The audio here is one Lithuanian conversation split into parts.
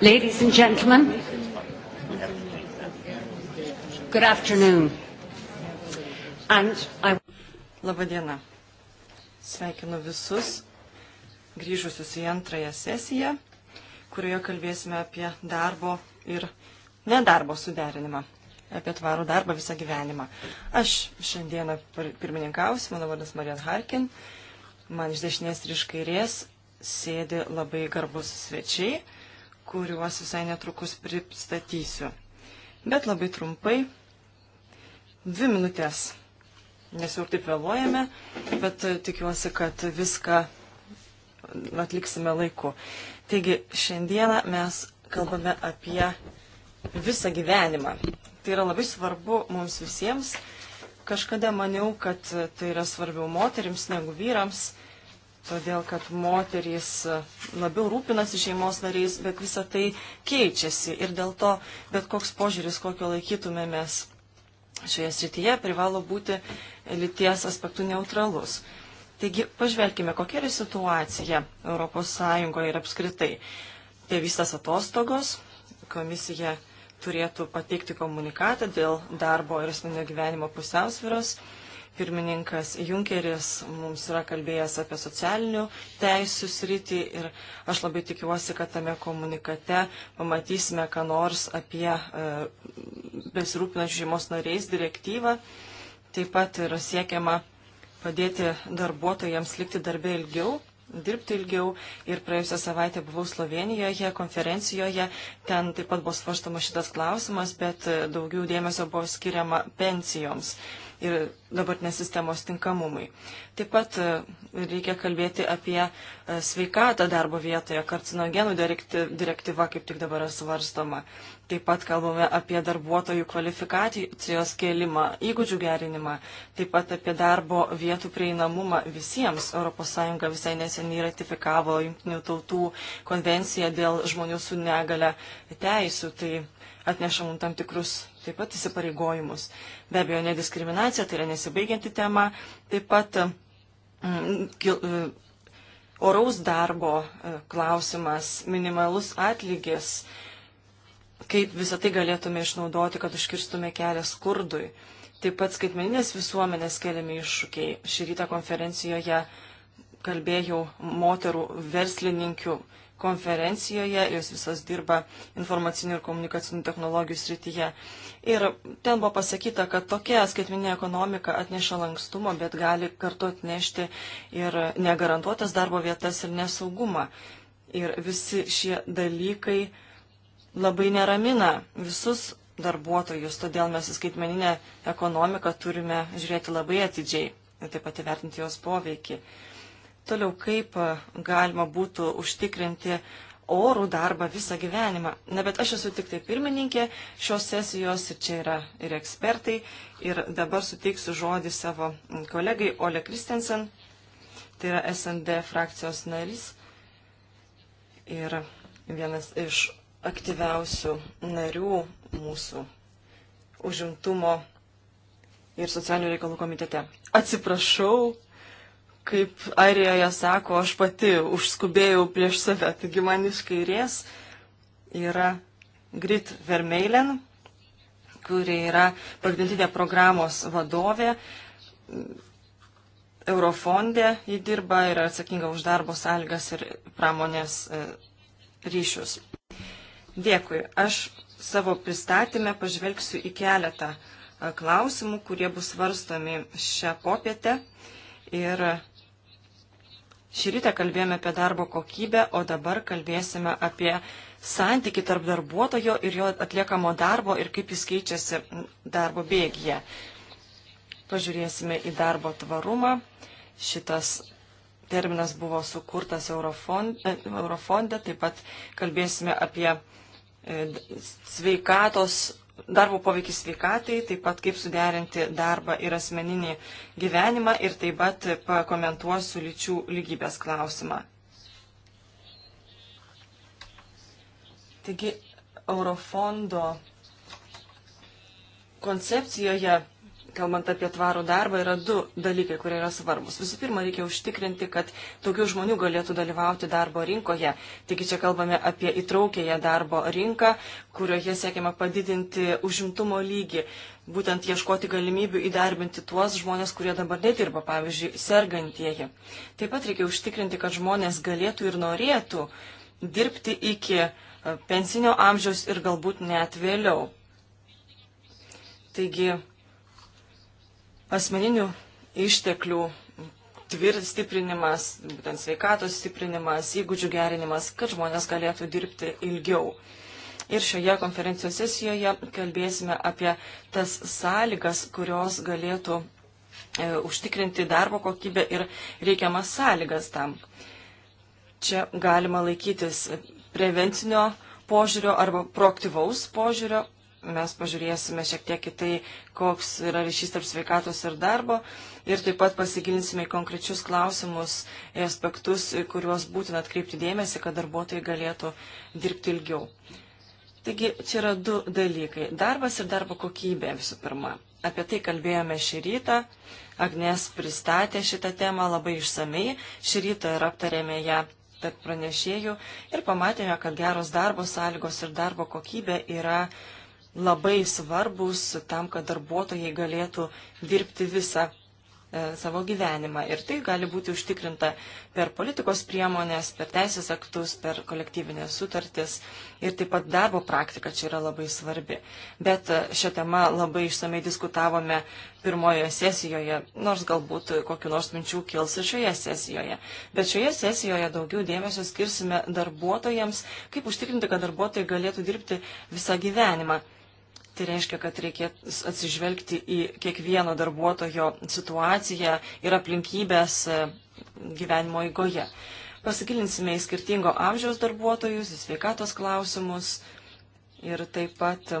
Ladies and gentlemen, good afternoon. And I... Labadiena. Sveikinu visus grįžusius į antrąją sesiją, kurioje kalbėsime apie darbo ir nedarbo suderinimą, apie tvarų darbą visą gyvenimą. Aš šiandieną pirmininkausiu, mano vardas Marian Harkin, man iš dešinės ir iš kairės sėdi labai garbus svečiai kuriuos visai netrukus pristatysiu. Bet labai trumpai, dvi minutės, nes jau ir taip vėluojame, bet e, tikiuosi, kad viską atliksime laiku. Taigi, šiandieną mes kalbame apie visą gyvenimą. Tai yra labai svarbu mums visiems. Kažkada maniau, kad e, tai yra svarbiau moteriams negu vyrams, todėl kad moterys labiau rūpinasi šeimos nariais, bet visa tai keičiasi ir dėl to bet koks požiūris, kokio laikytumėmės šioje srityje, privalo būti lyties aspektų neutralus. Taigi pažvelkime, kokia yra situacija ES ir apskritai. Tėvystės atostogos, komisija turėtų pateikti komunikatą dėl darbo ir asmeninio gyvenimo pusiausviros pirmininkas Junkeris mums yra kalbėjęs apie socialinių teisų sritį ir aš labai tikiuosi, kad tame komunikate pamatysime, ką nors apie e, besirūpinančių šeimos nariais direktyvą. Taip pat yra siekiama padėti darbuotojams likti darbę ilgiau dirbti ilgiau ir praėjusią savaitę buvau Slovenijoje konferencijoje, ten taip pat buvo svarstama šitas klausimas, bet e, daugiau dėmesio buvo skiriama pensijoms. Uh, ir dabartinės sistemos tinkamumui. Taip pat e, reikia kalbėti apie e, sveikatą darbo vietoje, karcinogenų direktyva kaip tik dabar yra svarstoma. Taip pat kalbame apie darbuotojų kvalifikacijos kėlimą, įgūdžių gerinimą, taip pat apie darbo vietų prieinamumą visiems. ES visai neseniai ratifikavo Junktinių tautų konvenciją dėl žmonių su negale teisų. Tai atneša mums tam tikrus taip pat įsipareigojimus. Be abejo, nediskriminacija tai yra nesibaigianti tema, taip pat mm, kil, e, oraus darbo e, klausimas, minimalus atlygis, kaip visą tai galėtume išnaudoti, kad užkirstume kelią skurdui. Taip pat skaitmeninės visuomenės keliami iššūkiai. Šį rytą konferencijoje kalbėjau moterų verslininkių konferencijoje, jos visas dirba informacinių ir komunikacinių technologijų srityje. Ir ten buvo pasakyta, kad tokia skaitminė ekonomika atneša lankstumo, bet gali kartu atnešti ir negarantuotas darbo vietas ir nesaugumą. Ir visi šie dalykai labai neramina visus darbuotojus, todėl mes į skaitmeninę ekonomiką turime žiūrėti labai atidžiai ir taip pat įvertinti jos poveikį. Toliau, kaip galima būtų užtikrinti orų darbą visą gyvenimą. Na, bet aš esu tik tai pirmininkė šios sesijos ir čia yra ir ekspertai. Ir dabar suteiksiu žodį savo kolegai Ole Kristensen, tai yra SND frakcijos narys ir vienas iš aktyviausių narių mūsų užimtumo ir socialinių reikalų komitete. Atsiprašau, kaip Airijoje sako, aš pati užskubėjau prieš save, taigi man iš kairės yra Grit Vermeilen, kuri yra pagrindinė programos vadovė. Eurofondė jį dirba ir atsakinga už darbo sąlygas ir pramonės e, ryšius. Dėkui. Aš savo pristatymę pažvelgsiu į keletą e, klausimų, kurie bus svarstomi šią popietę. Ir Šį rytą kalbėjome apie darbo kokybę, o dabar kalbėsime apie santyki tarp darbuotojo ir jo atliekamo darbo ir kaip jis keičiasi darbo bėgyje. Pažiūrėsime į darbo tvarumą. Šitas terminas buvo sukurtas Eurofonde, Eurofonde taip pat kalbėsime apie e, sveikatos darbo poveikis sveikatai, taip pat kaip suderinti darbą ir asmeninį gyvenimą ir taip pat pakomentuosiu lyčių lygybės klausimą. Taigi, Eurofondo koncepcijoje kalbant apie tvarų darbą, yra du dalykai, kurie yra svarbus. Visų pirma, reikia užtikrinti, kad daugiau žmonių galėtų dalyvauti darbo rinkoje. Taigi čia kalbame apie įtraukėją darbo rinką, kurioje siekiama padidinti užimtumo lygį, būtent ieškoti galimybių įdarbinti tuos žmonės, kurie dabar nedirba, pavyzdžiui, sergantieji. Taip pat reikia užtikrinti, kad žmonės galėtų ir norėtų dirbti iki e, pensinio amžiaus ir galbūt net vėliau. Taigi asmeninių išteklių tvirt stiprinimas, būtent sveikatos stiprinimas, įgūdžių gerinimas, kad žmonės galėtų dirbti ilgiau. Ir šioje konferencijos sesijoje kalbėsime apie tas sąlygas, kurios galėtų e, užtikrinti darbo kokybę ir reikiamas sąlygas tam. Čia galima laikytis prevencinio požiūrio arba proaktyvaus požiūrio mes pažiūrėsime šiek tiek į tai, koks yra ryšys tarp sveikatos ir darbo ir taip pat pasigilinsime į konkrečius klausimus ir aspektus, kuriuos būtina atkreipti dėmesį, kad darbuotojai galėtų dirbti ilgiau. Taigi čia yra du dalykai - darbas ir darbo kokybė visų pirma. Apie tai kalbėjome šį rytą. Agnes pristatė šitą temą labai išsamei. Šį rytą ir aptarėme ją tarp pranešėjų ir pamatėme, kad geros darbo sąlygos ir darbo kokybė yra uh, labai svarbus tam, kad darbuotojai galėtų dirbti visą e, savo gyvenimą. Ir tai gali būti užtikrinta per politikos priemonės, per teisės aktus, per kolektyvinės sutartis ir taip pat darbo praktika čia yra labai svarbi. Bet e, šią temą labai išsamei diskutavome pirmojoje sesijoje, nors galbūt kokiu nors minčių kils ir šioje sesijoje. Bet šioje sesijoje daugiau dėmesio skirsime darbuotojams, kaip užtikrinti, kad darbuotojai galėtų dirbti visą gyvenimą. Tai reiškia, kad reikėtų atsižvelgti į kiekvieno darbuotojo situaciją ir aplinkybės e, gyvenimo įgoje. Pasigilinsime į skirtingo amžiaus darbuotojus, į sveikatos klausimus ir taip pat e,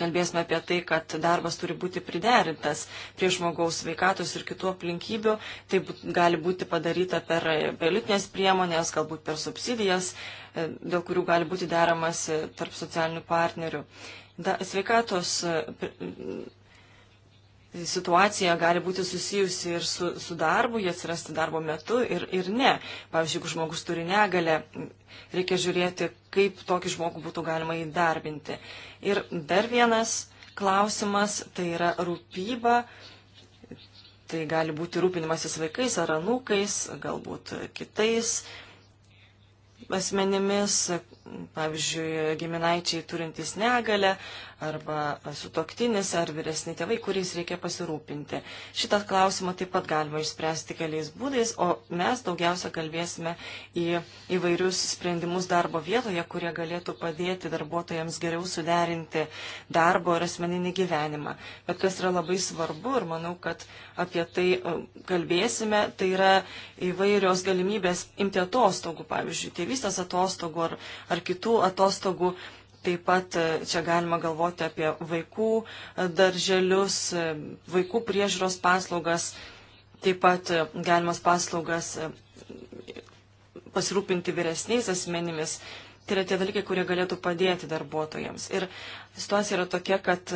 kalbėsime apie tai, kad darbas turi būti priderintas prie žmogaus sveikatos ir kitų aplinkybių. Tai gali būti padaryta per e, politinės priemonės, galbūt per subsidijas, dėl kurių gali būti deramas tarp socialinių partnerių da, sveikatos e, situacija gali būti susijusi ir su, su darbu, jie atsirasti darbo metu ir, ir ne. Pavyzdžiui, jeigu žmogus turi negalę, reikia žiūrėti, kaip tokį žmogų būtų galima įdarbinti. Ir dar vienas klausimas, tai yra rūpyba. Tai gali būti rūpinimasis vaikais ar anūkais, galbūt kitais asmenimis, pavyzdžiui, giminaičiai turintys negalę arba sutoktinis ar vyresni tėvai, kuriais reikia pasirūpinti. Šitą klausimą taip pat galima išspręsti keliais būdais, o mes daugiausia kalbėsime į įvairius sprendimus darbo vietoje, kurie galėtų padėti darbuotojams geriau suderinti darbo ir asmeninį gyvenimą. Bet kas yra labai svarbu ir manau, kad apie tai e, kalbėsime, tai yra įvairios galimybės imti atostogų, pavyzdžiui, tėvystės atostogų ar ar kitų atostogų. Taip pat e, čia galima galvoti apie vaikų e, darželius, e, vaikų priežiūros paslaugas, taip pat galimas paslaugas pasirūpinti vyresniais asmenimis. Tai yra tie dalykai, kurie galėtų padėti darbuotojams. Ir situacija yra tokia, kad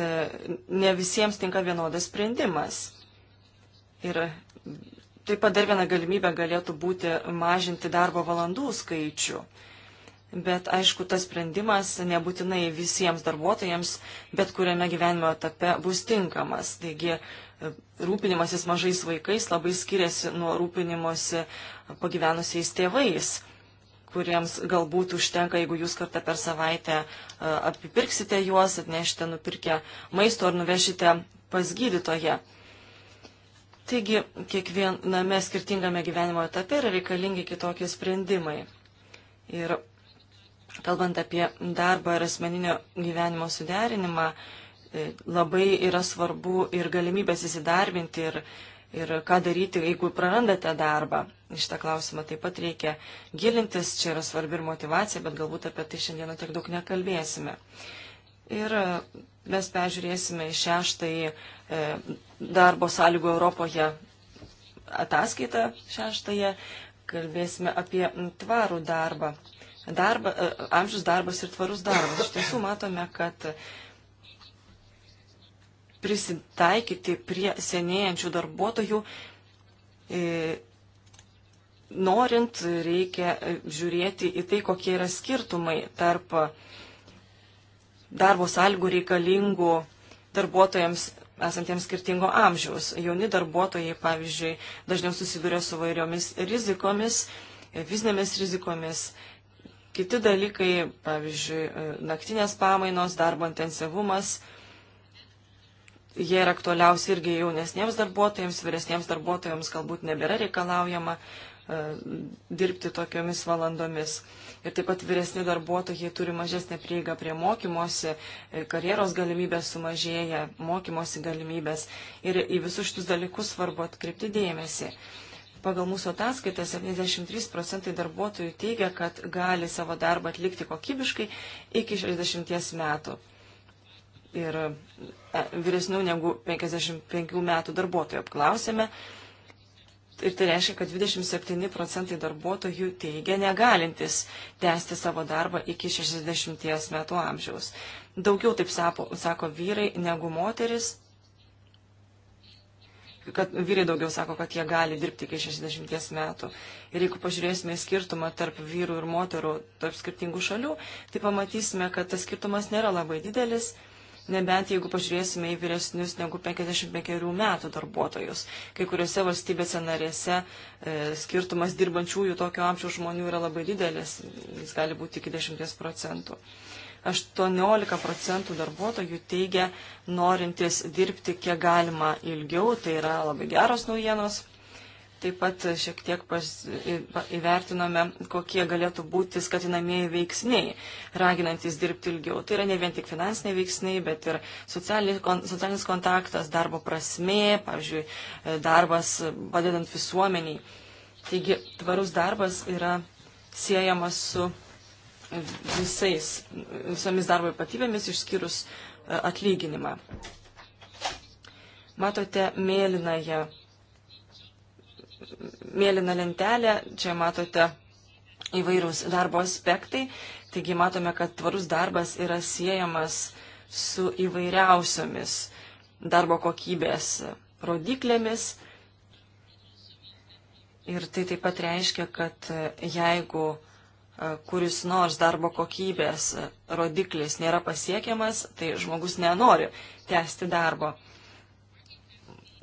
ne visiems tinka vienodas sprendimas. Ir taip pat dar viena galimybė galėtų būti mažinti darbo valandų skaičių. Bet aišku, tas sprendimas nebūtinai visiems darbuotojams, bet kuriame gyvenimo etape bus tinkamas. Taigi e, rūpinimasis mažais vaikais labai skiriasi nuo rūpinimosi pagyvenusiais tėvais kuriems galbūt užtenka, jeigu jūs kartą per savaitę e, apipirksite juos, atnešite nupirkę maisto ar nuvešite pas gydytoje. Taigi, kiekviename skirtingame gyvenimo etape yra reikalingi kitokie sprendimai. Ir Kalbant apie darbą ir asmeninio gyvenimo suderinimą, e, labai yra svarbu ir galimybės įsidarbinti ir, ir ką daryti, jeigu prarandate darbą. Iš tą klausimą taip pat reikia gilintis, čia yra svarbi ir motivacija, bet galbūt apie tai šiandieną tiek daug nekalbėsime. Ir e, mes peržiūrėsime šeštąjį e, darbo sąlygų Europoje ataskaitą šeštąją, kalbėsime apie tvarų darbą darba, e, amžius darbas ir tvarus darbas. Iš tiesų matome, kad prisitaikyti prie senėjančių darbuotojų, e, norint reikia e, žiūrėti į tai, kokie yra skirtumai tarp darbo sąlygų reikalingų darbuotojams esantiems skirtingo amžiaus. Jauni darbuotojai, pavyzdžiui, dažniau susiduria su vairiomis rizikomis, fizinėmis rizikomis, kiti dalykai, pavyzdžiui, e, naktinės pamainos, darbo intensyvumas, jie yra aktualiausi irgi jaunesniems darbuotojams, vyresniems darbuotojams galbūt nebėra reikalaujama e, dirbti tokiomis valandomis. Ir taip pat vyresni darbuotojai turi mažesnę prieigą prie mokymosi, e, karjeros galimybės sumažėja, mokymosi galimybės. Ir į visus šitus dalykus svarbu atkreipti dėmesį. Pagal mūsų ataskaitą 73 procentai darbuotojų teigia, kad gali savo darbą atlikti kokybiškai iki 60 metų. Ir e, vyresnių negu 55 metų darbuotojų apklausėme. Ir tai reiškia, kad 27 procentai darbuotojų teigia negalintis tęsti savo darbą iki 60 metų amžiaus. Daugiau taip sako, sako vyrai negu moteris, kad vyrai daugiau sako, kad jie gali dirbti iki 60 metų. Ir jeigu pažiūrėsime skirtumą tarp vyrų ir moterų, tarp skirtingų šalių, tai pamatysime, kad tas skirtumas nėra labai didelis, nebent jeigu pažiūrėsime į vyresnius negu 55 metų darbuotojus. Kai kuriuose valstybėse narėse e, skirtumas dirbančiųjų tokio amžiaus žmonių yra labai didelis, jis gali būti iki 10 procentų. 18 procentų darbuotojų teigia norintis dirbti kiek galima ilgiau, tai yra labai geros naujienos. Taip pat šiek tiek pas, įvertinome, kokie galėtų būti skatinamieji veiksniai, raginantis dirbti ilgiau. Tai yra ne vien tik finansiniai veiksniai, bet ir socialinis kontaktas, darbo prasme, pavyzdžiui, e, darbas e, padedant visuomeniai. Taigi, tvarus darbas yra siejamas su visais, visomis darbo ypatybėmis išskyrus e, atlyginimą. Matote mėlynąją, mėlyną lentelę, čia matote įvairūs darbo aspektai, taigi matome, kad tvarus darbas yra siejamas su įvairiausiomis darbo kokybės rodiklėmis. Ir tai taip pat reiškia, kad jeigu kuris nors darbo kokybės rodiklis nėra pasiekiamas, tai žmogus nenori tęsti darbo.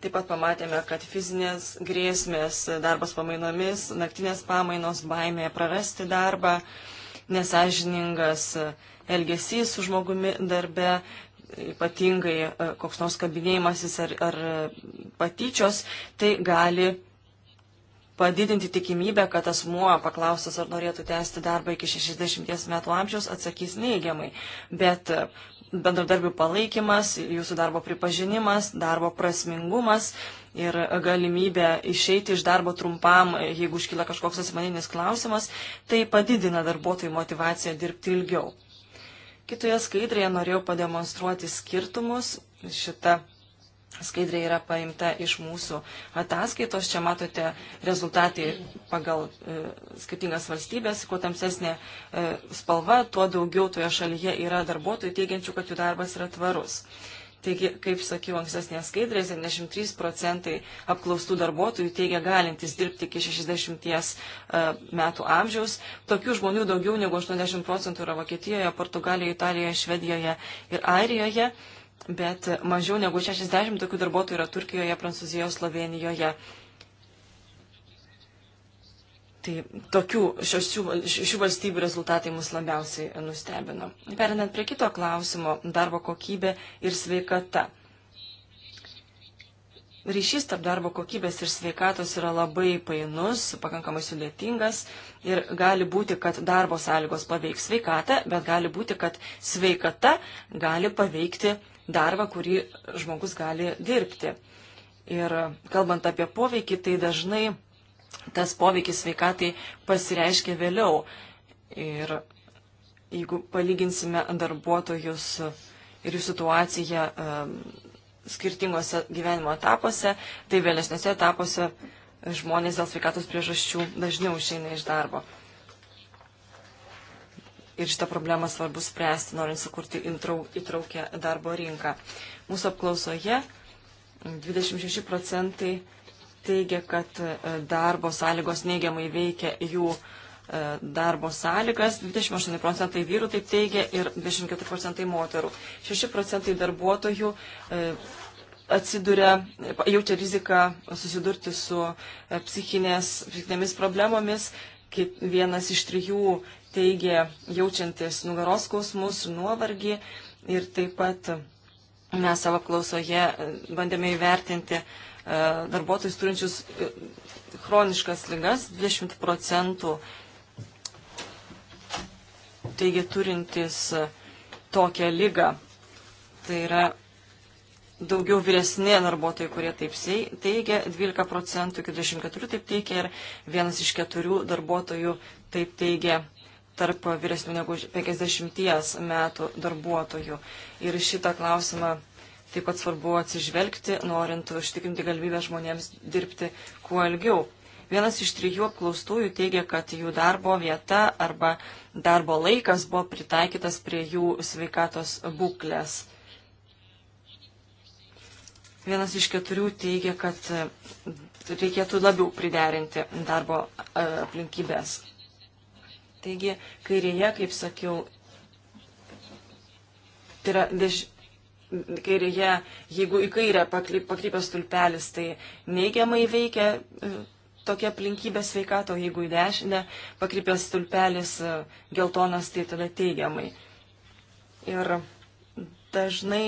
Taip pat pamatėme, kad fizinės grėsmės, darbas pamainomis, naktinės pamainos, baimė prarasti darbą, nesažiningas elgesys su žmogumi darbe, ypatingai e, koks nors kabinėjimasis ar, ar patyčios, tai gali padidinti tikimybę, kad asmuo paklaustas, ar norėtų tęsti darbą iki 60 metų amžiaus, atsakys neigiamai. Bet e, bendradarbių palaikymas, jūsų darbo pripažinimas, darbo prasmingumas ir galimybė išeiti iš darbo trumpam, e, jeigu iškyla kažkoks asmeninis klausimas, tai padidina darbuotojų motivaciją dirbti ilgiau. Kitoje skaidrėje norėjau pademonstruoti skirtumus. Šita skaidrė yra paimta iš mūsų ataskaitos. Čia matote rezultatai pagal e, skirtingas valstybės. Kuo tamsesnė e, spalva, tuo daugiau toje šalyje yra darbuotojų teigiančių, kad jų darbas yra tvarus. Taigi, kaip sakiau, ankstesnės skaidrės 73 procentai apklaustų darbuotojų teigia galintis dirbti iki 60 e, metų amžiaus. Tokių žmonių daugiau negu 80 procentų yra Vokietijoje, Portugalijoje, Italijoje, Švedijoje ir Airijoje. E, bet mažiau negu 60 tokių darbuotojų yra Turkijoje, Prancūzijoje, Slovenijoje. Tai tokių šių, šių valstybių rezultatai mus labiausiai nustebino. Perinant prie kito klausimo - darbo kokybė ir sveikata. Ryšys tarp darbo kokybės ir sveikatos yra labai painus, pakankamai sudėtingas ir gali būti, kad darbo sąlygos paveiks sveikatą, bet gali būti, kad sveikata gali paveikti darbą, kurį žmogus gali dirbti. Ir kalbant apie poveikį, tai dažnai tas poveikis sveikatai pasireiškia vėliau. Ir jeigu palyginsime darbuotojus ir jų situaciją um, skirtingose gyvenimo etapuose, tai vėlesnėse etapuose žmonės dėl sveikatos priežasčių dažniau išeina iš darbo ir šitą problemą svarbu spręsti, norint sukurti įtraukę darbo rinką. Mūsų apklausoje 26 procentai teigia, kad e, darbo sąlygos neigiamai veikia jų e, darbo sąlygas, 28 procentai vyrų taip teigia ir 24 procentai moterų. 6 procentai darbuotojų e, atsiduria, jaučia riziką susidurti su psichinės, psichinėmis problemomis, kaip vienas iš trijų teigė jaučiantis nugaros skausmus, nuovargį ir taip pat mes savo klausoje e, bandėme įvertinti e, darbuotojus turinčius e, chroniškas lygas 20 procentų teigia turintis tokią lygą. Tai yra daugiau vyresni darbuotojai, kurie taip teigia, 12 procentų iki 24 taip teigia ir vienas iš keturių darbuotojų taip teigia tarp vyresnių negu 50 metų darbuotojų. Ir šitą klausimą taip pat svarbu atsižvelgti, norint užtikrinti galimybę žmonėms dirbti kuo ilgiau. Vienas iš trijų apklaustųjų teigia, kad jų darbo vieta arba darbo laikas buvo pritaikytas prie jų sveikatos būklės. Vienas iš keturių teigia, kad reikėtų labiau priderinti darbo e, aplinkybės. Taigi, kairėje, kaip sakiau, tai yra deš... kairėje, jeigu į kairę pakrypęs tulpelis, tai neigiamai veikia e, tokia aplinkybė sveikato, jeigu į dešinę pakrypęs tulpelis e, geltonas, tai tada teigiamai. Ir dažnai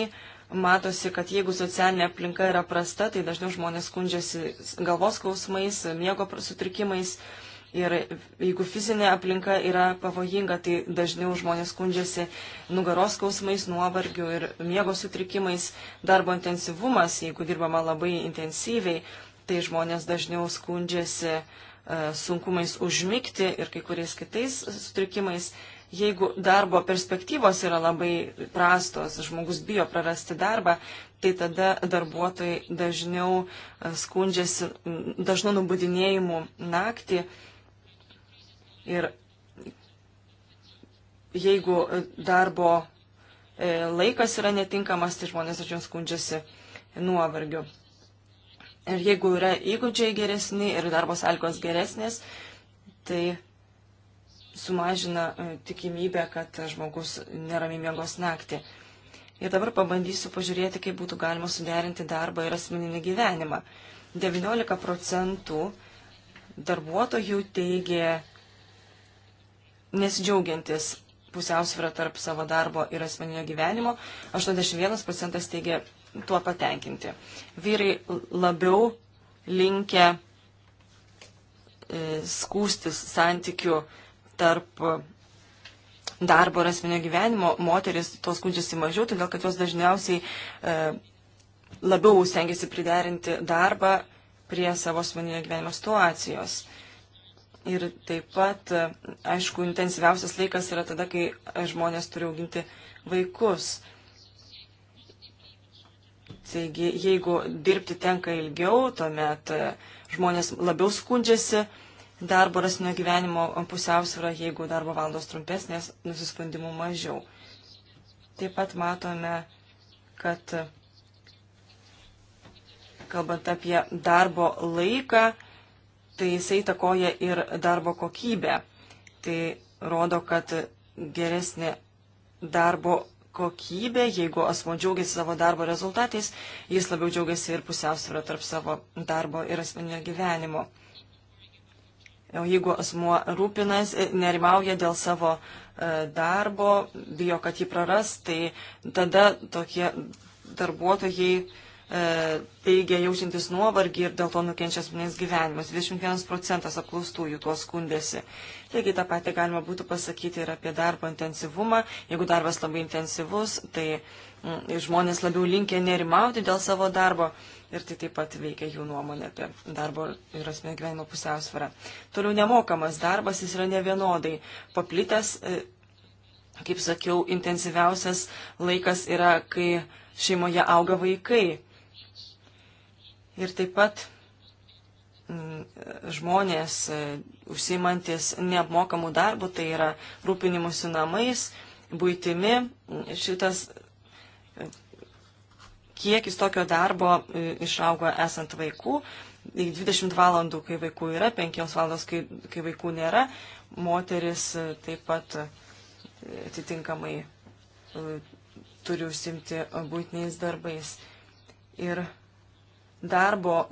matosi, kad jeigu socialinė aplinka yra prasta, tai dažniau žmonės skundžiasi galvos skausmais, miego sutrikimais. Uh, Ir jeigu fizinė aplinka yra pavojinga, tai dažniau žmonės skundžiasi nugaros skausmais, nuovargiu ir miego sutrikimais. Darbo intensyvumas, jeigu dirbama labai intensyviai, tai žmonės dažniau skundžiasi e, sunkumais užmygti ir kai kuriais kitais sutrikimais. Jeigu darbo perspektyvos yra labai prastos, žmogus bijo prarasti darbą, tai tada darbuotojai dažniau e, skundžiasi, dažnu nubudinėjimu naktį Ir jeigu darbo e, laikas yra netinkamas, tai žmonės dažniau skundžiasi nuovargiu. Ir jeigu yra įgūdžiai geresni ir darbo sąlygos geresnės, tai sumažina e, tikimybę, kad žmogus neramiai mėgos naktį. Ir dabar pabandysiu pažiūrėti, kaip būtų galima suderinti darbą ir asmeninį gyvenimą. 19 procentų darbuotojų teigė, nesidžiaugiantis pusiausvyrą tarp savo darbo ir asmeninio gyvenimo, 81 procentas teigia tuo patenkinti. Vyrai labiau linkia e, skūstis santykių tarp darbo ir asmenio gyvenimo, moteris to skundžiasi mažiau, todėl kad jos dažniausiai e, labiau stengiasi priderinti darbą prie savo asmeninio gyvenimo situacijos. E, Ir taip pat, aišku, intensyviausias laikas yra tada, kai žmonės turi auginti vaikus. Taigi, jeigu dirbti tenka ilgiau, tuomet e, žmonės labiau skundžiasi darbo rasinio gyvenimo pusiausvyrą, jeigu darbo valandos trumpesnės, nusiskundimų mažiau. Taip pat matome, kad kalbant apie darbo laiką, tai jisai takoja ir darbo kokybę. Tai rodo, kad geresnė darbo kokybė, jeigu asmo džiaugiasi savo darbo rezultatais, jis labiau džiaugiasi ir pusiausvyrą tarp savo darbo ir asmeninio gyvenimo. O jeigu asmuo rūpinas, nerimauja dėl savo e, darbo, bijo, kad jį praras, tai tada tokie darbuotojai E, teigia jaučiantis nuovargį ir dėl to nukenčia asmeninis gyvenimas. 21 procentas apklaustųjų tuo skundėsi. Taigi tą patį galima būtų pasakyti ir apie darbo intensyvumą. Jeigu darbas labai intensyvus, tai mm, žmonės labiau linkia nerimauti dėl savo darbo ir tai taip pat veikia jų nuomonė apie darbo ir asmeninio gyvenimo pusiausvyrą. Toliau nemokamas darbas, jis yra nevienodai paplitęs. E, kaip sakiau, intensyviausias laikas yra, kai šeimoje auga vaikai Ir taip pat mm, žmonės e, užsimantis neapmokamų darbų, tai yra rūpinimusi namais, būtimi, mm, šitas e, kiekis tokio darbo e, išaugo esant vaikų. 20 valandų, kai vaikų yra, 5 valandos, kai, kai vaikų nėra, moteris taip pat atitinkamai turi užsimti būtiniais darbais. Ir darbo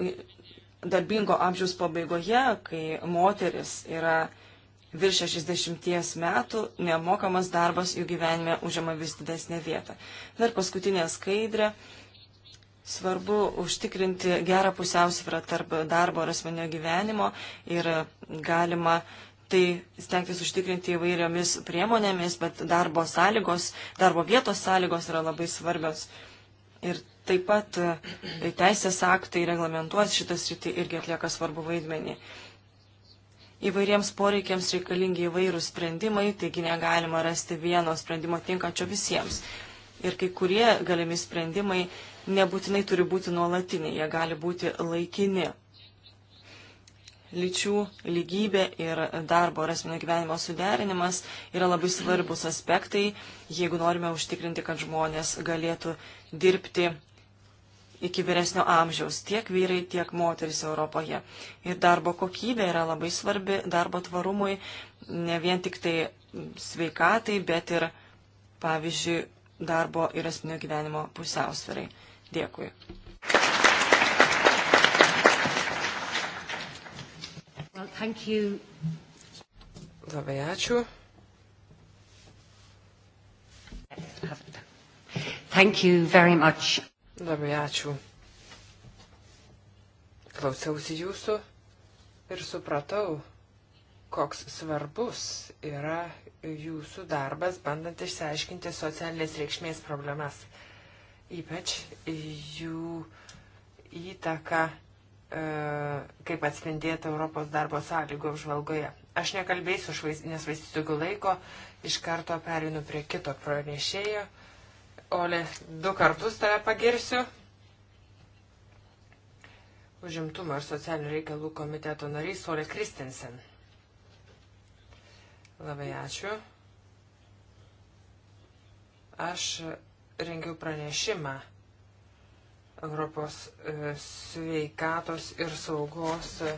darbingo amžiaus pabaigoje, kai moteris yra virš 60 metų, nemokamas darbas jų gyvenime užima vis didesnę vietą. Dar paskutinė skaidrė. Svarbu užtikrinti gerą pusiausvyrą tarp darbo ir asmenio gyvenimo ir galima tai stengtis užtikrinti įvairiomis priemonėmis, bet darbo sąlygos, darbo vietos sąlygos yra labai svarbios. Ir Taip pat e, teisės aktai reglamentuos šitas rytį irgi atlieka svarbu vaidmenį. Įvairiems poreikiams reikalingi įvairūs sprendimai, taigi negalima rasti vieno sprendimo tinkančio visiems. Ir kai kurie galimi sprendimai nebūtinai turi būti nuolatiniai, jie gali būti laikini. Lyčių lygybė ir darbo ir asmenio gyvenimo suderinimas yra labai svarbus aspektai, jeigu norime užtikrinti, kad žmonės galėtų dirbti iki vyresnio amžiaus, tiek vyrai, tiek moteris Europoje. Ir darbo kokybė yra labai svarbi darbo tvarumui, ne vien tik tai sveikatai, bet ir, pavyzdžiui, darbo ir asmenio gyvenimo pusiausvirai. Dėkui. Well, Labai ačiū. Thank you very much. Labai ačiū. Klausiausi jūsų ir supratau, koks svarbus yra jūsų darbas, bandant išsiaiškinti socialinės reikšmės problemas. Ypač jų įtaka, e, kaip atspindėta Europos darbo sąlygų apžvalgoje. Aš nekalbėsiu, nes vaistysiu daugiau laiko, iš karto perinu prie kito pranešėjo. Ole, du kartus tave pagirsiu. Užimtumo ir socialinių reikalų komiteto narys Ole Kristensen. Labai ačiū. Aš rengiau pranešimą Europos e, sveikatos ir saugos e,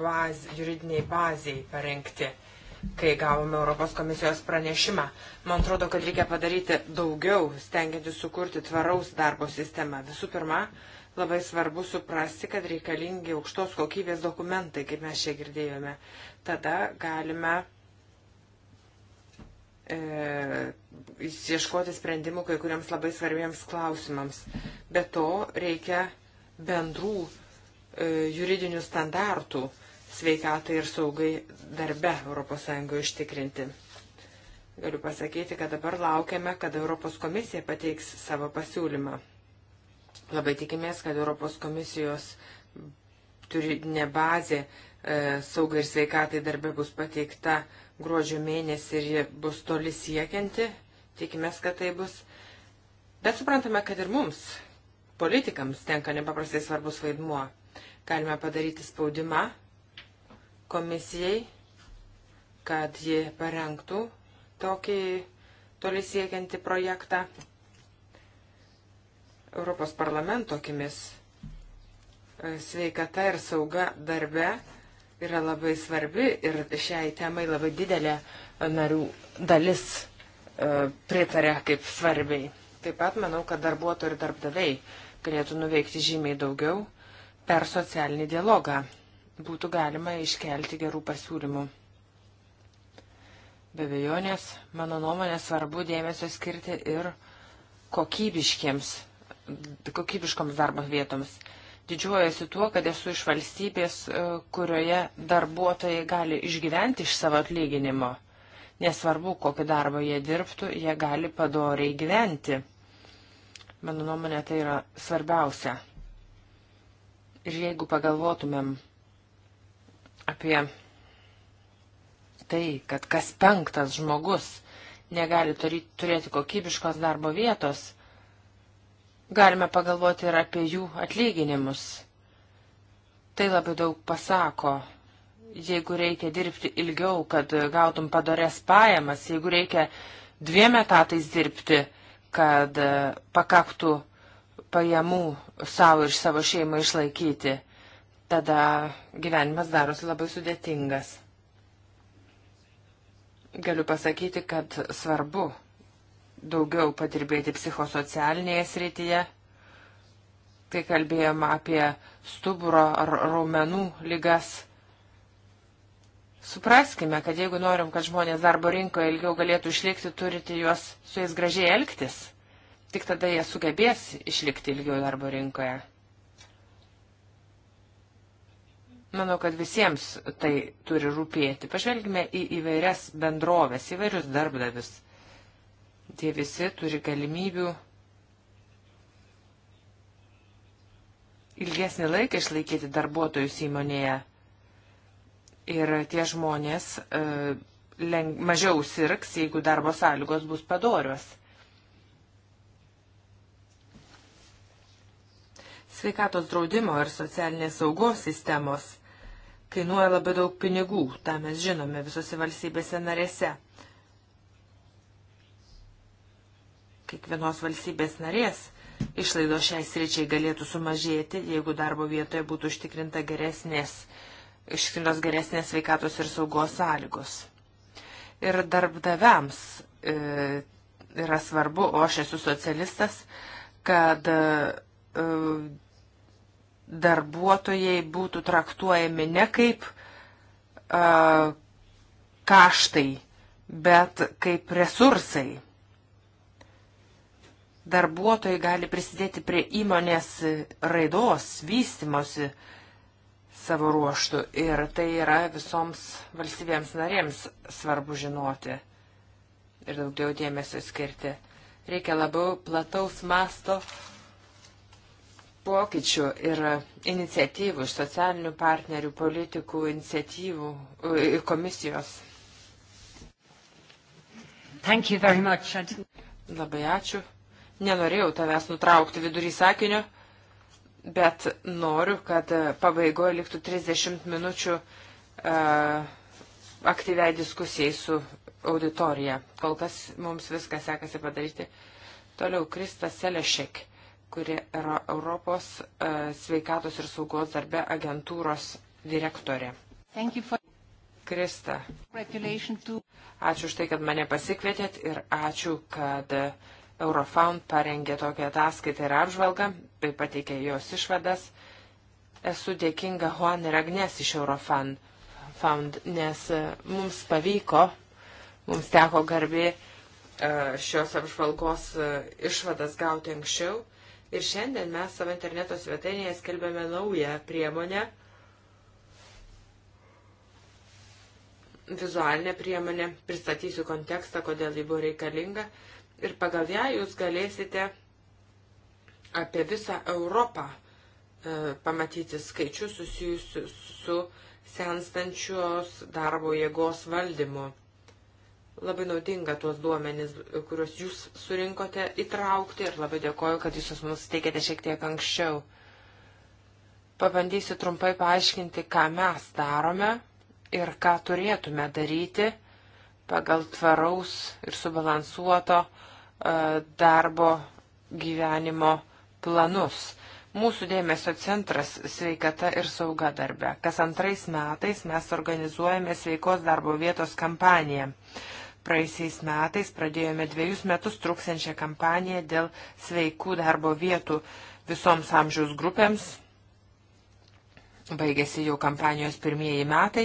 baz, juridiniai baziai parengti kai gavome Europos komisijos pranešimą. Man atrodo, kad reikia padaryti daugiau, stengiantis sukurti tvaraus darbo sistemą. Visų pirma, labai svarbu suprasti, kad reikalingi aukštos kokybės dokumentai, kaip mes čia girdėjome. Tada galime e, ieškoti sprendimų kai kuriems labai svarbiems klausimams. Be to reikia bendrų e, juridinių standartų. E, sveikatai ir saugai darbe ES užtikrinti. Galiu pasakyti, kad dabar laukiame, kad Europos komisija pateiks savo pasiūlymą. Labai tikimės, kad Europos komisijos turinė bazė e, saugai ir sveikatai darbe bus pateikta gruodžio mėnesį ir ji bus toli siekianti. Tikimės, kad tai bus. Bet suprantame, kad ir mums, politikams, tenka nepaprastai svarbus vaidmuo. Galime padaryti spaudimą komisijai, kad ji parengtų tokį toli siekiantį projektą. Europos parlamento akimis e, sveikata ir sauga darbe yra labai svarbi ir šiai temai labai didelė narių dalis e, pritarė kaip svarbiai. Taip pat manau, kad darbuotojai ir darbdaviai galėtų nuveikti žymiai daugiau per socialinį dialogą būtų galima iškelti gerų pasiūlymų. Be vėjonės, mano nuomonė, svarbu dėmesio skirti ir kokybiškiems, kokybiškoms darbo vietoms. Didžiuojasi tuo, kad esu iš valstybės, e, kurioje darbuotojai gali išgyventi iš savo atlyginimo. Nesvarbu, kokį darbą jie dirbtų, jie gali padoriai gyventi. Mano nuomonė, tai yra svarbiausia. Ir jeigu pagalvotumėm apie tai, kad kas penktas žmogus negali turėti kokybiškos darbo vietos, galime pagalvoti ir apie jų atlyginimus. Tai labai daug pasako. Jeigu reikia dirbti ilgiau, kad gautum padorės pajamas, jeigu reikia dviem etatais dirbti, kad pakaktų pajamų savo ir savo šeimą išlaikyti, tada gyvenimas darosi labai sudėtingas. Galiu pasakyti, kad svarbu daugiau padirbėti psichosocialinėje srityje. Kai kalbėjom apie stuburo ar raumenų lygas, supraskime, kad jeigu norim, kad žmonės darbo rinkoje ilgiau galėtų išlikti, turite juos su jais gražiai elgtis. Tik tada jie sugebės išlikti ilgiau darbo rinkoje. Manau, kad visiems tai turi rūpėti. Pažvelgime į įvairias bendrovės, įvairius darbdavius. Tie visi turi galimybių ilgesnį laiką išlaikyti darbuotojus įmonėje. Ir tie žmonės e, leng, mažiau sirgs, jeigu darbo sąlygos bus padorios. Sveikatos draudimo ir socialinės saugos sistemos kainuoja labai daug pinigų, tą mes žinome visose valstybėse narėse. Kiekvienos valstybės narės išlaido šiai sričiai galėtų sumažėti, jeigu darbo vietoje būtų užtikrinta geresnės, ištikrintos geresnės sveikatos ir saugos sąlygos. Ir darbdaviams e, yra svarbu, o aš esu socialistas, kad e, darbuotojai būtų traktuojami ne kaip a, kaštai, bet kaip resursai. Darbuotojai gali prisidėti prie įmonės raidos, vystimosi savo ruoštų ir tai yra visoms valstybėms narėms svarbu žinoti ir daugiau dėmesio skirti. Reikia labiau plataus masto pokyčių ir iniciatyvų, iš socialinių partnerių, politikų, iniciatyvų ir e, komisijos. Labai ačiū. Nenorėjau tavęs nutraukti vidury sakinio, bet noriu, kad pabaigoje liktų 30 minučių uh, aktyviai diskusijai su auditorija. Kol kas mums viską sekasi padaryti. Toliau Kristas Selešek. Uh, kuri yra Europos e, sveikatos ir saugos darbe agentūros direktorė. For... Krista. To... Ačiū už tai, kad mane pasikvietėt ir ačiū, kad Eurofound parengė tokią ataskaitą ir apžvalgą, bei pateikė jos išvadas. Esu dėkinga Juan ir Agnes iš Eurofound, nes e, mums pavyko, mums teko garbė e, šios apžvalgos išvadas gauti anksčiau Ir šiandien mes savo interneto svetainėje skelbėme naują priemonę, vizualinę priemonę, pristatysiu kontekstą, kodėl ji buvo reikalinga. Ir pagal ją jūs galėsite apie visą Europą e, pamatyti skaičius susijusius su senstančios darbo jėgos valdymu. Labai naudinga tuos duomenys, kuriuos jūs surinkote įtraukti ir labai dėkoju, kad jūs mums teikėte šiek tiek anksčiau. Pabandysiu trumpai paaiškinti, ką mes darome ir ką turėtume daryti pagal tvaraus ir subalansuoto e, darbo gyvenimo planus. Mūsų dėmesio centras sveikata ir sauga darbe. Kas antrais metais mes organizuojame sveikos darbo vietos kampaniją. Praeisiais metais pradėjome dviejus metus truksančią kampaniją dėl sveikų darbo vietų visoms amžiaus grupėms. Baigėsi jau kampanijos pirmieji metai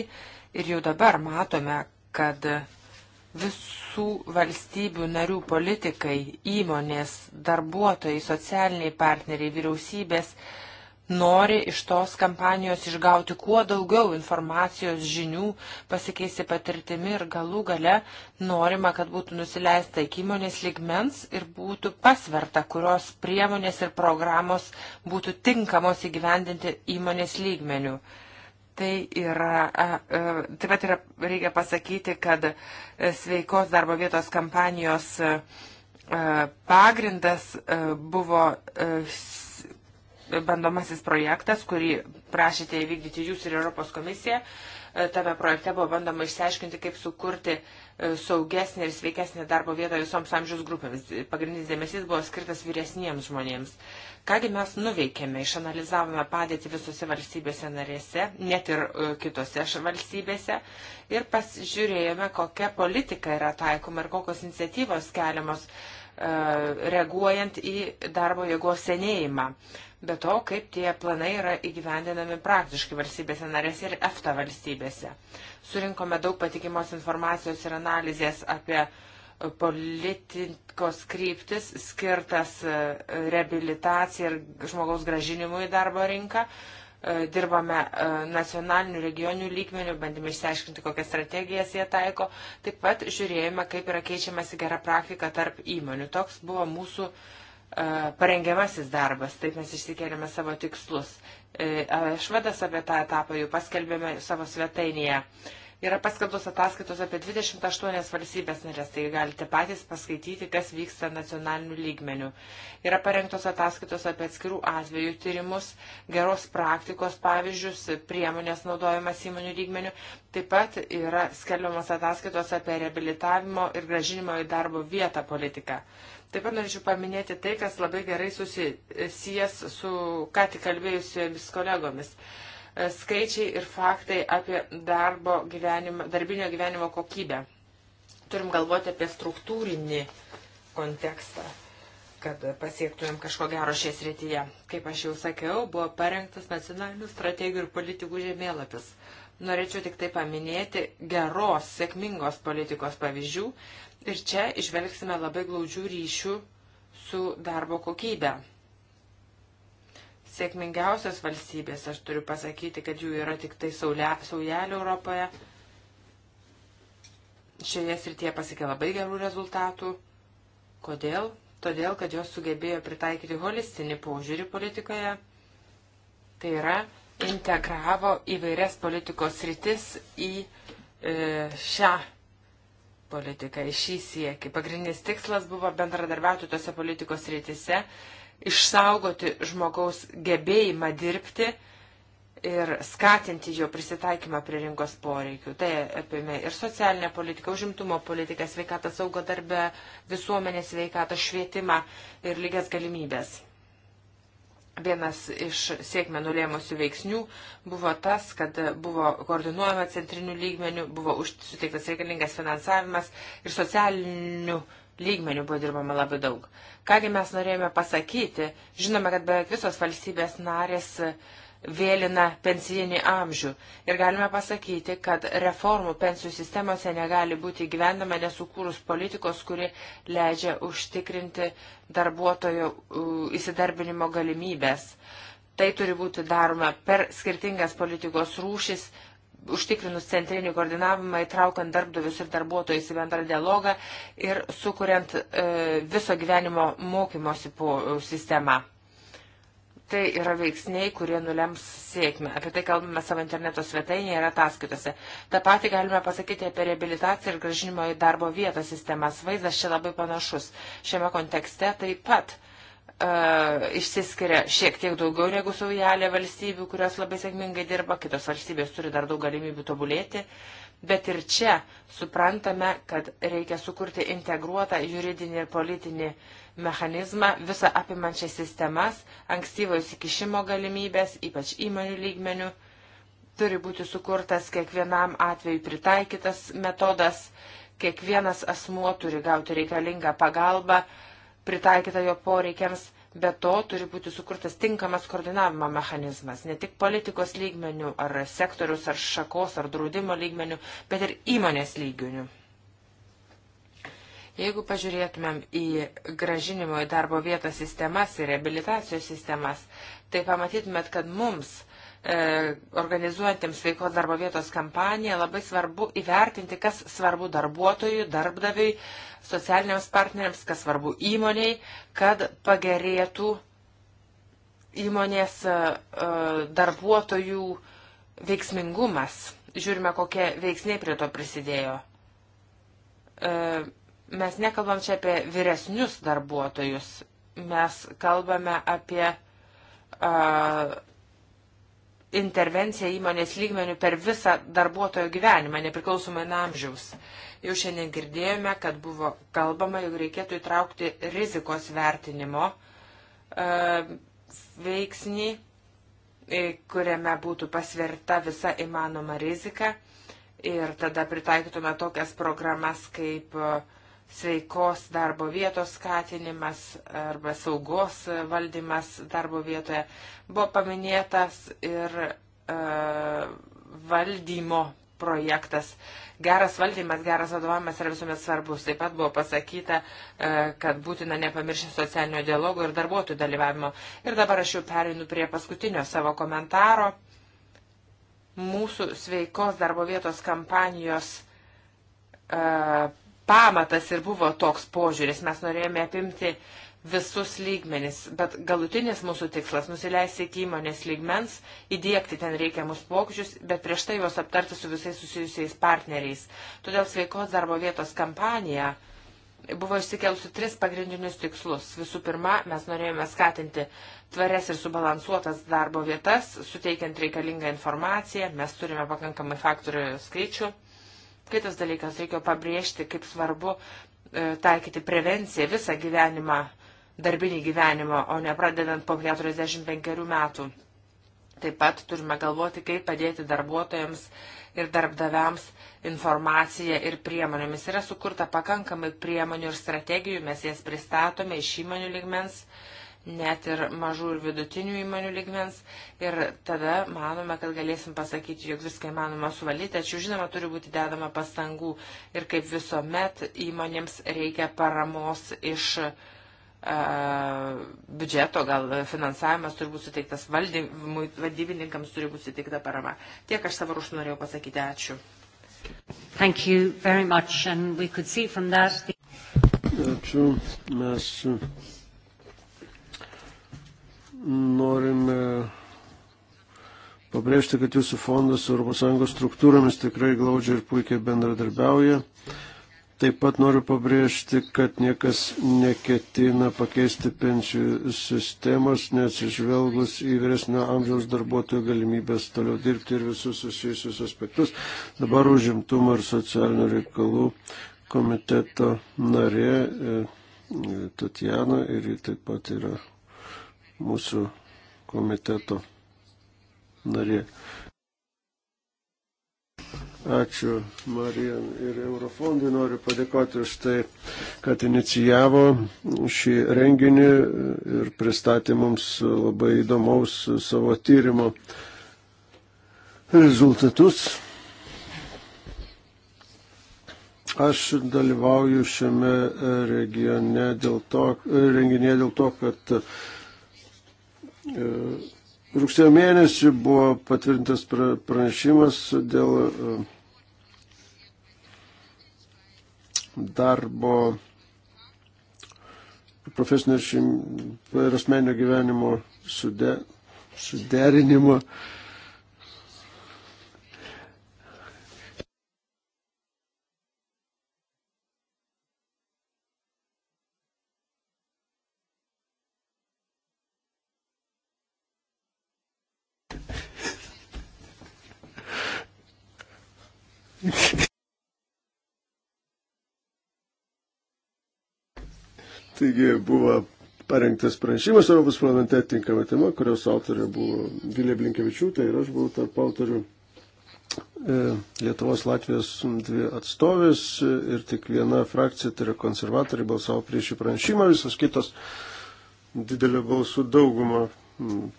ir jau dabar matome, kad visų valstybių narių politikai, įmonės, darbuotojai, socialiniai partneriai, vyriausybės nori iš tos kampanijos išgauti kuo daugiau informacijos žinių, pasikeisti patirtimi ir galų gale norima, kad būtų nusileista iki įmonės ligmens ir būtų pasverta, kurios priemonės ir programos būtų tinkamos įgyvendinti įmonės lygmenių. Tai yra, taip pat yra, reikia pasakyti, kad e, sveikos darbo vietos kampanijos e, pagrindas e, buvo bandomasis projektas, kurį prašėte įvykdyti jūs ir Europos komisija. E, tame projekte buvo bandoma išsiaiškinti, kaip sukurti e, saugesnį ir sveikesnį darbo vietą visoms amžiaus grupėms. Pagrindinis dėmesys buvo skirtas vyresniems žmonėms. Kągi mes nuveikėme, išanalizavome padėtį visose valstybėse narėse, net ir e, kitose valstybėse, ir pasižiūrėjome, kokia politika yra taikoma ir kokios iniciatyvos keliamos reaguojant į darbo jėgos senėjimą. Be to, kaip tie planai yra įgyvendinami praktiškai valstybėse narėse ir EFTA valstybėse. Surinkome daug patikimos informacijos ir analizės apie politikos kryptis skirtas e, rehabilitacijai ir žmogaus gražinimui į darbo rinką. Uh, E, dirbame e, nacionalinių regionių lygmenių, bandėme išsiaiškinti, kokias strategijas jie taiko. Taip pat žiūrėjome, kaip yra keičiamasi gera praktika tarp įmonių. Toks buvo mūsų e, parengiamasis darbas, taip mes išsikėlėme savo tikslus. Švedas apie tą etapą jau paskelbėme savo svetainėje. Yra paskelbtos ataskaitos apie 28 valstybės narės, tai galite patys paskaityti, kas vyksta nacionaliniu lygmeniu. Yra parengtos ataskaitos apie atskirų atvejų tyrimus, geros praktikos pavyzdžius, priemonės naudojimas įmonių lygmeniu. Taip pat yra skelbiamas ataskaitos apie reabilitavimo ir gražinimo į darbo vietą politiką. Taip pat norėčiau paminėti tai, kas labai gerai susijęs su ką tik kalbėjusiomis kolegomis. Uh, skaičiai ir faktai apie darbo gyvenimą, darbinio gyvenimo kokybę. Turim galvoti apie struktūrinį kontekstą, kad pasiektumėm kažko gero šiais rytyje. Kaip aš jau sakiau, buvo parengtas nacionalinių strategijų ir politikų žemėlapis. Norėčiau tik tai paminėti geros, sėkmingos politikos pavyzdžių ir čia išvelgsime labai glaudžių ryšių su darbo kokybė sėkmingiausios valstybės, aš turiu pasakyti, kad jų yra tik tai saujelio Europoje. Šioje srityje pasikė labai gerų rezultatų. Kodėl? Todėl, kad jos sugebėjo pritaikyti holistinį požiūrį politikoje. Tai yra, integravo įvairias politikos sritis į e, šią politiką, į šį siekį. Pagrindinis tikslas buvo bendradarbiauti tose politikos sritise išsaugoti žmogaus gebėjimą dirbti ir skatinti jo prisitaikymą prie rinkos poreikių. Tai apimė ir socialinę politiką, užimtumo politiką, sveikatą saugą darbę, visuomenės sveikatą, švietimą ir lygias galimybės. Vienas iš sėkmę nulėmusių veiksnių buvo tas, kad buvo koordinuojama centrinių lygmenių, buvo suteiktas reikalingas finansavimas ir socialinių lygmenių buvo dirbama labai daug. Uh, Kągi mes norėjome pasakyti? Žinome, kad beveik visos valstybės narės vėlina pensijinį amžių. Ir galime pasakyti, kad reformų pensijų sistemose negali būti gyvendama nesukūrus politikos, kuri leidžia užtikrinti darbuotojų įsidarbinimo galimybės. Tai turi būti daroma per skirtingas politikos rūšis, užtikrinus centrinį koordinavimą, įtraukant darbdavius ir darbuotojus į bendrą dialogą ir sukuriant e, viso gyvenimo mokymosi e, sistemą. Tai yra veiksniai, kurie nulems sėkmę. Apie tai kalbame savo interneto svetainėje ir ataskaitose. Ta pati galime pasakyti apie reabilitaciją ir gražinimo į darbo vietą sistemas. Vaizdas čia labai panašus. Šiame kontekste taip pat uh, E, išsiskiria šiek tiek daugiau negu saujelė valstybių, kurios labai sėkmingai dirba, kitos valstybės turi dar daug galimybių tobulėti, bet ir čia suprantame, kad reikia sukurti integruotą juridinį ir politinį mechanizmą, visą apimančias sistemas, ankstyvo įsikišimo galimybės, ypač įmonių lygmenių, turi būti sukurtas kiekvienam atveju pritaikytas metodas, kiekvienas asmuo turi gauti reikalingą pagalbą, pritaikyta jo poreikiams, bet to turi būti sukurtas tinkamas koordinavimo mechanizmas, ne tik politikos lygmenių, ar sektorius, ar šakos, ar draudimo lygmenių, bet ir įmonės lygmenių. Jeigu pažiūrėtumėm į gražinimo į darbo vietą sistemas ir rehabilitacijos sistemas, tai pamatytumėt, kad mums E, organizuojantiems veiklos darbo vietos kampaniją, labai svarbu įvertinti, kas svarbu darbuotojui, darbdaviui, socialiniams partneriams, kas svarbu įmoniai, kad pagerėtų įmonės e, e, darbuotojų veiksmingumas. Žiūrime, kokie veiksniai prie to prisidėjo. Mes nekalbam čia apie vyresnius darbuotojus, mes kalbame apie intervenciją įmonės lygmenių per visą darbuotojo gyvenimą, nepriklausomai nuo amžiaus. Jau šiandien girdėjome, kad buvo kalbama, jog reikėtų įtraukti rizikos vertinimo e, veiksnį, e, kuriame būtų pasverta visa įmanoma rizika ir tada pritaikytume tokias programas kaip e, sveikos darbo vietos skatinimas arba saugos valdymas darbo vietoje. Buvo paminėtas ir e, valdymo projektas. Geras valdymas, geras vadovavimas yra visuomet svarbus. Taip pat buvo pasakyta, e, kad būtina nepamiršti socialinio dialogo ir darbuotojų dalyvavimo. Ir dabar aš jau pereinu prie paskutinio savo komentaro. Mūsų sveikos darbo vietos kampanijos e, pamatas ir buvo toks požiūris. Mes norėjome apimti visus lygmenis, bet galutinis mūsų tikslas - nusileisti iki įmonės lygmens, įdėkti ten reikiamus pokyčius, bet prieš tai juos aptarti su visais susijusiais partneriais. Todėl sveikos darbo vietos kampanija buvo išsikelusi tris pagrindinius tikslus. Visų pirma, mes norėjome skatinti tvarias ir subalansuotas darbo vietas, suteikiant reikalingą informaciją, mes turime pakankamai faktorių skaičių. Kitas dalykas, reikia pabrėžti, kaip svarbu e, taikyti prevenciją visą gyvenimą, darbinį gyvenimą, o ne pradedant po 45 metų. Taip pat turime galvoti, kaip padėti darbuotojams ir darbdaviams informaciją ir priemonėmis. Yra sukurta pakankamai priemonių ir strategijų, mes jas pristatome iš įmonių ligmens net ir mažų ir vidutinių įmonių ligmens. Ir tada manome, kad galėsim pasakyti, jog viską įmanoma suvaldyti, tačiau žinoma, turi būti dedama pastangų. Ir kaip visuomet įmonėms reikia paramos iš e, biudžeto, gal finansavimas turi būti suteiktas, valdymui, vadybininkams turi būti suteikta parama. Tiek aš savo ruštų norėjau pasakyti. Ačiū. Thank you very much and we could see from that. Ačiū. Mes norime pabrėžti, kad jūsų fondas su ES struktūromis tikrai glaudžiai ir puikiai bendradarbiauja. Taip pat noriu pabrėžti, kad niekas neketina pakeisti pensijų sistemos, neatsižvelgus į vyresnio amžiaus darbuotojų galimybės toliau dirbti ir visus susijusius aspektus. Dabar užimtumo ir socialinių reikalų komiteto narė e, Tatjana ir ji taip pat yra mūsų komiteto narė. Ačiū Marijan ir Eurofondui noriu padėkoti už tai, kad inicijavo šį renginį ir pristatė mums labai įdomaus savo tyrimo rezultatus. Aš dalyvauju šiame regione dėl to, renginėje dėl to, kad E, rugsėjo mėnesį buvo patvirtintas pranešimas dėl e, darbo profesinio ir asmeninio gyvenimo sude, suderinimo. Uh, Taigi buvo parengtas pranešimas Europos parlamente tinkama tema, kurios autorė buvo Vilė Blinkevičiūtė ir aš buvau tarp autorių e, Lietuvos Latvijos dvi atstovės ir tik viena frakcija, tai yra konservatoriai, balsavo prieš šį pranešimą, visos kitos didelė balsų dauguma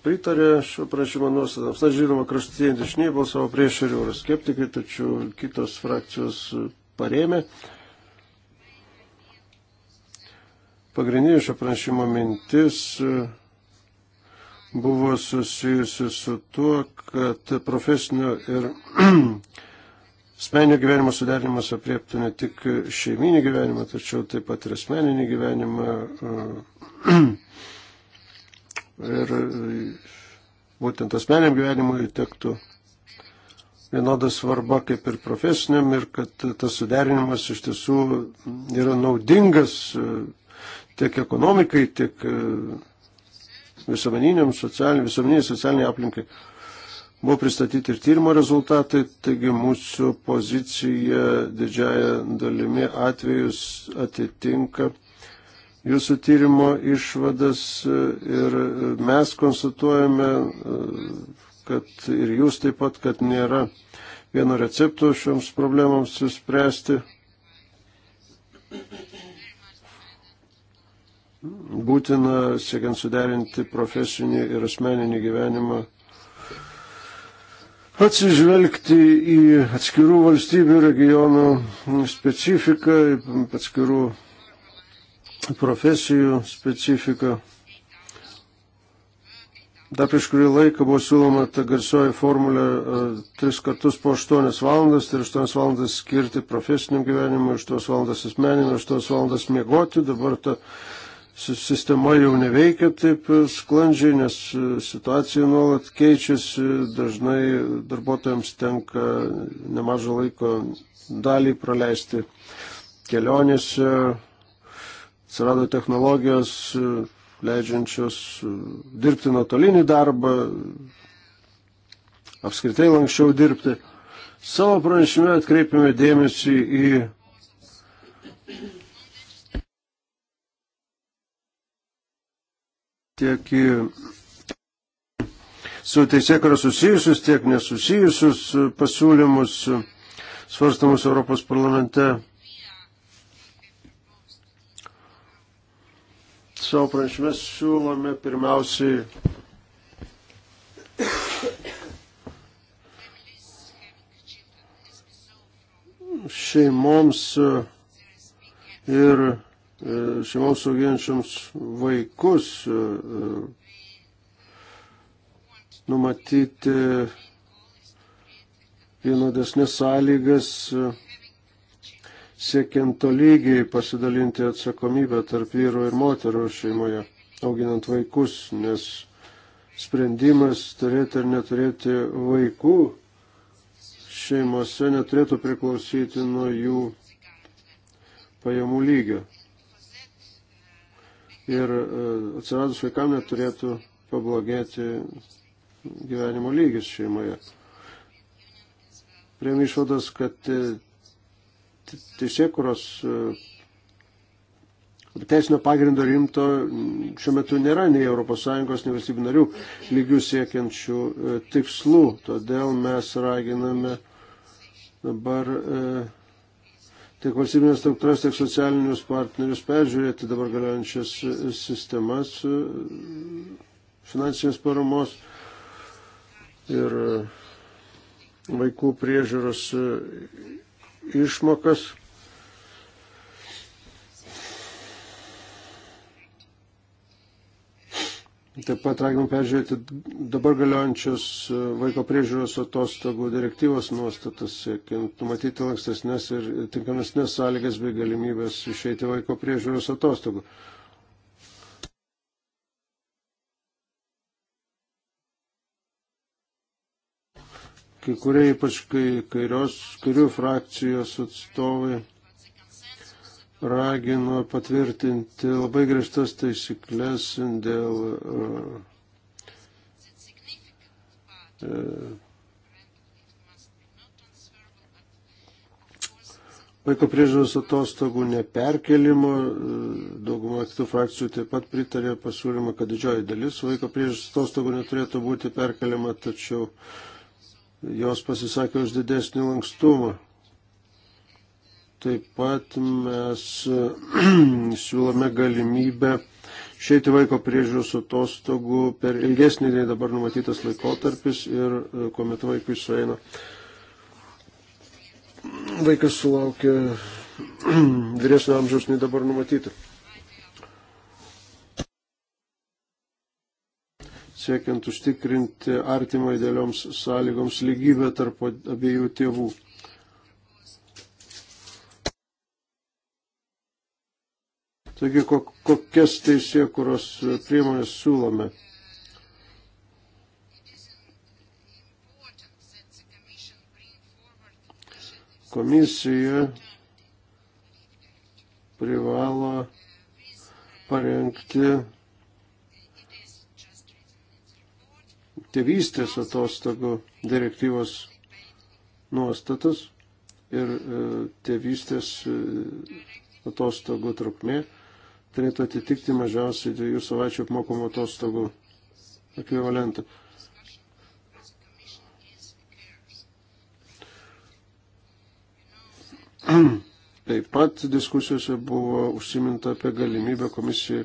pritarė šio prašymo nuostatams. Na, žinoma, kraštutiniai dešiniai balsavo prieš ir euroskeptikai, tačiau kitos frakcijos parėmė. Uh, Pagrindinė šio pranešimo mintis e, buvo susijusi su tuo, kad profesinio ir asmeninio gyvenimo suderinimas apriektų ne tik šeiminį gyvenimą, tačiau taip pat ir asmeninį gyvenimą. E, ir e, būtent asmeniam gyvenimui tektų vienoda svarba kaip ir profesiniam ir kad tas suderinimas iš tiesų yra naudingas tiek ekonomikai, tiek e, visuomeniniam, socialiniai, visuomeniniai, socialiniai aplinkai. Buvo pristatyti ir tyrimo rezultatai, taigi mūsų pozicija didžiaja dalimi atvejus atitinka jūsų tyrimo išvadas ir mes konstatuojame, e, kad ir jūs taip pat, kad nėra vieno recepto šioms problemams suspręsti būtina, siekiant suderinti profesinį ir asmeninį gyvenimą, atsižvelgti į atskirų valstybių regionų specifiką, atskirų profesijų specifiką. Dar prieš kurį laiką buvo siūloma ta garsioji formulė 3 e, kartus po 8 valandas, tai 8 valandas skirti profesiniam gyvenimui, 8 valandas asmeniniam, 8 valandas miegoti. Dabar ta sistema jau neveikia taip sklandžiai, nes situacija nuolat keičiasi, dažnai darbuotojams tenka nemažą laiko dalį praleisti kelionėse, atsirado technologijos leidžiančios dirbti nuotolinį darbą, apskritai lankščiau dirbti. Savo pranešime atkreipiame dėmesį į tiek į su teisėkara susijusius, tiek nesusijusius pasiūlymus svarstamus Europos parlamente. Savo pranešime siūlome pirmiausiai šeimoms ir E, šeimoms auginčiams vaikus e, e, numatyti vienodesnės sąlygas siekiant tolygiai pasidalinti atsakomybę tarp vyrų ir moterų šeimoje, auginant vaikus, nes sprendimas turėti ar neturėti vaikų šeimose neturėtų priklausyti nuo jų pajamų lygio ir e, atsiradus vaikam neturėtų pablogėti gyvenimo lygis šeimoje. Prieim išvadas, kad teisėkuros e, teisinio pagrindo rimto šiuo metu nėra nei ES, nei valstybių narių lygių siekiančių e, tikslų. Todėl mes raginame dabar tiek valstybinės struktūras, tiek socialinius partnerius peržiūrėti dabar galiojančias e, sistemas e, finansinės paramos ir e, vaikų priežiūros išmokas Taip pat raginam peržiūrėti dabar galiojančius e, vaiko priežiūros atostogų direktyvos nuostatas, siekiant numatyti lankstesnės ir tinkamesnės sąlygas bei galimybės išeiti vaiko priežiūros atostogų. Kai kurie, ypač kai kairios, kairių frakcijos atstovai ragino patvirtinti labai griežtas taisyklės dėl e, vaiko priežiūros atostogų neperkelimo. E, dauguma kitų frakcijų taip pat pritarė pasiūlymą, kad didžioji dalis vaiko priežiūros atostogų neturėtų būti perkeliama, tačiau jos pasisakė už didesnį lankstumą. Taip pat mes siūlome galimybę išeiti vaiko priežiūros atostogų per ilgesnį nei dabar numatytas laikotarpis ir e, kuomet vaikui sueina. Vaikas sulaukia vyresnio amžiaus nei dabar numatyti. Siekiant užtikrinti artimą idealioms sąlygoms lygybę tarp abiejų tėvų. Taigi, kokias teisė, kurios priemonės siūlome? Komisija privalo parengti tėvystės atostogų direktyvos nuostatas ir e, tėvystės e, atostogų trukmė turėtų atitikti mažiausiai dviejų savaičių apmokamų atostogų ekvivalentą. Taip pat diskusijose buvo užsiminta apie galimybę komisijai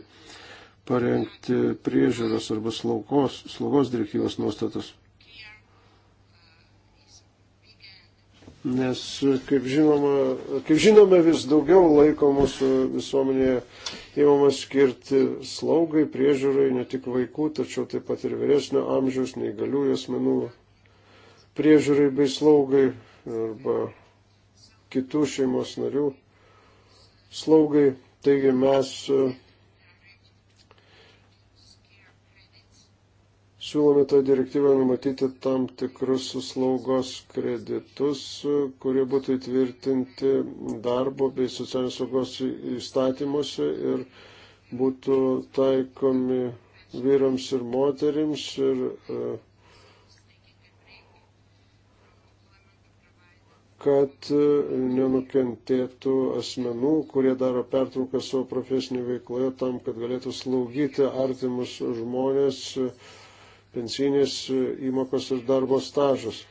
parengti priežiūros arba slaugos, slaugos direktyvos nuostatas. nes, kaip žinoma, kaip žinome, vis daugiau laiko mūsų visuomenėje įmama skirti slaugai, priežiūrai ne tik vaikų, tačiau taip pat ir vyresnio amžiaus, neįgaliųjų asmenų priežiūrai bei slaugai arba kitų šeimos narių slaugai. Taigi mes Siūlome tą direktyvą numatyti tam tikrus slaugos kreditus, kurie būtų įtvirtinti darbo bei socialinės saugos įstatymuose ir būtų taikomi vyrams ir moterims. Ir, e, kad e, nenukentėtų asmenų, kurie daro pertrauką savo profesinį veikloje tam, kad galėtų slaugyti artimus žmonės, uh, pensinės e, įmokos ir darbo stažas.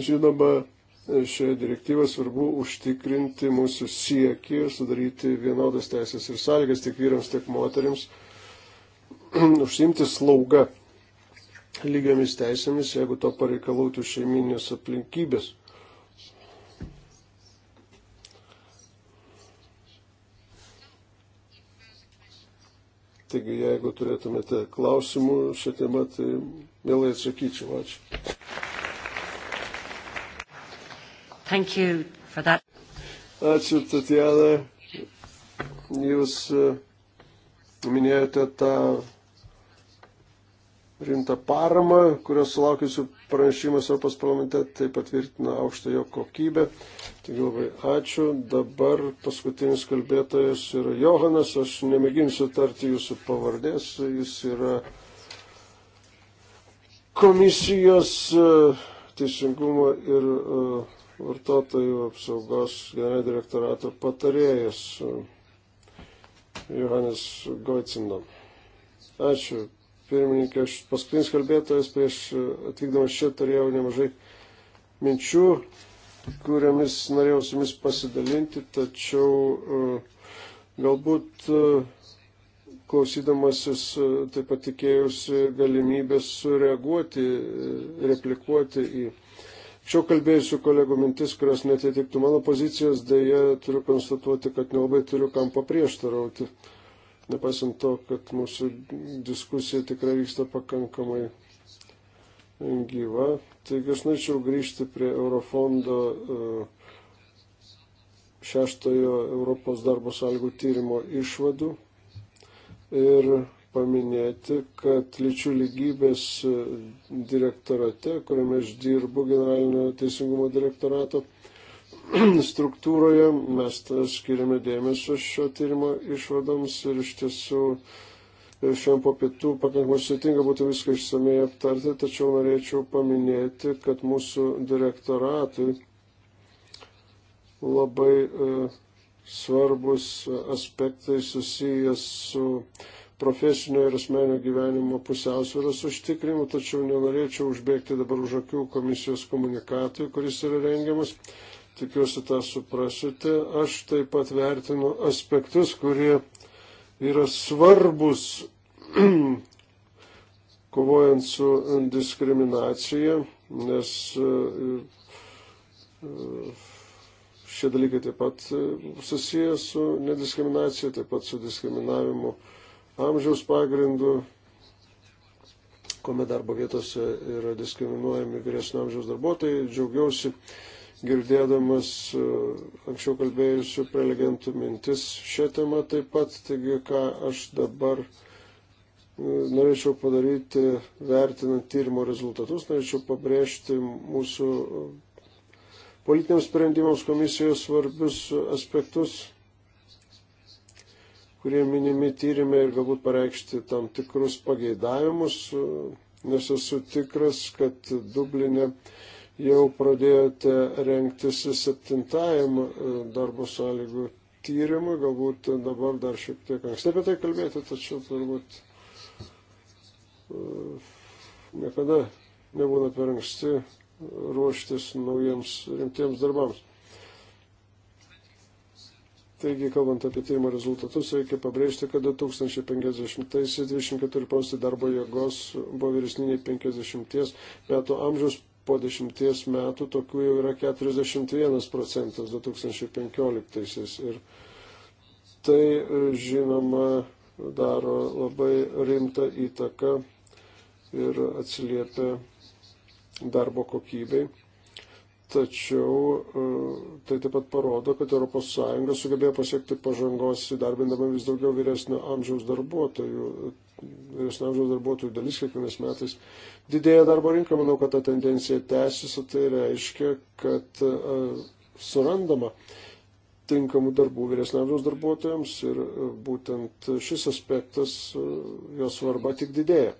Žinoma, šioje direktyvoje svarbu užtikrinti mūsų siekį sudaryti vienodas teisės ir sąlygas tiek vyrams, tiek moteriams, užsimti slaugą lygiamis teisėmis, jeigu to pareikalautų šeiminės aplinkybės. Taigi, jeigu turėtumėte klausimų šią temą, tai mielai atsakyčiau. Ačiū. Ačiū, Tatjana. Jūs e, minėjote tą rimtą paramą, kurios sulaukiusių pranešimas Europos parlamente taip patvirtina aukštą jo kokybę. Taigi labai ačiū. Dabar paskutinis kalbėtojas yra Johanas. Aš nemėginsiu tarti jūsų pavardės. Jis yra komisijos e, teisingumo ir e, vartotojų apsaugos generalinio direktorato patarėjas e, Johanas Goicindom. Ačiū pirmininkė, aš paskutinis kalbėtojas prieš e, atvykdamas čia turėjau nemažai minčių, kuriamis norėjau su jumis pasidalinti, tačiau e, galbūt e, klausydamasis taip pat tikėjusi galimybės sureaguoti, replikuoti į Šiau kalbėjusių kolegų mintis, kurios netitiktų mano pozicijos, dėja turiu konstatuoti, kad nelabai turiu kam paprieštarauti. Uh, nepaisant to, kad mūsų diskusija tikrai vyksta pakankamai gyva. Taigi aš norėčiau grįžti prie Eurofondo e, šeštojo Europos darbo sąlygų tyrimo išvadų ir paminėti, kad lyčių lygybės e, direktorate, kuriame aš dirbu, generalinio teisingumo direktorato, struktūroje. Mes skiriame dėmesio šio tyrimo išvadoms ir iš tiesų šiandien po pietų pakankamai sudėtinga būtų viską išsamei aptarti, tačiau norėčiau paminėti, kad mūsų direktoratui labai e, svarbus aspektai susijęs su profesinio ir asmenio gyvenimo pusiausvėros užtikrimu, tačiau nenorėčiau užbėgti dabar už akių komisijos komunikatui, kuris yra rengiamas tikiuosi tą suprasite, aš taip pat vertinu aspektus, kurie yra svarbus kovojant su diskriminacija, nes e, e, šie dalykai taip pat e, susiję su nediskriminacija, taip pat su diskriminavimu amžiaus pagrindu, kuomet darbo vietose yra diskriminuojami vyresnio amžiaus darbuotojai. Džiaugiausi girdėdamas e, anksčiau kalbėjusių prelegentų mintis šią temą taip pat. Taigi, ką aš dabar e, norėčiau padaryti, vertinant tyrimo rezultatus, norėčiau pabrėžti mūsų e, politiniams sprendimams komisijos svarbius aspektus, kurie minimi tyrimė ir galbūt pareikšti tam tikrus pageidavimus, nes esu tikras, kad Dublinė e jau pradėjote renktis septintajam e, darbo sąlygų tyrimui, galbūt dabar dar šiek tiek anksti apie tai kalbėti, tačiau turbūt e, niekada nebūna per anksti ruoštis naujiems rimtiems darbams. Taigi, kalbant apie tyrimo rezultatus, reikia pabrėžti, kad 2050-aisiais 24 procentai darbo jėgos buvo vyresniniai 50 metų amžiaus po dešimties metų tokių jau yra 41 procentas 2015-aisiais. Ir tai, žinoma, daro labai rimtą įtaką ir atsiliepia darbo kokybei. Tačiau e, tai taip pat parodo, kad ES sugebėjo pasiekti pažangos įdarbindama vis daugiau vyresnio amžiaus darbuotojų vyresnio amžiaus darbuotojų dalis kiekvienais metais didėja darbo rinka. Manau, kad ta tendencija tęsis, o tai reiškia, kad e, surandama tinkamų darbų vyresnio amžiaus darbuotojams ir e, būtent šis aspektas, e, jo svarba tik didėja.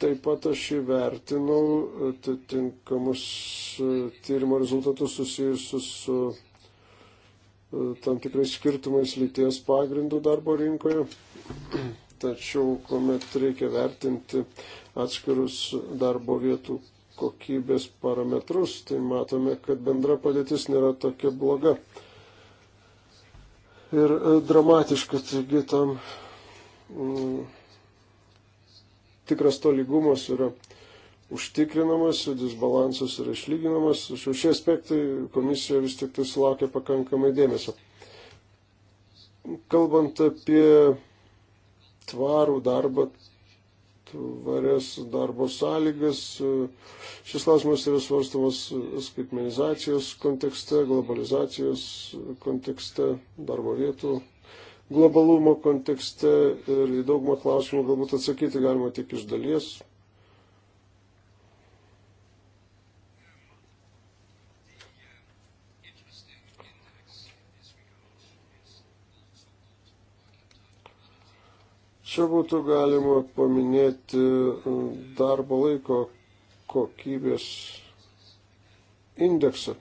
Taip pat aš įvertinau atitinkamus tyrimo rezultatus susijusius su tam tikrais skirtumais lyties pagrindų darbo rinkoje tačiau kuomet reikia vertinti atskirus darbo vietų kokybės parametrus, tai matome, kad bendra padėtis nėra tokia bloga ir e, dramatiška, taigi tam mm, tikras tolygumas yra užtikrinamas, disbalansas yra išlyginamas. Šiuo šie aspektai komisija vis tik tai sulaukia pakankamai dėmesio. Kalbant apie tvarų darbą, tvarias darbo sąlygas. Šis klausimas yra svarstamas skaitmenizacijos kontekste, globalizacijos kontekste, darbo vietų globalumo kontekste ir į daugumą klausimų galbūt atsakyti galima tik iš dalies. Čia būtų galima paminėti e, darbo laiko kokybės indeksą.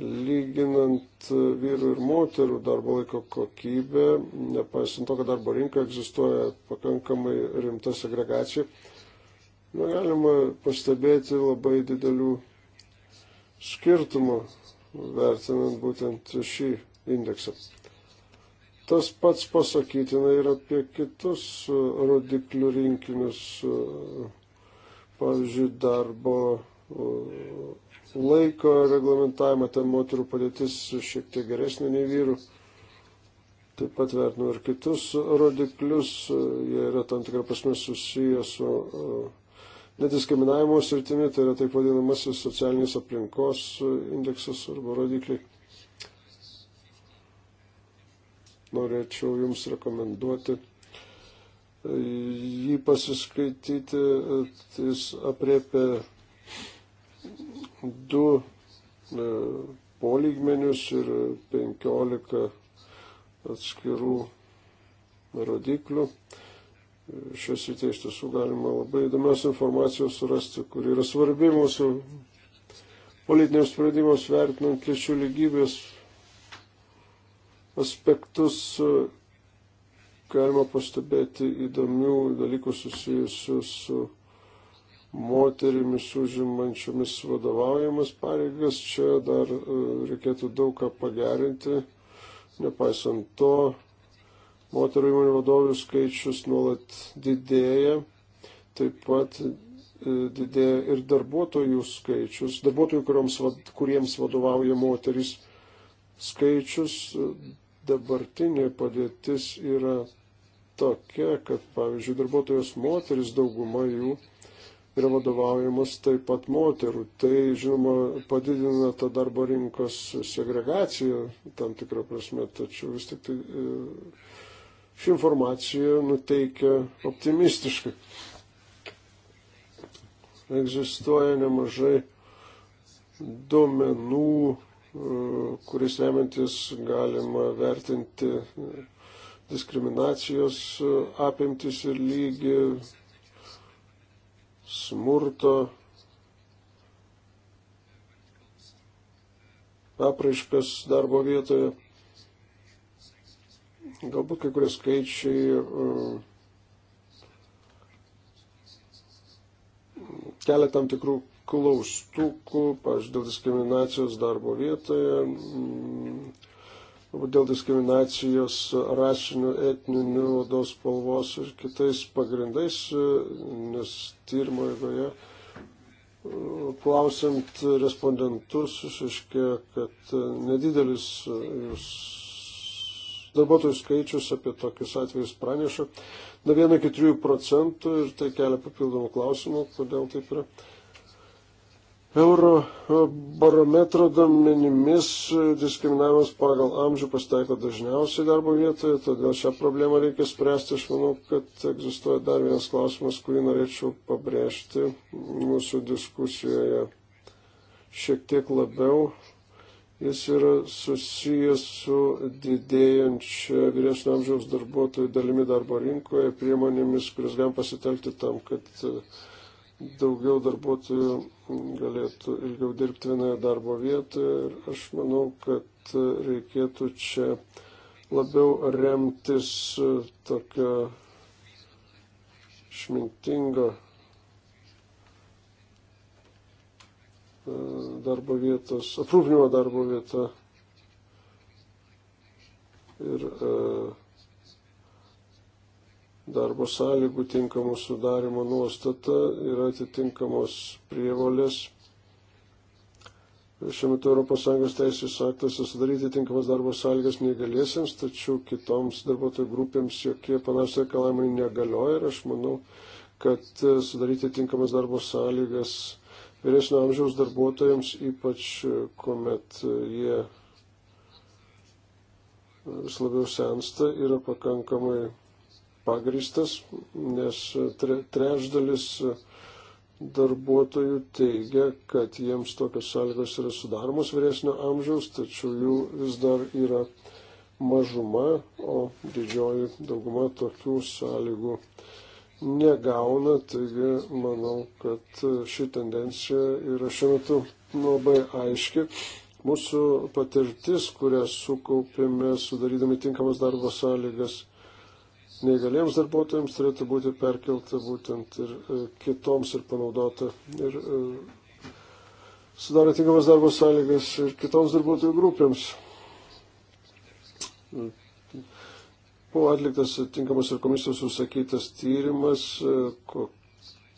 Lyginant vyrų ir moterų darbo laiko kokybę, nepaisant to, kad darbo rinkoje egzistuoja pakankamai rimta segregacija, na, galima pastebėti labai didelių skirtumų vertinant būtent šį indeksą. Tas pats pasakytina ir apie kitus e, rodiklių rinkinius, e, pavyzdžiui, darbo e, laiko reglamentavimą, ten moterų padėtis šiek tiek geresnė nei vyrų. Taip pat vertinu ir kitus rodiklius, jie yra tam tikrą prasme susiję su nediskriminavimo sritimi, tai yra taip vadinamasis socialinės aplinkos indeksas arba rodikliai. norėčiau Jums rekomenduoti e, jį pasiskaityti. E, jis apriepia du e, polygmenius ir penkiolika atskirų rodiklių. Šios įtei iš tiesų galima labai įdomios informacijos surasti, kur yra svarbi mūsų politiniams sprendimams vertinant lyčių lygybės aspektus e, galima pastebėti įdomių dalykų susijusių su moterimis užimančiomis vadovaujamas pareigas. Čia dar e, reikėtų daug ką pagerinti. Nepaisant to, moterų įmonių vadovių skaičius nuolat didėja. Taip pat e, didėja ir darbuotojų skaičius, darbuotojų, kuriems vadovauja moteris skaičius dabartinė padėtis yra tokia, kad, pavyzdžiui, darbuotojos moteris dauguma jų yra vadovaujamos taip pat moterų. Tai, žinoma, padidina tą darbo rinkos segregaciją tam tikrą prasme, tačiau vis tik tai e, ši informacija nuteikia optimistiškai. Egzistuoja nemažai duomenų kuris remiantis galima vertinti diskriminacijos apimtis ir lygį, smurto apraiškas darbo vietoje. Galbūt kai kurie skaičiai e, kelia tam tikrų klaustukų, pažiūrėjau, dėl diskriminacijos darbo vietoje, mm, dėl diskriminacijos rasinių, etninių, odos spalvos ir kitais pagrindais, nes tyrimo eigoje e, klausiant respondentus išaiškėjo, kad nedidelis jūs darbuotojų skaičius apie tokius atvejus praneša, na 1-3 procentų ir tai kelia papildomų klausimų, kodėl taip yra. Eurobarometro e, domenimis e, diskriminavimas pagal amžių pasitaiko dažniausiai darbo vietoje, todėl šią problemą reikia spręsti. Aš manau, kad egzistuoja dar vienas klausimas, kurį norėčiau pabrėžti mūsų diskusijoje šiek tiek labiau. Jis yra susijęs su didėjančia vyresnio amžiaus darbuotojų dalimi darbo rinkoje, priemonėmis, kuris galim pasitelkti tam, kad uh, daugiau darbuotojų galėtų ilgiau dirbti vienoje darbo vietoje. Ir aš manau, kad reikėtų čia labiau remtis tokio išmintingo e, darbo vietos, aprūpinimo darbo vieta ir uh, darbo sąlygų tinkamų sudarimo nuostata yra atitinkamos prievolės. Šiuo metu ES teisės aktas susidaryti tinkamas darbo sąlygas negalėsiams, tačiau kitoms darbuotojų grupėms jokie panašiai reikalavimai negalioja ir aš manau, kad sudaryti tinkamas darbo sąlygas vyresnio amžiaus darbuotojams, ypač kuomet jie vis labiau sensta, yra pakankamai pagristas, nes trečdalis darbuotojų teigia, kad jiems tokios sąlygos yra sudaromos vyresnio amžiaus, tačiau jų vis dar yra mažuma, o didžioji dauguma tokių sąlygų negauna. Taigi manau, kad ši tendencija yra šiuo metu labai aiški. Mūsų patirtis, kurią sukaupėme sudarydami tinkamas darbo sąlygas, neįgaliems darbuotojams turėtų būti perkelta būtent ir e, kitoms ir panaudota. Ir e, sudarė tinkamas darbo sąlygas ir kitoms darbuotojų grupėms. E, buvo atliktas tinkamas ir komisijos užsakytas tyrimas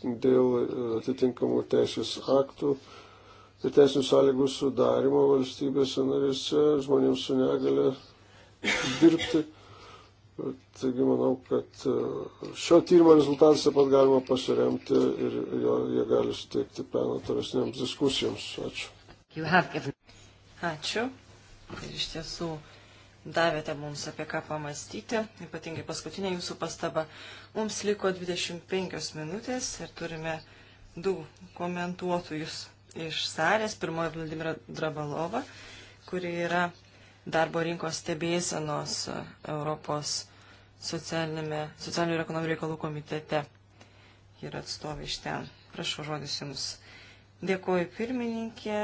dėl atitinkamų teisės aktų ir teisinių sąlygų sudarimo valstybėse narėse žmonėms su negale dirbti. Taigi manau, kad e, šio tyrimo rezultatus taip pat galima pasiremti ir jo, jie gali suteikti peno tolesnėms diskusijoms. Ačiū. Ačiū. Ir iš tiesų davėte mums apie ką pamastyti, ypatingai paskutinė jūsų pastaba. Mums liko 25 minutės ir turime du komentuotojus iš salės. Pirmoji Vladimira Drabalova, kuri yra darbo rinkos stebėsenos Europos socialinių ir ekonominių reikalų komitete. Ir atstovai iš ten. Prašau žodis Jums. Dėkuoju pirmininkė,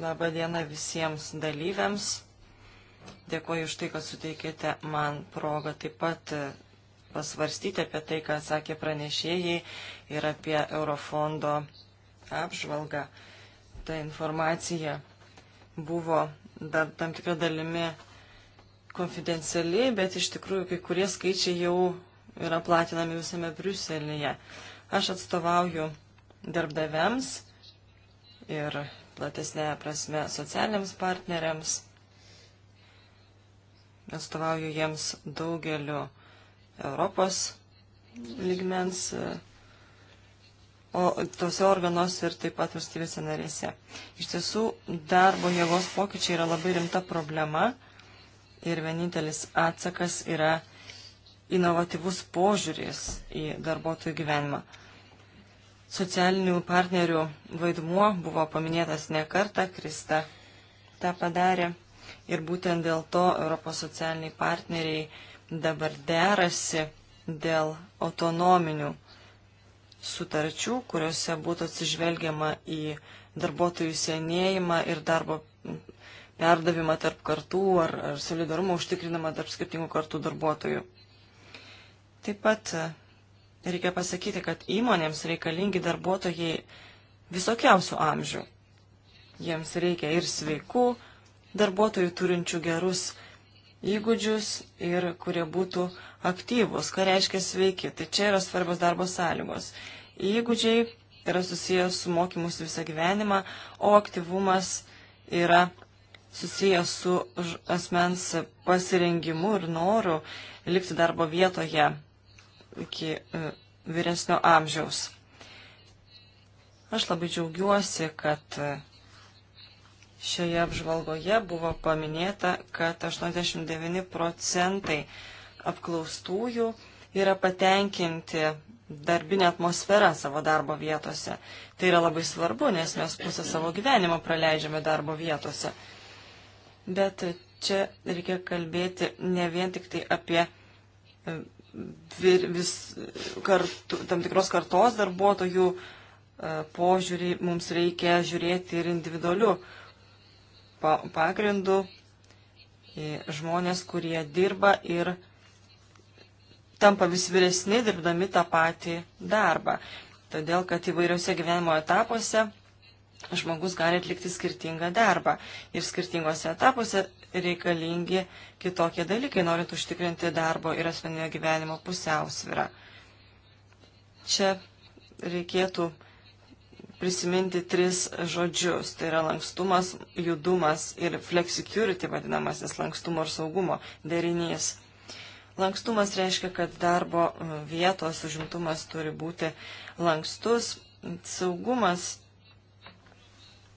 laba diena visiems dalyviams. Dėkuoju už tai, kad suteikėte man progą taip pat e, pasvarstyti apie tai, ką sakė pranešėjai ir apie Eurofondo apžvalgą. Ta informacija buvo dar tam tikrą dalimi konfidencialiai, bet iš tikrųjų kai kurie skaičiai jau yra platinami visame Briuselėje. Aš atstovauju darbdaviams ir platesnė prasme socialiniams partneriams. Atstovauju jiems daugeliu Europos lygmens o tose organos ir taip pat valstybėse narėse. Iš tiesų, darbo jėgos pokyčiai yra labai rimta problema ir vienintelis atsakas yra inovatyvus požiūris į darbuotojų gyvenimą. Socialinių partnerių vaidmuo buvo paminėtas ne kartą, Krista tą padarė ir būtent dėl to Europos socialiniai partneriai dabar derasi dėl autonominių sutarčių, kuriuose būtų atsižvelgiama į darbuotojų senėjimą ir darbo perdavimą tarp kartų ar, ar solidarumą užtikrinamą tarp skirtingų kartų darbuotojų. Taip pat e, reikia pasakyti, kad įmonėms reikalingi darbuotojai visokiausių amžių. Jiems reikia ir sveikų darbuotojų turinčių gerus įgūdžius ir kurie būtų aktyvus, ką reiškia sveiki. Tai čia yra svarbios darbo sąlygos įgūdžiai yra susijęs su mokymus visą gyvenimą, o aktyvumas yra susijęs su asmens pasirengimu ir noru likti darbo vietoje iki e, vyresnio amžiaus. Aš labai džiaugiuosi, kad e, šioje apžvalgoje buvo paminėta, kad 89 procentai apklaustųjų yra patenkinti darbinę atmosferą savo darbo vietose. Tai yra labai svarbu, nes mes pusę savo gyvenimo praleidžiame darbo vietose. Bet čia reikia kalbėti ne vien tik tai apie e, vir, vis, kartu, tam tikros kartos darbuotojų e, požiūrį, mums reikia žiūrėti ir individualiu pagrindu žmonės, kurie dirba ir dirba tampa vis vyresni dirbdami tą patį darbą. Todėl, kad įvairiose gyvenimo etapuose žmogus gali atlikti skirtingą darbą. Ir skirtingose etapuose reikalingi kitokie dalykai, norint užtikrinti darbo ir asmeninio gyvenimo pusiausvyrą. Čia reikėtų prisiminti tris žodžius. Tai yra lankstumas, judumas ir flexicurity vadinamasis lankstumo ir saugumo derinys. Lankstumas reiškia, kad darbo e, vietos užimtumas turi būti lankstus. Saugumas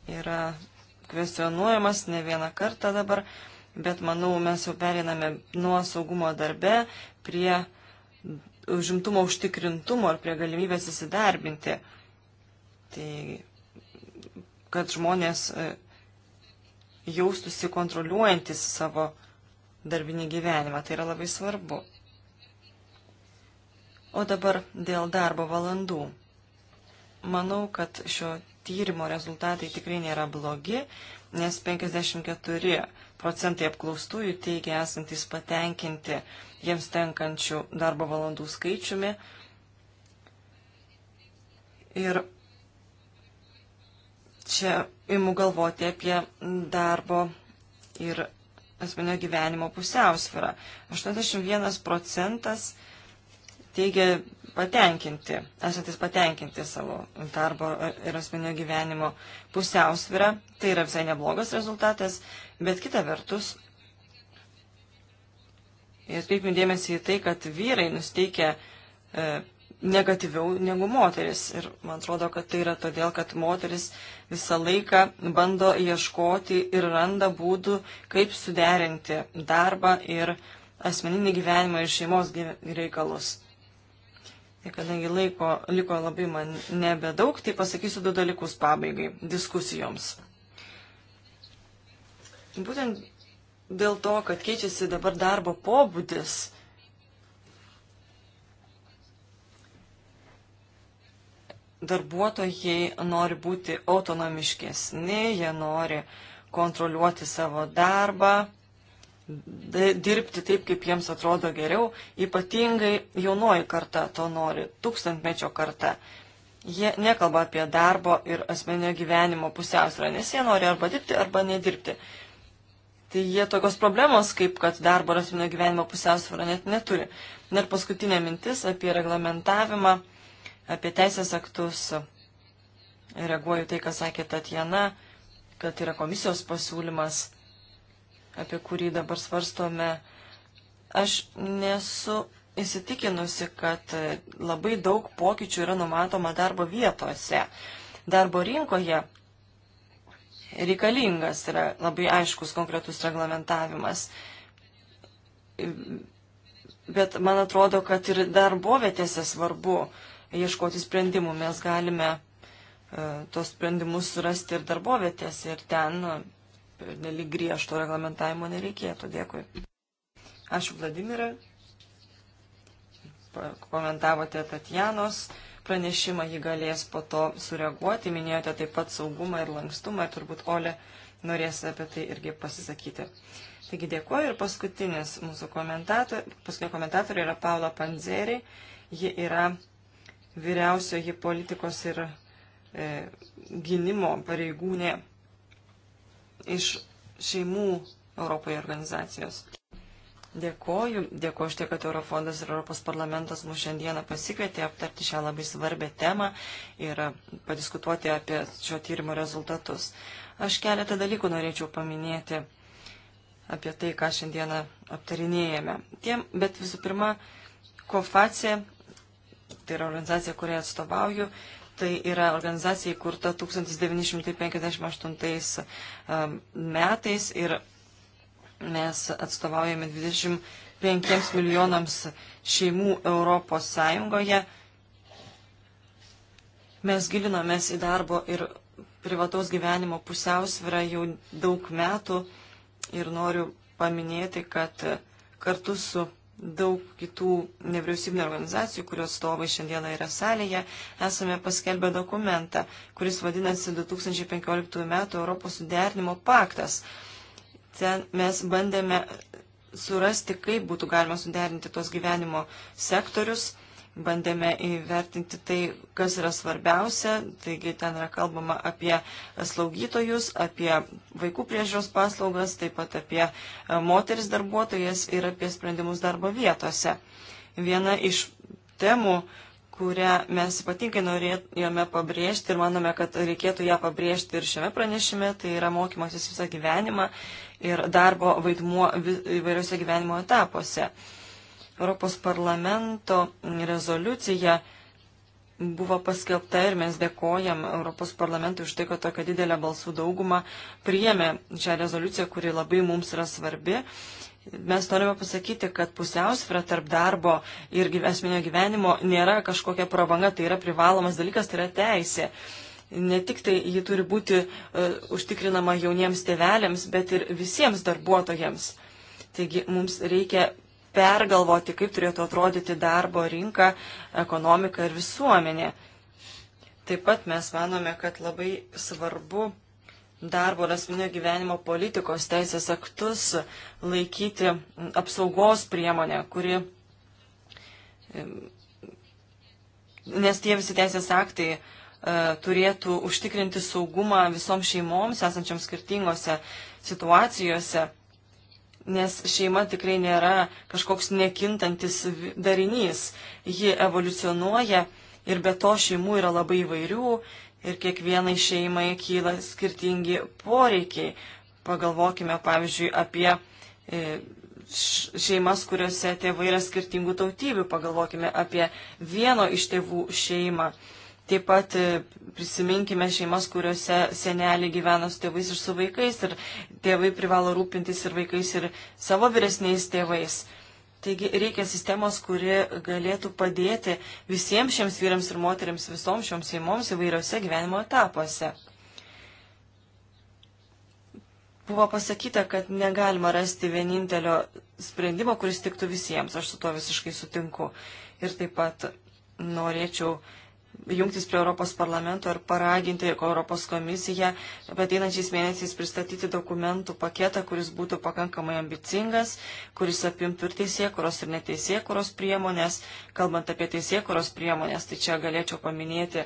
yra kvestionuojamas ne vieną kartą dabar, bet manau, mes jau periname nuo saugumo darbe prie užimtumo užtikrintumo ir prie galimybės įsidarbinti. Tai kad žmonės e, jaustųsi kontroliuojantis savo darbinį gyvenimą. Tai yra labai svarbu. O dabar dėl darbo valandų. Manau, kad šio tyrimo rezultatai tikrai nėra blogi, nes 54 procentai apklaustųjų teigia esantis patenkinti jiems tenkančių darbo valandų skaičiumi. Ir čia imu galvoti apie darbo ir asmenio gyvenimo pusiausvyrą. 81 procentas teigia patenkinti, esantis patenkinti savo darbo ir asmenio gyvenimo pusiausvyrą. Tai yra visai neblogas rezultatas, bet kita vertus. Ir atkreipim dėmesį į tai, kad vyrai nusteikia e, negatyviau negu moteris. Ir man atrodo, kad tai yra todėl, kad moteris visą laiką bando ieškoti ir randa būdų, kaip suderinti darbą ir asmeninį gyvenimą ir šeimos reikalus. Ir kadangi laiko liko labai man nebedaug, tai pasakysiu du dalykus pabaigai diskusijoms. Būtent dėl to, kad keičiasi dabar darbo pobūdis, darbuotojai nori būti autonomiškesni, jie nori kontroliuoti savo darbą, dirbti taip, kaip jiems atrodo geriau, ypatingai jaunoji karta to nori, tūkstantmečio karta. Jie nekalba apie darbo ir asmeninio gyvenimo pusiausvyrą, nes jie nori arba dirbti, arba nedirbti. Tai jie tokios problemos, kaip kad darbo ir asmeninio gyvenimo pusiausvyrą net neturi. Ir paskutinė mintis apie reglamentavimą apie teisės aktus. Reaguoju tai, ką sakė Tatjana, kad yra komisijos pasiūlymas, apie kurį dabar svarstome. Aš nesu įsitikinusi, kad labai daug pokyčių yra numatoma darbo vietose. Darbo rinkoje reikalingas yra labai aiškus konkretus reglamentavimas. Bet man atrodo, kad ir darbovietėse svarbu uh, ieškoti sprendimų. Mes galime e, tos sprendimus surasti ir darbovietės, ir ten e, nelik griežto reglamentavimo nereikėtų. Dėkui. Ačiū, Vladimirai. Komentavote Tatjanos pranešimą, ji galės po to sureaguoti. Minėjote taip pat saugumą ir lankstumą, ir turbūt Olė norės apie tai irgi pasisakyti. Taigi dėkuoju ir paskutinis mūsų komentator, paskutinė komentatorė yra Paula Panzeri. Ji yra vyriausioji politikos ir e, gynimo pareigūnė iš šeimų Europoje organizacijos. Dėkoju, dėkoju štai, kad Eurofondas ir Europos parlamentas mus šiandieną pasikvietė aptarti šią labai svarbę temą ir e, padiskutuoti apie šio tyrimo rezultatus. Aš keletą dalykų norėčiau paminėti apie tai, ką šiandieną aptarinėjame. Tiem, bet visų pirma, kofacija tai yra organizacija, kurią atstovauju. Tai yra organizacija įkurta 1958 um, metais ir mes atstovaujame 25 milijonams šeimų Europos Sąjungoje. Mes gilinomės į darbo ir privataus gyvenimo pusiausvyrą jau daug metų ir noriu paminėti, kad kartu su daug kitų nevyriausybinio organizacijų, kurios stovai šiandieną yra salėje, esame paskelbę dokumentą, kuris vadinasi 2015 m. Europos suderinimo paktas. Ten mes bandėme surasti, kaip būtų galima suderinti tos gyvenimo sektorius bandėme įvertinti tai, kas yra svarbiausia. Taigi ten yra kalbama apie slaugytojus, apie vaikų priežiūros paslaugas, taip pat apie e, moteris darbuotojas ir apie sprendimus darbo vietose. Viena iš temų, kurią mes ypatingai norėjome pabrėžti ir manome, kad reikėtų ją pabrėžti ir šiame pranešime, tai yra mokymasis visą gyvenimą ir darbo vaidmuo įvairiose gyvenimo etapuose. Uh, Europos parlamento rezoliucija buvo paskelbta ir mes dėkojam Europos parlamentui už tai, kad tokia didelė balsų dauguma priėmė šią rezoliuciją, kuri labai mums yra svarbi. Mes norime pasakyti, kad pusiausvėra tarp darbo ir asmenio gyvenimo nėra kažkokia prabanga, tai yra privalomas dalykas, tai yra teisė. Ne tik tai ji turi būti uh, užtikrinama jauniems tėvelėms, bet ir visiems darbuotojams. Taigi mums reikia pergalvoti, kaip turėtų atrodyti darbo rinka, ekonomika ir visuomenė. Taip pat mes manome, kad labai svarbu darbo ir asmeninio gyvenimo politikos teisės aktus laikyti apsaugos priemonę, kuri. Nes tie visi teisės aktai e, turėtų užtikrinti saugumą visoms šeimoms esančiams skirtingose situacijose nes šeima tikrai nėra kažkoks nekintantis darinys. Ji evoliucionuoja ir be to šeimų yra labai įvairių ir kiekvienai šeimai kyla skirtingi poreikiai. Pagalvokime, pavyzdžiui, apie e, šeimas, kuriuose tėvai yra skirtingų tautybių. Pagalvokime apie vieno iš tėvų šeimą. Taip pat e, prisiminkime šeimas, kuriuose seneliai gyvena su tėvais ir su vaikais, ir tėvai privalo rūpintis ir vaikais, ir savo vyresniais tėvais. Taigi reikia sistemos, kuri galėtų padėti visiems šiems vyrams ir moteriams, visoms šioms šeimoms įvairiose gyvenimo etapuose. Buvo pasakyta, kad negalima rasti vienintelio sprendimo, kuris tiktų visiems. Aš su to visiškai sutinku. Ir taip pat norėčiau jungtis prie Europos parlamento ir paraginti Europos komisiją ateinančiais mėnesiais pristatyti dokumentų paketą, kuris būtų pakankamai ambicingas, kuris apimtų ir teisėkuros, ir neteisėkuros priemonės. Kalbant apie teisėkuros priemonės, tai čia galėčiau paminėti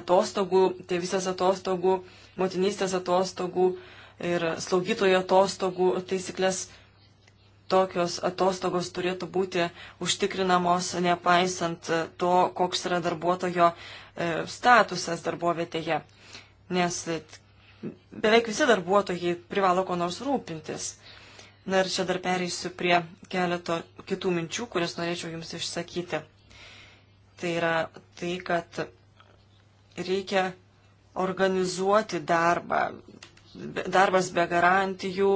atostogų, tėvisės atostogų, motinystės atostogų ir slaugytojų atostogų taisyklės tokios atostogos turėtų būti užtikrinamos nepaisant e, to, koks yra darbuotojo e, statusas darbovietėje. Nes e, beveik visi darbuotojai privalo ko nors rūpintis. Na ir čia dar pereisiu prie keleto kitų minčių, kurias norėčiau Jums išsakyti. Tai yra tai, kad reikia organizuoti darbą. Darbas be garantijų,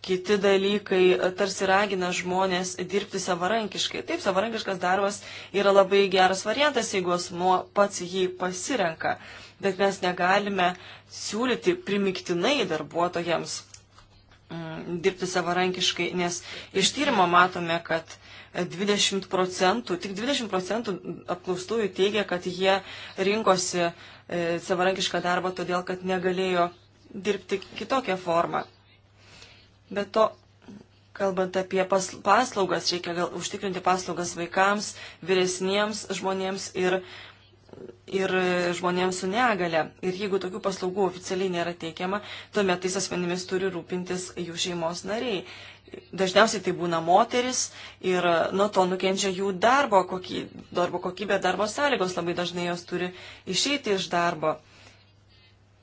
kiti dalykai e, tarsi ragina žmonės dirbti savarankiškai. Taip, savarankiškas darbas yra labai geras variantas, jeigu asmuo pats jį pasirenka, bet mes negalime siūlyti primiktinai darbuotojams m, mm, dirbti savarankiškai, nes iš tyrimo matome, kad 20 procentų, tik 20 procentų apklaustųjų teigia, kad jie rinkosi e, savarankišką darbą todėl, kad negalėjo dirbti kitokią formą. Bet to, kalbant apie paslaugas, reikia gal užtikrinti paslaugas vaikams, vyresniems žmonėms ir, ir žmonėms su negale. Ir jeigu tokių paslaugų oficialiai nėra teikiama, tuomet tais asmenimis turi rūpintis jų šeimos nariai. Dažniausiai tai būna moteris ir nuo to nukenčia jų darbo, koky, darbo kokybė, darbo sąlygos, labai dažnai jos turi išeiti iš darbo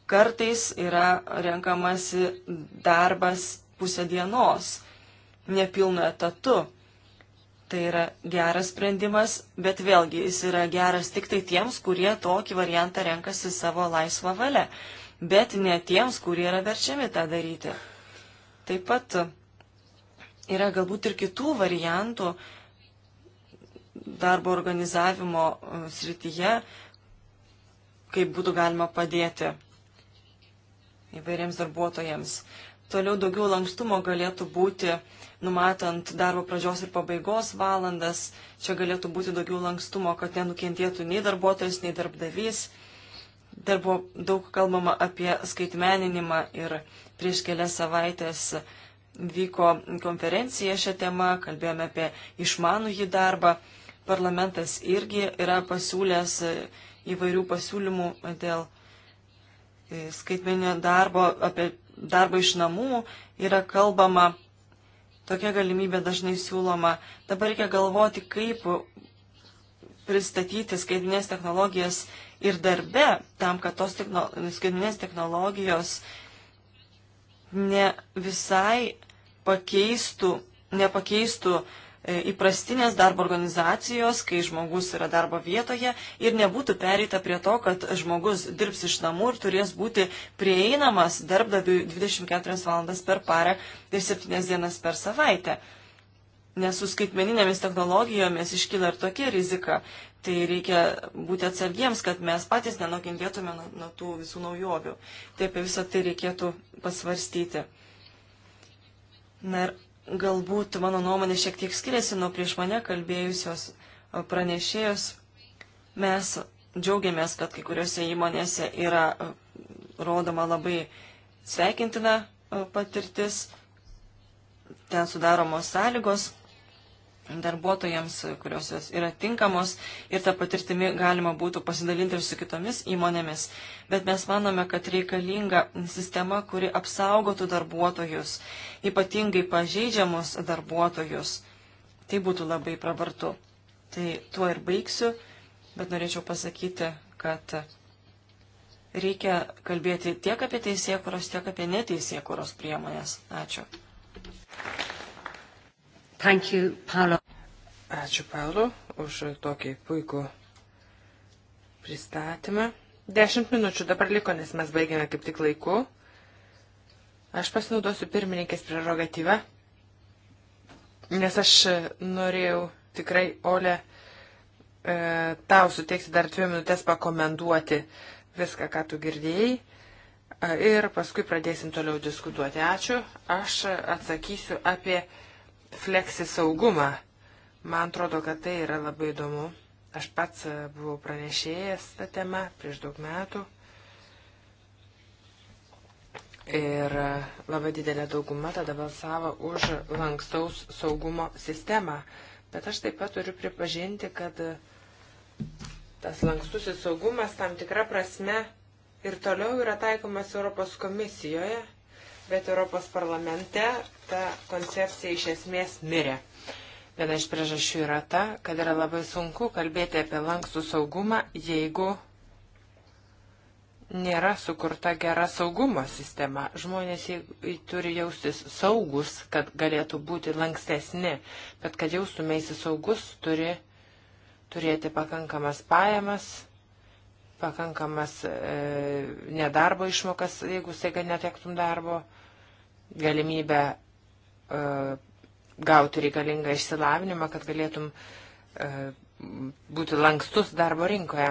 kartais yra renkamasi darbas pusę dienos, nepilnu etatu. Tai yra geras sprendimas, bet vėlgi jis yra geras tik tai tiems, kurie tokį variantą renkasi savo laisvą valią, bet ne tiems, kurie yra verčiami tą daryti. Taip pat yra galbūt ir kitų variantų darbo organizavimo e, srityje, kaip būtų galima padėti įvairiems darbuotojams. Toliau daugiau lankstumo galėtų būti numatant darbo pradžios ir pabaigos valandas. Čia galėtų būti daugiau lankstumo, kad nenukentėtų nei darbuotojas, nei darbdavys. Dar buvo daug kalbama apie skaitmeninimą ir prieš kelias savaitės vyko konferencija šią temą, kalbėjome apie išmanų jį darbą. Parlamentas irgi yra pasiūlęs įvairių pasiūlymų dėl e, skaitmeninio darbo, apie darbo iš namų yra kalbama, tokia galimybė dažnai siūloma. Dabar reikia galvoti, kaip pristatyti skaitinės technologijas ir darbe, tam, kad tos techno, skaitinės technologijos ne visai pakeistų, nepakeistų uh, E, įprastinės darbo organizacijos, kai žmogus yra darbo vietoje ir nebūtų pereita prie to, kad žmogus dirbs iš namų ir turės būti prieinamas darbdaviui 24 valandas per parą ir 7 dienas per savaitę. Nes su skaitmeninėmis technologijomis iškyla ir tokia rizika. Tai reikia būti atsargiems, kad mes patys nenukentėtume nuo, nuo tų visų naujovių. Tai apie visą tai reikėtų pasvarstyti. Na ir Galbūt mano nuomonė šiek tiek skiriasi nuo prieš mane kalbėjusios pranešėjos. Mes džiaugiamės, kad kai kuriuose įmonėse yra rodoma labai sveikintina patirtis, ten sudaromos sąlygos darbuotojams, kurios yra tinkamos ir tą patirtimį galima būtų pasidalinti ir su kitomis įmonėmis. Bet mes manome, kad reikalinga sistema, kuri apsaugotų darbuotojus, ypatingai pažeidžiamus darbuotojus. Tai būtų labai pravartu. Tai tuo ir baigsiu, bet norėčiau pasakyti, kad reikia kalbėti tiek apie teisėkuros, tiek apie neteisėkuros priemonės. Ačiū. Thank you, Paolo. Ačiū, Paulo, už tokį puikų pristatymą. Dešimt minučių dabar liko, nes mes baigėme kaip tik laiku. Aš pasinaudosiu pirmininkės prerogatyvą, nes aš norėjau tikrai, Ole, e, tau suteikti dar dvi minutės pakomentuoti viską, ką tu girdėjai. E, ir paskui pradėsim toliau diskutuoti. Ačiū. Aš atsakysiu apie fleksi saugumą. Man atrodo, kad tai yra labai įdomu. Aš pats e, buvau pranešėjęs tą temą prieš daug metų. Ir e, labai didelė dauguma tada balsavo už lankstaus saugumo sistemą. Bet aš taip pat turiu pripažinti, kad e, tas lankstusis saugumas tam tikra prasme ir toliau yra taikomas Europos komisijoje bet Europos parlamente ta koncepcija iš esmės mirė. Viena iš priežasčių yra ta, kad yra labai sunku kalbėti apie lankstų saugumą, jeigu nėra sukurta gera saugumo sistema. Žmonės turi jaustis saugus, kad galėtų būti lankstesni, bet kad jaustumėsi saugus, turi turėti pakankamas pajamas, pakankamas e, nedarbo išmokas, jeigu staiga netektum darbo galimybę e, gauti reikalingą išsilavinimą, kad galėtum e, būti lankstus darbo rinkoje.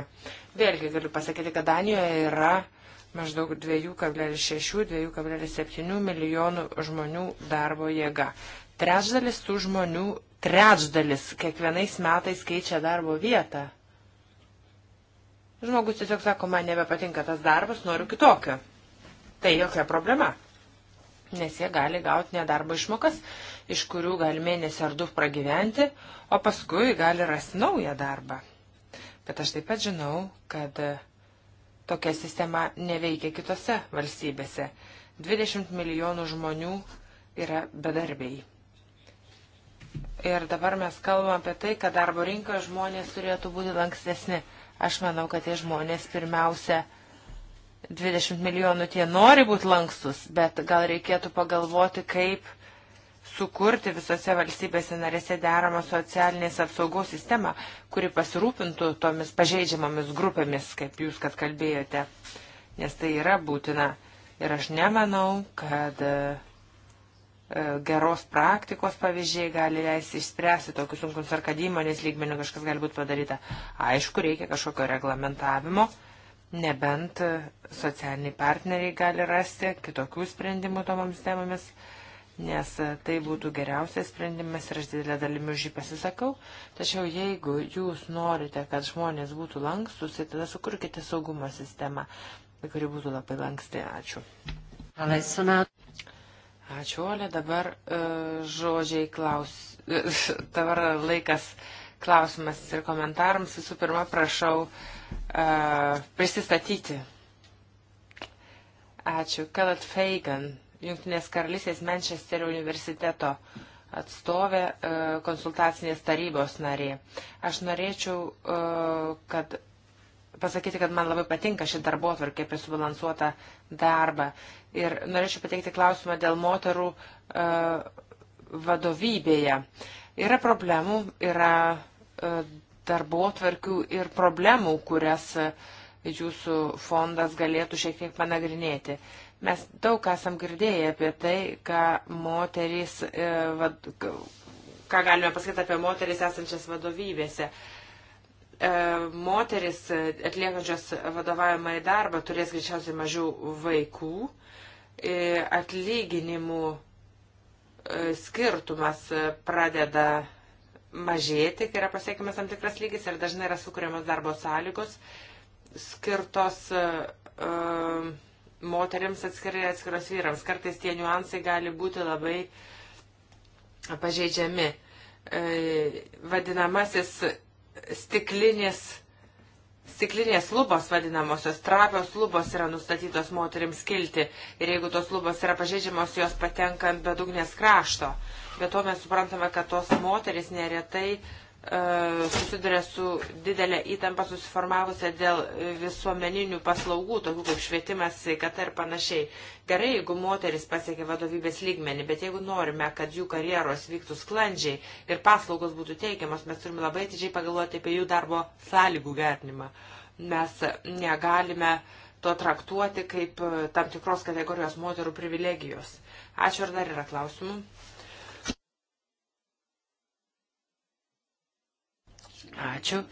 Vėlgi galiu pasakyti, kad Danijoje yra maždaug 2,6-2,7 milijonų žmonių darbo jėga. Trečdalis tų žmonių, trečdalis kiekvienais metais keičia darbo vietą. Žmogus tiesiog sako, man nebepatinka tas darbas, noriu kitokio. Tai jokia problema nes jie gali gauti nedarbo išmokas, iš kurių gali mėnesį ar du pragyventi, o paskui gali rasti naują darbą. Bet aš taip pat žinau, kad e, tokia sistema neveikia kitose valstybėse. 20 milijonų žmonių yra bedarbiai. Ir dabar mes kalbam apie tai, kad darbo rinkoje žmonės turėtų būti lankstesni. Aš manau, kad tie žmonės pirmiausia 20 milijonų tie nori būti lankstus, bet gal reikėtų pagalvoti, kaip sukurti visose valstybėse narėse deramą socialinės apsaugos sistemą, kuri pasirūpintų tomis pažeidžiamomis grupėmis, kaip jūs kad kalbėjote, nes tai yra būtina. Ir aš nemanau, kad e, e, geros praktikos pavyzdžiai gali leisti išspręsti tokius sunkumus ar kad įmonės lygmenių kažkas gali būti padaryta. Aišku, reikia kažkokio reglamentavimo, nebent socialiniai partneriai gali rasti kitokių sprendimų tomoms temomis, nes tai būtų geriausias sprendimas ir aš didelę dalimi už jį pasisakau. Tačiau jeigu jūs norite, kad žmonės būtų lankstus, tai tada sukurkite saugumo sistemą, kuri būtų labai lanksti. Ačiū. Ačiū, Olė. Dabar uh, žodžiai klaus. E, dabar laikas klausimas ir komentarams. Visų pirma, prašau. Uh, E, prisistatyti. Ačiū. Kenneth Fagan, Junktinės karalystės Manchesterio universiteto atstovė, e, konsultacinės tarybos narė. Aš norėčiau, e, kad pasakyti, kad man labai patinka ši darbo atvarkė apie subalansuotą darbą. Ir norėčiau pateikti klausimą dėl moterų vadovybėje. Yra problemų, yra darbo tvarkių ir problemų, kurias jūsų fondas galėtų šiek tiek panagrinėti. Mes daug esam girdėję apie tai, ką moterys, e, ką galime pasakyti apie moteris esančias vadovybėse. E, moteris atliekančios vadovavimą į darbą turės greičiausiai mažiau vaikų, e, atlyginimų skirtumas pradeda mažėti, kai yra pasiekimas tam tikras lygis ir dažnai yra sukūriamas darbo sąlygos skirtos uh, moteriams atskirai atskiros vyrams. Kartais tie niuansai gali būti labai pažeidžiami. Uh, vadinamasis stiklinės stiklinės lubos vadinamosios, trapios lubos yra nustatytos moteriams kilti ir jeigu tos lubos yra pažeidžiamos, jos patenka ant bedugnės krašto. Uh, Bet to mes suprantame, kad tos moteris neretai e, susiduria su didelė įtampa susiformavusią dėl visuomeninių paslaugų, tokių kaip švietimas, sveikata ir panašiai. Gerai, jeigu moteris pasiekia vadovybės lygmenį, bet jeigu norime, kad jų karjeros vyktų sklandžiai ir paslaugos būtų teikiamas, mes turime labai atidžiai pagalvoti apie jų darbo sąlygų gerinimą. Mes negalime to traktuoti kaip e, tam tikros kategorijos moterų privilegijos. Ačiū, ar dar yra klausimų? Ačiū.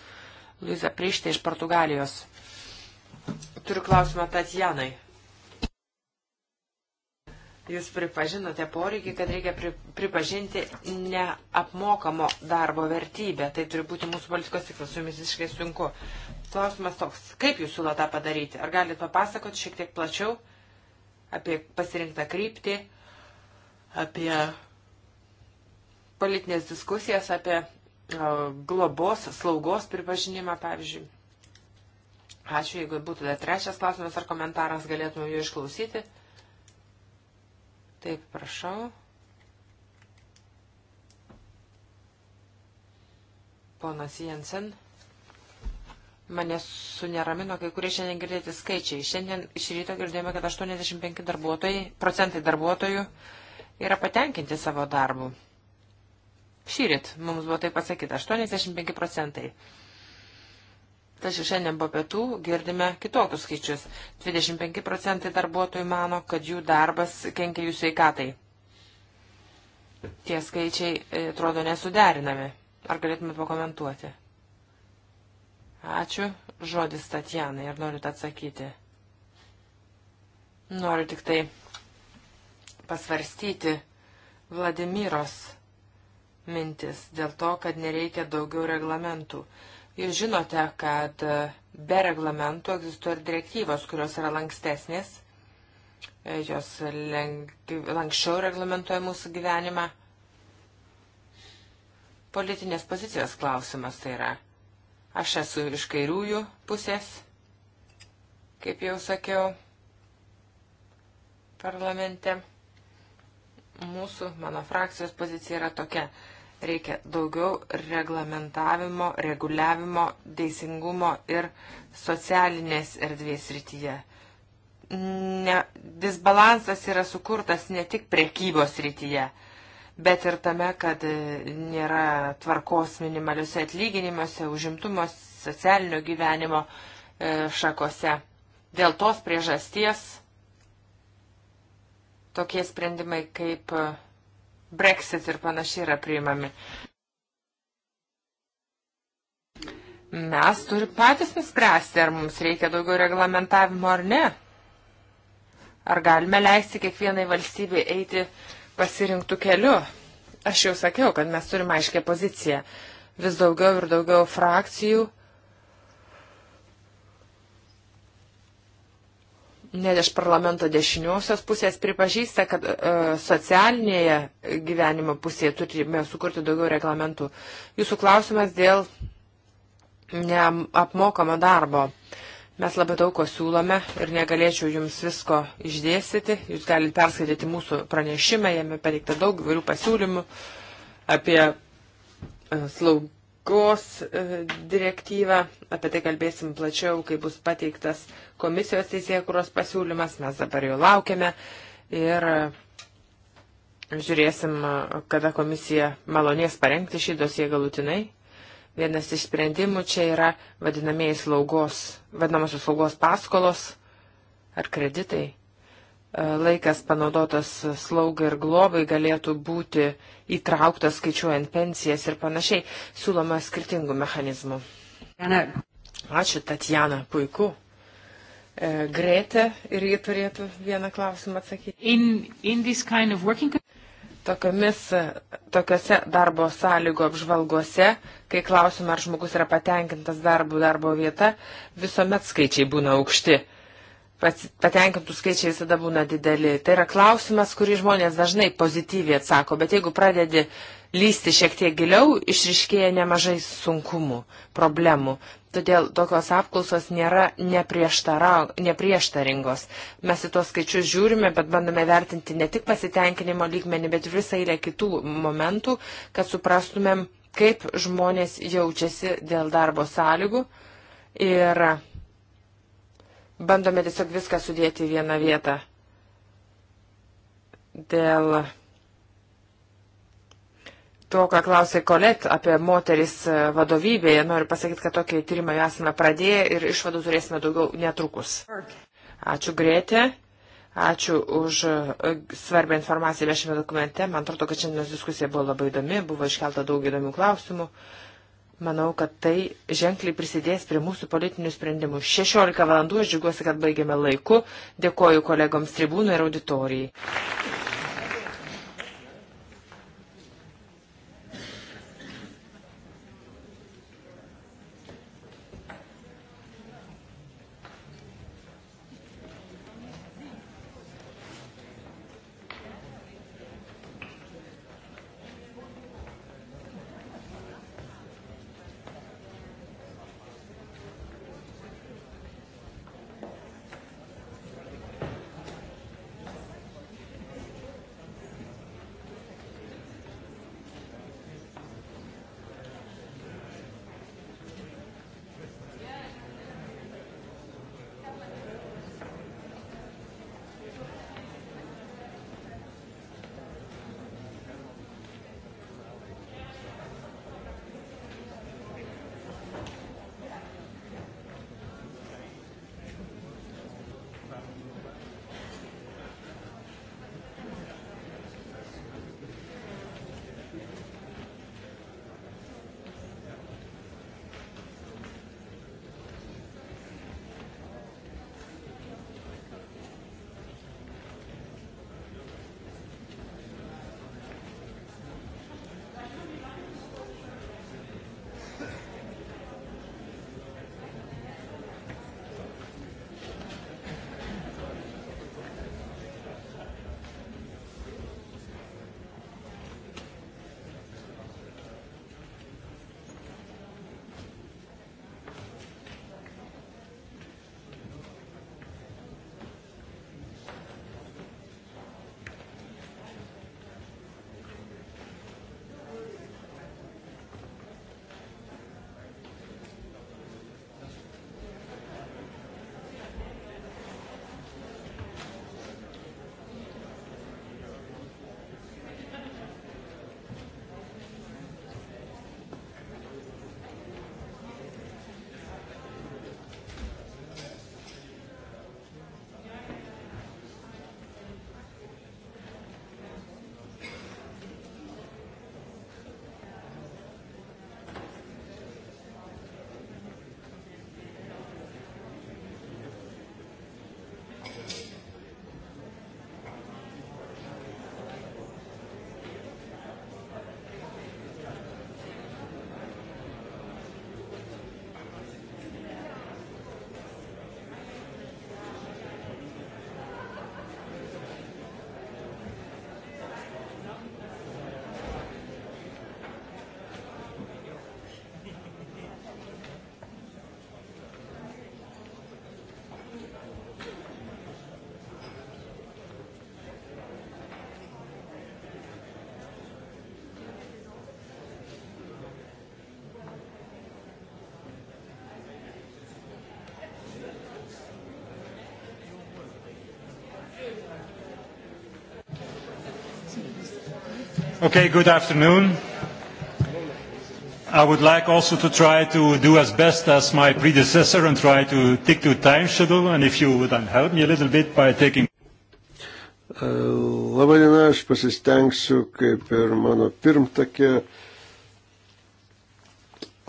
Luiza Prištė tai iš Portugalijos. Turiu klausimą Tatjanai. Jūs pripažinote poreikį, kad reikia pri, pripažinti neapmokamo darbo vertybę. Tai turi būti mūsų politikos tikslas, su jumis visiškai sunku. Klausimas toks, kaip jūs siūlo tą padaryti? Ar galite papasakoti šiek tiek plačiau apie pasirinktą kryptį, apie politinės diskusijas, apie globos, slaugos pripažinimą, pavyzdžiui. Ačiū, jeigu būtų dar trečias klausimas ar komentaras, galėtume jų išklausyti. Taip, prašau. Ponas Jensen. Mane suneramino kai kurie šiandien girdėti skaičiai. Šiandien iš ryto girdėjome, kad 85 darbuotojai, procentai darbuotojų yra patenkinti savo darbu. Šyrit mums buvo taip pasakyta, 85 procentai. Tačiau šiandien po pietų girdime kitokius skaičius. 25 procentai darbuotojų mano, kad jų darbas kenkia jų sveikatai. Tie skaičiai e, atrodo nesuderinami. Ar galėtumėt pakomentuoti? Ačiū. Žodis Tatjanai ir norit atsakyti. Noriu tik tai pasvarstyti Vladimiros mintis dėl to, kad nereikia daugiau reglamentų. Jūs žinote, kad e, be reglamentų egzistuoja ir direktyvos, kurios yra lankstesnės, e, jos lankščiau reglamentuoja mūsų gyvenimą. Politinės pozicijos klausimas tai yra. Aš esu iš kairiųjų pusės, kaip jau sakiau, parlamente mūsų, mano frakcijos pozicija yra tokia. Reikia daugiau reglamentavimo, reguliavimo, teisingumo ir socialinės erdvės rytyje. Ne, disbalansas yra sukurtas ne tik prekybos rytyje, bet ir tame, kad nėra tvarkos minimaliuose atlyginimuose, užimtumo, socialinio gyvenimo e, šakose. Dėl tos priežasties tokie sprendimai kaip e, Brexit ir panašiai yra priimami. Mes turime patys nuspręsti, ar mums reikia daugiau reglamentavimo ar ne. Ar galime leisti kiekvienai valstybei eiti pasirinktų keliu. Aš jau sakiau, kad mes turime aiškę poziciją. Vis daugiau ir daugiau frakcijų uh, net iš parlamento dešiniosios pusės pripažįsta, kad e, socialinėje gyvenimo pusėje turime sukurti daugiau reglamentų. Jūsų klausimas dėl neapmokamo darbo. Mes labai daug ko siūlome ir negalėčiau jums visko išdėstyti. Jūs galite perskaityti mūsų pranešimą, jame pateikta daug įvairių pasiūlymų apie e, slaug, aplinkos e, direktyvą. Apie tai kalbėsim plačiau, kai bus pateiktas komisijos teisėkuros pasiūlymas. Mes dabar jau laukiame ir e, žiūrėsim, e, kada komisija malonės parengti šį dosiją galutinai. Vienas iš sprendimų čia yra vadinamieji slaugos, vadinamosios slaugos paskolos ar kreditai. E, laikas panaudotas slaugai ir globai galėtų būti įtrauktas skaičiuojant pensijas ir panašiai, siūloma skirtingų mechanizmų. Ačiū, Tatjana, puiku. E, Grete ir ji turėtų vieną klausimą atsakyti. In, in kind of working... Tokiamis, tokiuose darbo sąlygo apžvalgose, kai klausime, ar žmogus yra patenkintas darbu darbo vieta, visuomet skaičiai būna aukšti patenkintų skaičiai visada būna dideli. Tai yra klausimas, kurį žmonės dažnai pozityviai atsako, bet jeigu pradedi lysti šiek tiek giliau, išriškėja nemažai sunkumų, problemų. Todėl tokios apklausos nėra neprieštaringos. Mes į tuos skaičius žiūrime, bet bandome vertinti ne tik pasitenkinimo lygmenį, bet ir visą eilę kitų momentų, kad suprastumėm, kaip žmonės jaučiasi dėl darbo sąlygų. Ir bandome tiesiog viską sudėti į vieną vietą. Dėl to, ką klausė Kolet apie moteris vadovybėje, noriu pasakyti, kad tokį tyrimą jau esame pradėję ir išvadų turėsime daugiau netrukus. Ačiū Grėtė, ačiū už e, svarbią informaciją viešame dokumente. Man atrodo, kad šiandienos diskusija buvo labai įdomi, buvo iškelta daug įdomių klausimų. Manau, kad tai ženkliai prisidės prie mūsų politinių sprendimų. 16 valandų aš džiugiuosi, kad baigėme laiku. Dėkoju kolegoms tribūnai ir auditorijai. Okay, good afternoon. I would like also to try to do as best as my predecessor and try to stick to time schedule, and if you would help me a little bit by taking. E, Labai diena, aš pasistengsiu, kaip ir mano pirmtakė,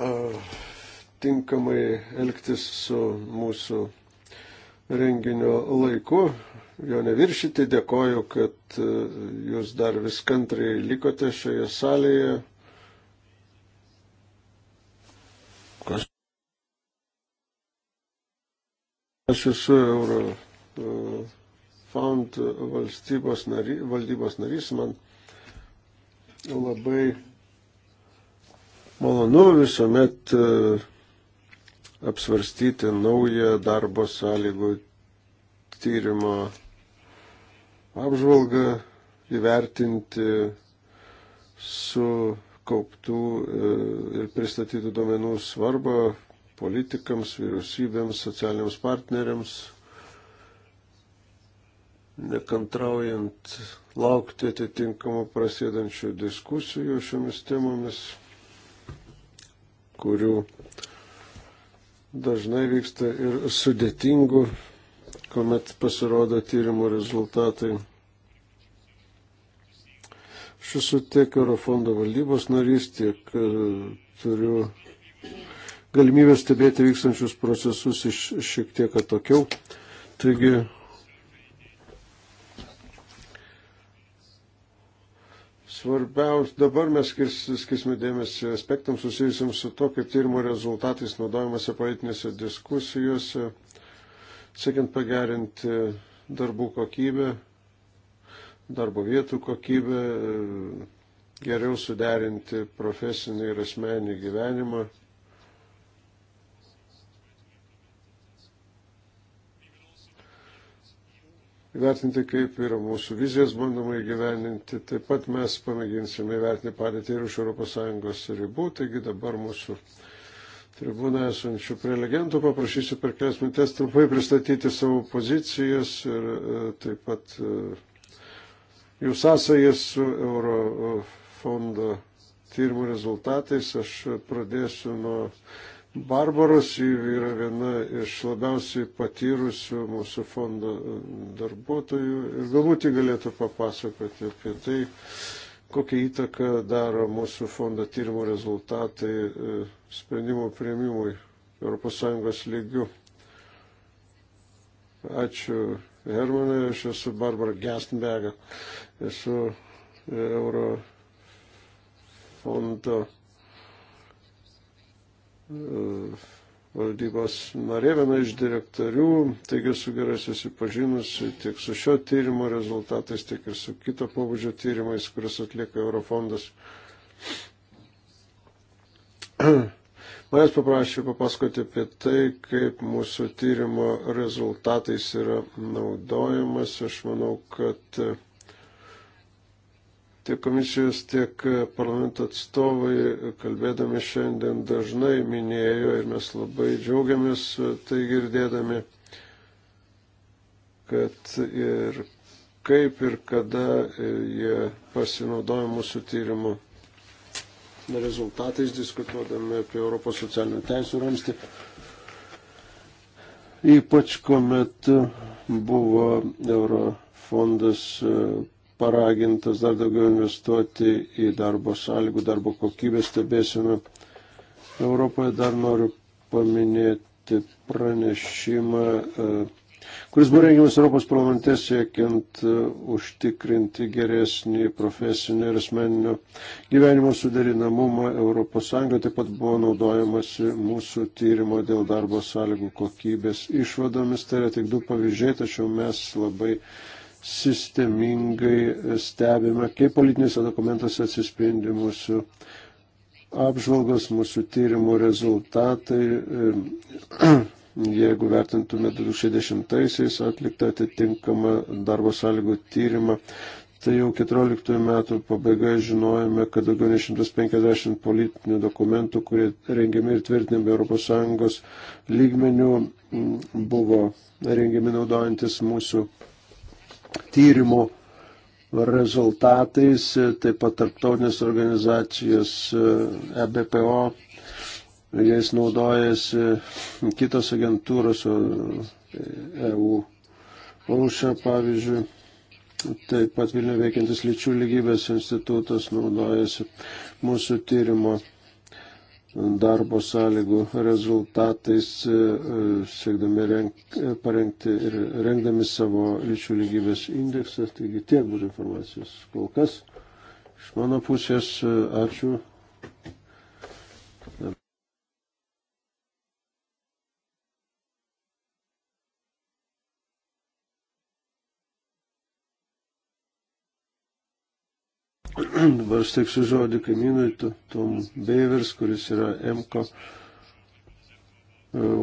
e, tinkamai elgtis su mūsų renginio laiku jo neviršyti. Dėkoju, kad e, jūs dar vis kantriai likote šioje salėje. Kas? Aš esu Euro e, Found valstybos nary, valdybos narys, man labai malonu visuomet e, apsvarstyti naują darbo sąlygų tyrimo apžvalgą įvertinti su kauptų e, ir pristatytų duomenų svarbą politikams, vyriausybėms, socialiniams partneriams, nekantraujant laukti atitinkamų prasėdančių diskusijų šiomis temomis, kurių dažnai vyksta ir sudėtingų kuomet pasirodo tyrimo rezultatai. Aš esu tiek Eurofondo valdybos narys, tiek e, turiu galimybę stebėti vykstančius procesus iš šiek tiek atokiau. Taigi, svarbiausia, dabar mes skirs, skirsime dėmesį aspektams susijusiam su to, kaip tyrimo rezultatais naudojamasi politinėse diskusijose siekiant pagerinti darbų kokybę, darbo vietų kokybę, geriau suderinti profesinį ir asmenį gyvenimą. Įvertinti, kaip yra mūsų vizijas bandoma įgyveninti. Taip pat mes pamėginsime įvertinti padėtį ir už ES ribų. Taigi dabar mūsų uh, tribūną esančių prelegentų, paprašysiu per kelias mintes trumpai pristatyti savo pozicijas ir e, taip pat e, jų sąsajas su Eurofondo tyrimų rezultatais. Aš pradėsiu nuo Barbaros, ji yra viena iš labiausiai patyrusių mūsų fondo darbuotojų ir galbūt ji galėtų papasakoti apie tai, kokią įtaką daro mūsų fondo tyrimų rezultatai e, sprendimų prieimimui ES lygių. Ačiū Hermanai, aš esu Barbara Gestenberga, esu e, Euro fondo e, valdybos narė, viena iš direktorių, taigi esu gerai susipažinusi tiek su šio tyrimo rezultatais, tiek ir su kito pobūdžio tyrimais, kuris atlieka Eurofondas. Manęs paprašė papasakoti apie tai, kaip mūsų tyrimo rezultatais yra naudojamas. Aš manau, kad Tiek komisijos, tiek parlamento atstovai, kalbėdami šiandien dažnai minėjo ir mes labai džiaugiamės tai girdėdami, kad ir kaip ir kada jie pasinaudoja mūsų tyrimų rezultatais, diskutuodami apie Europos socialinių teisų ramstį. Ypač kuomet buvo Eurofondas paragintas dar daugiau investuoti į darbo sąlygų, darbo kokybės stebėsime. Europoje dar noriu paminėti pranešimą, e, kuris buvo rengiamas Europos parlamente siekiant e, užtikrinti geresnį profesinį ir asmeninio gyvenimo suderinamumą Europos Sąjungoje. Taip pat buvo naudojamasi mūsų tyrimo dėl darbo sąlygų kokybės išvadomis. Tai yra tik du pavyzdžiai, tačiau mes labai sistemingai stebime, kaip politinėse dokumentuose atsispindi mūsų apžvalgos, mūsų tyrimų rezultatai. Jeigu vertintume 2010-aisiais atliktą atitinkamą darbo sąlygų tyrimą, tai jau 14 metų pabaigoje žinojame, kad daugiau nei 150 politinių dokumentų, kurie rengiami ir tvirtinami ES lygmenių, buvo rengiami naudojantis mūsų tyrimo rezultatais, taip pat tarptautinės organizacijos EBPO, e jais naudojasi kitos agentūros EU e OŠA, pavyzdžiui, taip pat Vilniuje veikiantis lyčių lygybės institutas naudojasi mūsų tyrimo darbo sąlygų rezultatais, e, e, siekdami renk, e, parengti ir rengdami savo lyčių lygybės indeksą. Taigi tiek bus informacijos kol kas. Iš mano pusės ačiū Dabar steiksiu žodį kaimynui Tom Beivers, kuris yra MKO e,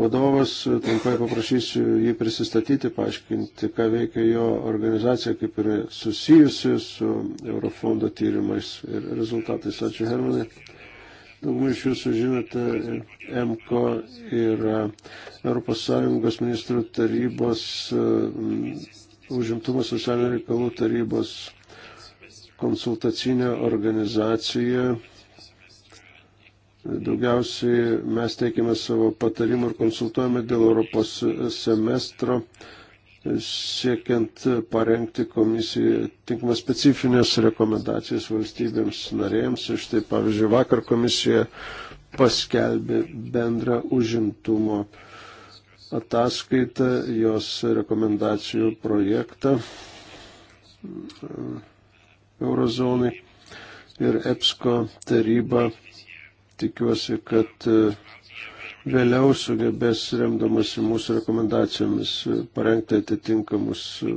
vadovas. E, trumpai paprašysiu jį prisistatyti, paaiškinti, ką veikia jo organizacija, kaip yra susijusi su Eurofondo tyrimais ir rezultatais. Ačiū, Hermanai. Daugumai iš jūsų žinote, e, MKO yra ES ministrų tarybos užimtumo socialinių reikalų tarybos konsultacinė organizacija. Daugiausiai mes teikiame savo patarimų ir konsultuojame dėl Europos semestro, siekiant parengti komisijai tinkamas specifinės rekomendacijas valstybėms narėms. Ir štai, pavyzdžiui, vakar komisija paskelbė bendrą užimtumo ataskaitą, jos rekomendacijų projektą eurozonai ir EPSCO taryba tikiuosi, kad e, vėliau sugebės remdamasi mūsų rekomendacijomis e, parengti atitinkamus e,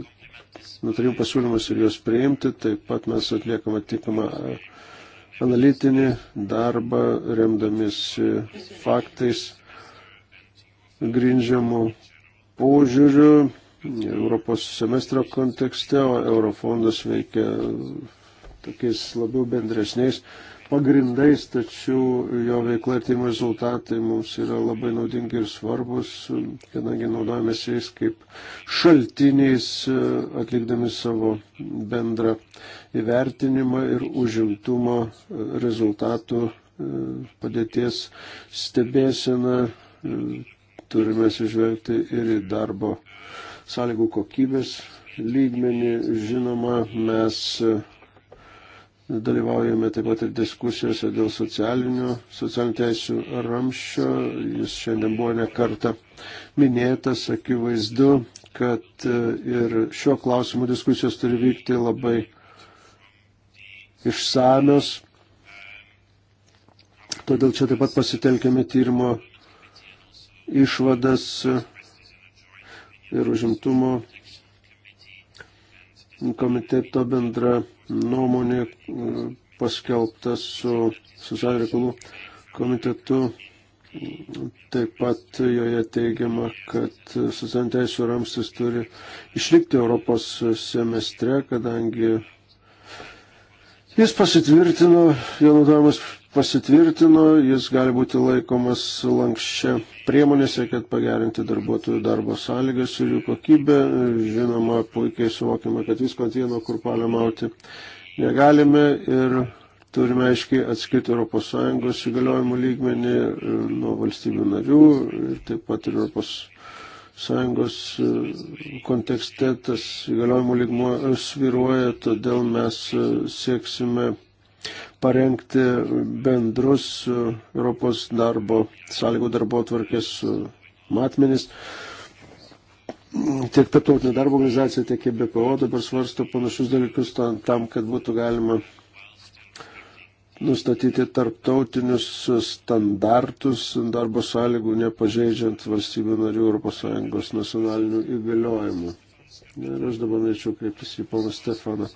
nutarimų pasiūlymus ir juos priimti. Taip pat mes atliekam atitinkamą analitinį darbą, remdamėsi faktais grindžiamų požiūrių Europos semestro kontekste, o Eurofondas veikia tokiais labiau bendresniais pagrindais, tačiau jo veikla ir timo rezultatai mums yra labai naudingi ir svarbus, kadangi naudojamės jais kaip šaltiniais, e, atlikdami savo bendrą įvertinimą ir užimtumo e, rezultatų e, padėties stebėseną turime sižvelgti ir į darbo sąlygų kokybės lygmenį. Žinoma, mes dalyvaujame taip pat ir diskusijose dėl socialinių, socialinių teisų ramščio. Jis šiandien buvo nekarta minėtas, akivaizdu, kad ir šio klausimų diskusijos turi vykti labai išsamios. Todėl čia taip pat pasitelkėme tyrimo išvadas ir užimtumo komiteto bendra nuomonė e, paskelbta su socialinių reikalų komitetu. Taip pat joje teigiama, kad socialinių teisų ramstis turi išlikti Europos semestre, kadangi jis pasitvirtino, jo naudojamas pasitvirtino, jis gali būti laikomas lankščia priemonė siekiant pagerinti darbuotojų darbo sąlygas ir jų kokybę. Žinoma, puikiai suvokiame, kad visko ant vieno kurpalio mauti negalime ir turime aiškiai atskirti ES įgaliojimų lygmenį e, nuo valstybių narių ir taip pat ir ES e, kontekste tas įgaliojimų lygmuo e, sviruoja, todėl mes sieksime parengti bendrus e, Europos darbo sąlygų darbo tvarkės e, matmenis. Tiek tarptautinė darbo organizacija, tiek BPO dabar svarsto panašus dalykus tam, kad būtų galima nustatyti tarptautinius standartus darbo sąlygų, nepažeidžiant valstybių narių ES nacionalinių įgaliojimų. Ir aš dabar norėčiau kreiptis į poną Stefaną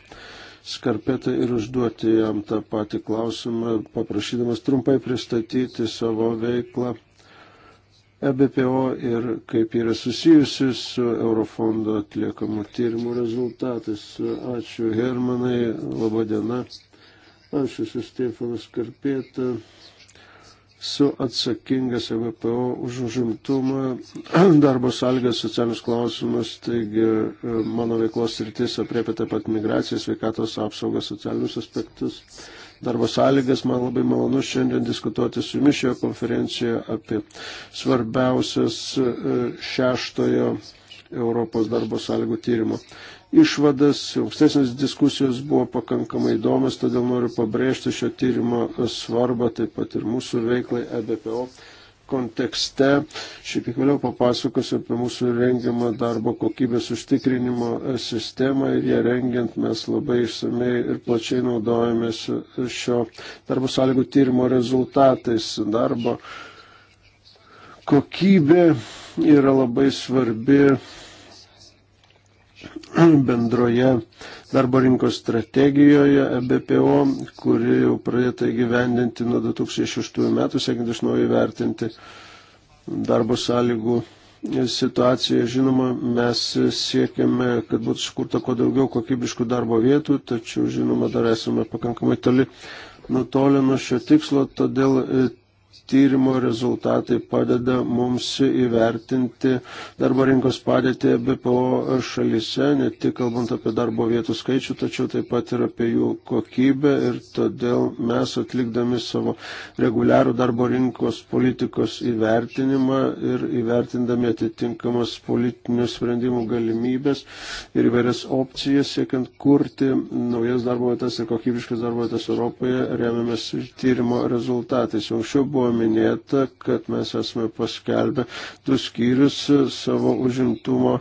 skarpetą ir užduoti jam tą patį klausimą, paprašydamas trumpai pristatyti savo veiklą EBPO ir kaip yra susijusi su Eurofondo atliekamų tyrimų rezultatais. Ačiū Hermanai, laba diena. Aš esu Stefanas Karpėta, su atsakingas EBPO už užimtumą, darbo sąlygas, socialinius klausimus, taigi e, mano veiklos rytis apriepia taip pat migraciją, sveikatos apsaugą, socialinius aspektus. Darbo sąlygas man labai malonu šiandien diskutuoti su jumis šioje konferencijoje apie svarbiausias e, šeštojo Europos darbo sąlygų tyrimo išvadas. Ankstesnės diskusijos buvo pakankamai įdomios, todėl noriu pabrėžti šio tyrimo svarbą taip pat ir mūsų veiklai EBPO kontekste. Šiek tiek vėliau papasakosiu apie mūsų rengiamą darbo kokybės užtikrinimo sistemą ir ją rengiant mes labai išsamei ir plačiai naudojamės šio darbo sąlygų tyrimo rezultatais. Darbo kokybė yra labai svarbi bendroje darbo rinkos strategijoje e BPO, kuri jau pradėta įgyvendinti nuo 2006 metų, siekiant iš naujo įvertinti darbo sąlygų situaciją. Žinoma, mes siekiame, kad būtų sukurta kuo daugiau kokybiškų darbo vietų, tačiau, žinoma, dar esame pakankamai toli nutolę nuo šio tikslo, todėl tyrimo rezultatai padeda mums įvertinti darbo rinkos padėtį BPO šalise, ne tik kalbant apie darbo vietų skaičių, tačiau taip pat ir apie jų kokybę ir todėl mes atlikdami savo reguliarų darbo rinkos politikos įvertinimą ir įvertindami atitinkamas politinių sprendimų galimybės ir įvairias opcijas siekiant kurti naujas darbo vietas ir kokybiškas darbo vietas Europoje, remiamės tyrimo rezultatais. Anksčiau buvo paminėta, kad mes esame paskelbę du skyrius savo užimtumo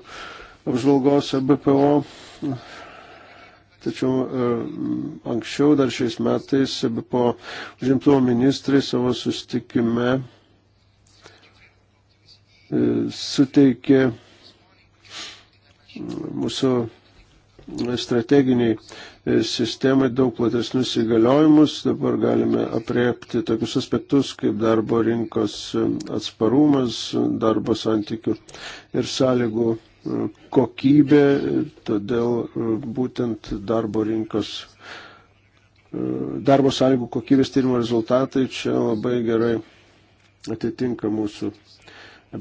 apžvalgos BPO. Tačiau e, anksčiau dar šiais metais BPO užimtumo ministrai savo sustikime e, suteikė mūsų strateginiai e, sistemai daug platesnius įgaliojimus. Dabar galime apriepti tokius aspektus kaip darbo rinkos e, atsparumas, darbo santykių ir sąlygų e, kokybė, todėl būtent darbo rinkos, darbo sąlygų kokybės tyrimo rezultatai čia labai gerai atitinka mūsų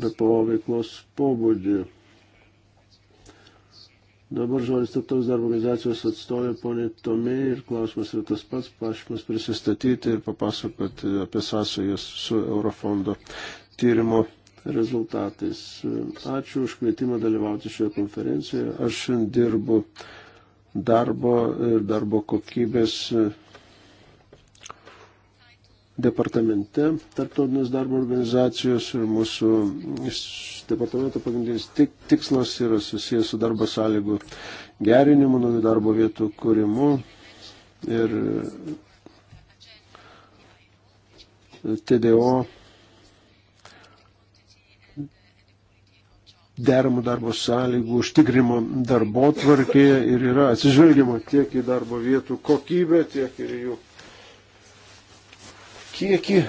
BPO veiklos pobūdį. Dabar žodis Tarptautinės darbo organizacijos atstovė ponė Tomė ir klausimas yra tas pats, prašymas prisistatyti ir papasakoti apie sąsajas su Eurofondo tyrimo rezultatais. Ačiū už kvietimą dalyvauti šioje konferencijoje. Aš dirbu darbo ir darbo kokybės departamente tarptautinės darbo organizacijos ir mūsų departamento pagrindinis tik, tikslas yra susijęs su darbo sąlygų gerinimu, naujų darbo vietų kūrimu ir e, TDO deramų darbo sąlygų užtikrimo darbo tvarkėje ir yra atsižvelgiama tiek į darbo vietų kokybę, tiek ir jų kiekį.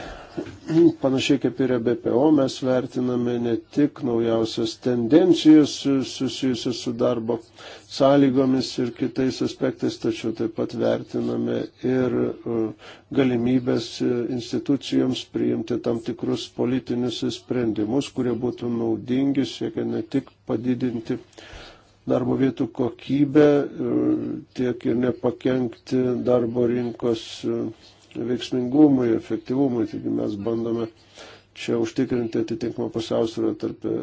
Mm, panašiai kaip ir e BPO mes vertiname ne tik naujausias tendencijas susijusias su darbo sąlygomis ir kitais aspektais, tačiau taip pat vertiname ir e, galimybės e, institucijoms priimti tam tikrus politinius sprendimus, kurie būtų naudingi, siekia ne tik padidinti darbo vietų kokybę, tiek ir nepakenkti darbo rinkos veiksmingumui, efektyvumui. Taigi mes bandome čia užtikrinti atitinkamą pusiausvyrą tarp e,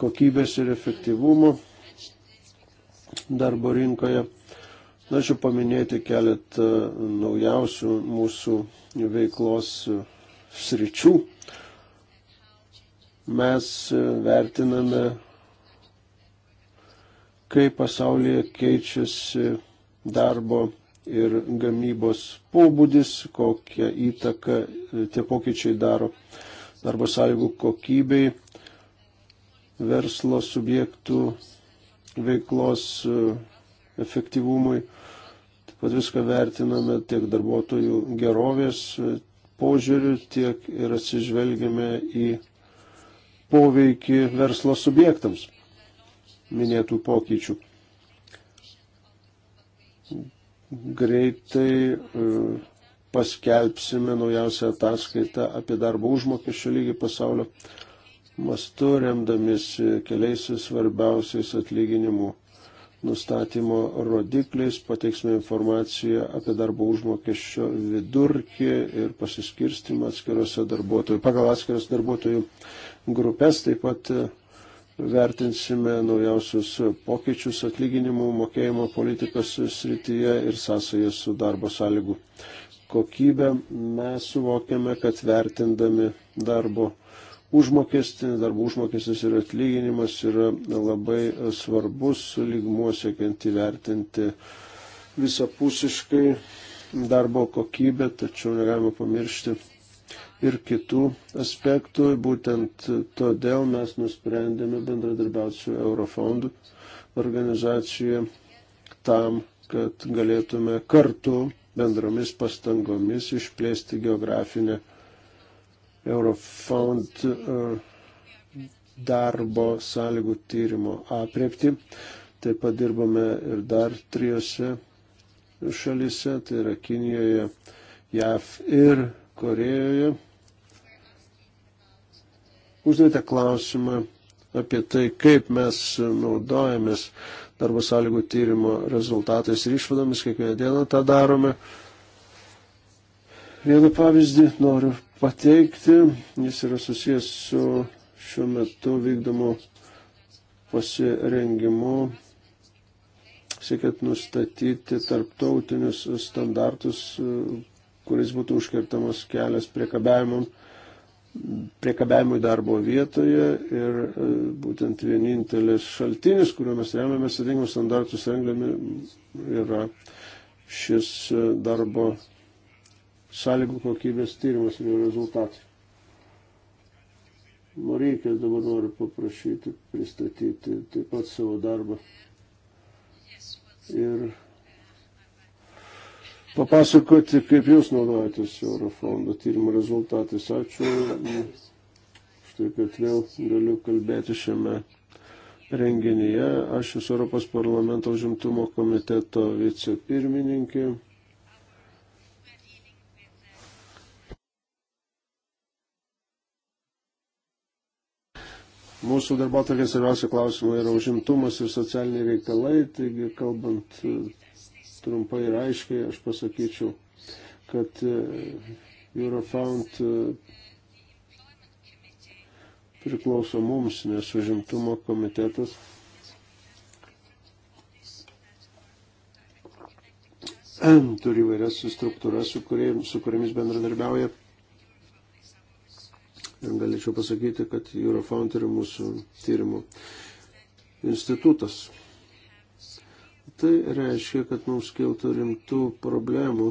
kokybės ir efektyvumo darbo rinkoje. Norėčiau paminėti keletą naujausių mūsų veiklos sričių. Mes vertiname, kaip pasaulyje keičiasi darbo ir gamybos pobūdis, kokią įtaką e, tie pokyčiai daro darbo sąlygų kokybei, verslo subjektų veiklos e, efektyvumui. Taip pat viską vertiname tiek darbuotojų gerovės e, požiūrių, tiek ir atsižvelgiame į poveikį verslo subjektams minėtų pokyčių greitai e, paskelbsime naujausią ataskaitą apie darbo užmokesčio lygį pasaulio mastu, remdamiesi keliais svarbiausiais atlyginimų nustatymo rodikliais, pateiksime informaciją apie darbo užmokesčio vidurkį ir pasiskirstimą atskirose darbuotojų, pagal atskiras darbuotojų grupės, taip pat e, vertinsime naujausius pokyčius atlyginimų mokėjimo politikos srityje ir sąsąją su darbo sąlygų kokybė. Mes suvokiame, kad vertindami darbo užmokestį, darbo užmokestis ir atlyginimas yra labai svarbus lygmuo siekiant įvertinti visapusiškai darbo kokybę, tačiau negalima pamiršti ir kitų aspektų. Būtent todėl mes nusprendėme bendradarbiauti su Eurofondų organizacija tam, kad galėtume kartu bendromis pastangomis išplėsti geografinę Eurofond e, darbo sąlygų tyrimo apriepti. Taip pat dirbame ir dar trijose šalise, tai yra Kinijoje, JAV ir Korejoje. Uždavėte klausimą apie tai, kaip mes naudojamės darbo sąlygų tyrimo rezultatais ir išvadomis, kiekvieną dieną tą darome. Vieną pavyzdį noriu pateikti, jis yra susijęs su šiuo metu vykdomu pasirengimu, siekiant nustatyti tarptautinius standartus, kuris būtų užkirtamas kelias priekabiavimam priekabiavimui darbo vietoje ir e, būtent vienintelis šaltinis, kuriuo mes remiamės, atitinkamus standartus rengiami, yra šis e, darbo sąlygų kokybės tyrimas ir jo rezultatai. Moreikės dabar noriu paprašyti pristatyti taip pat savo darbą. Ir papasakoti, kaip jūs naudojatės Eurofondo tyrimo rezultatais. Ačiū. Štai, kad vėl galiu kalbėti šiame renginyje. Aš esu Europos parlamento užimtumo komiteto vicepirmininkė. Mūsų darbo tokie svarbiausi klausimai yra užimtumas ir socialiniai reikalai, taigi kalbant trumpai ir aiškiai aš pasakyčiau, kad e, Eurofound e, priklauso mums, nes užimtumo komitetas turi vairias struktūras, su, kurie, su kuriamis bendradarbiauja. Ir galėčiau pasakyti, kad Eurofound yra mūsų tyrimų institutas. Tai reiškia, kad mums kiltų rimtų problemų.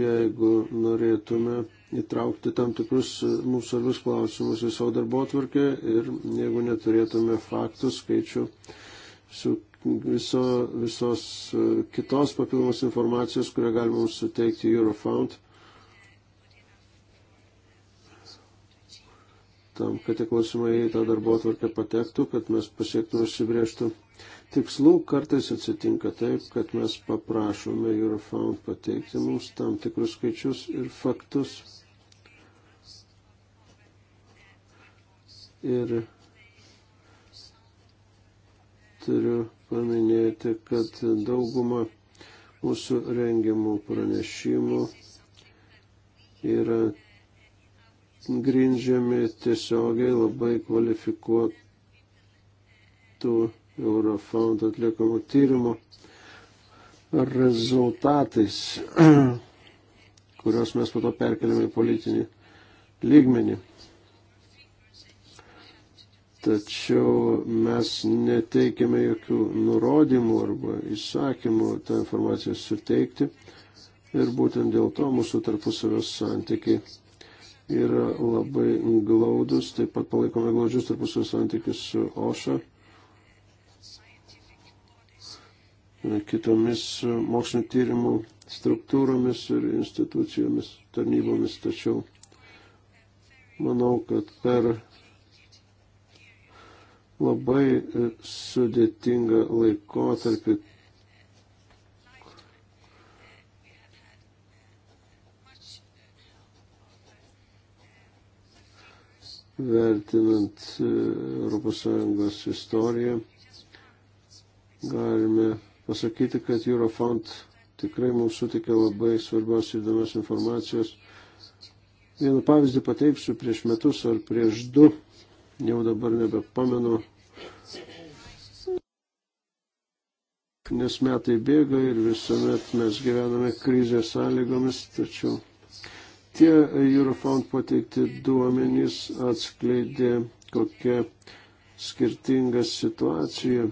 Jeigu norėtume įtraukti tam tikrus mūsų svarbius klausimus į savo darbo atvarkę ir jeigu neturėtume faktų, skaičių su viso, visos kitos papildomos informacijos, kurią galima mums suteikti Eurofound. tam, kad tie klausimai į tą darbo atvarkę patektų, kad mes pasiektume užsibrėžtų tikslų. Kartais atsitinka taip, kad mes paprašome Eurofound pateikti mums tam tikrus skaičius ir faktus. Ir turiu paminėti, kad dauguma mūsų rengiamų pranešimų yra grindžiami tiesiogiai labai kvalifikuotų Eurofound atliekamų tyrimų rezultatais, kuriuos mes po to perkeliame į politinį lygmenį. Tačiau mes neteikiame jokių nurodymų arba įsakymų tą informaciją suteikti ir būtent dėl to mūsų tarpusavio santykiai yra labai glaudus, taip pat palaikome glaudžius tarpusavio santykius su OŠA, kitomis mokslinio tyrimų struktūromis ir institucijomis, tarnybomis, tačiau manau, kad per labai sudėtingą laikotarpį vertinant ES istoriją, galime pasakyti, kad Eurofond tikrai mums sutikė labai svarbios įdomios informacijos. Vieną pavyzdį pateiksiu prieš metus ar prieš du, jau dabar nebepamenu, nes metai bėga ir visuomet mes gyvename krizės sąlygomis, tačiau Tie Eurofound pateikti duomenys atskleidė, kokia skirtinga situacija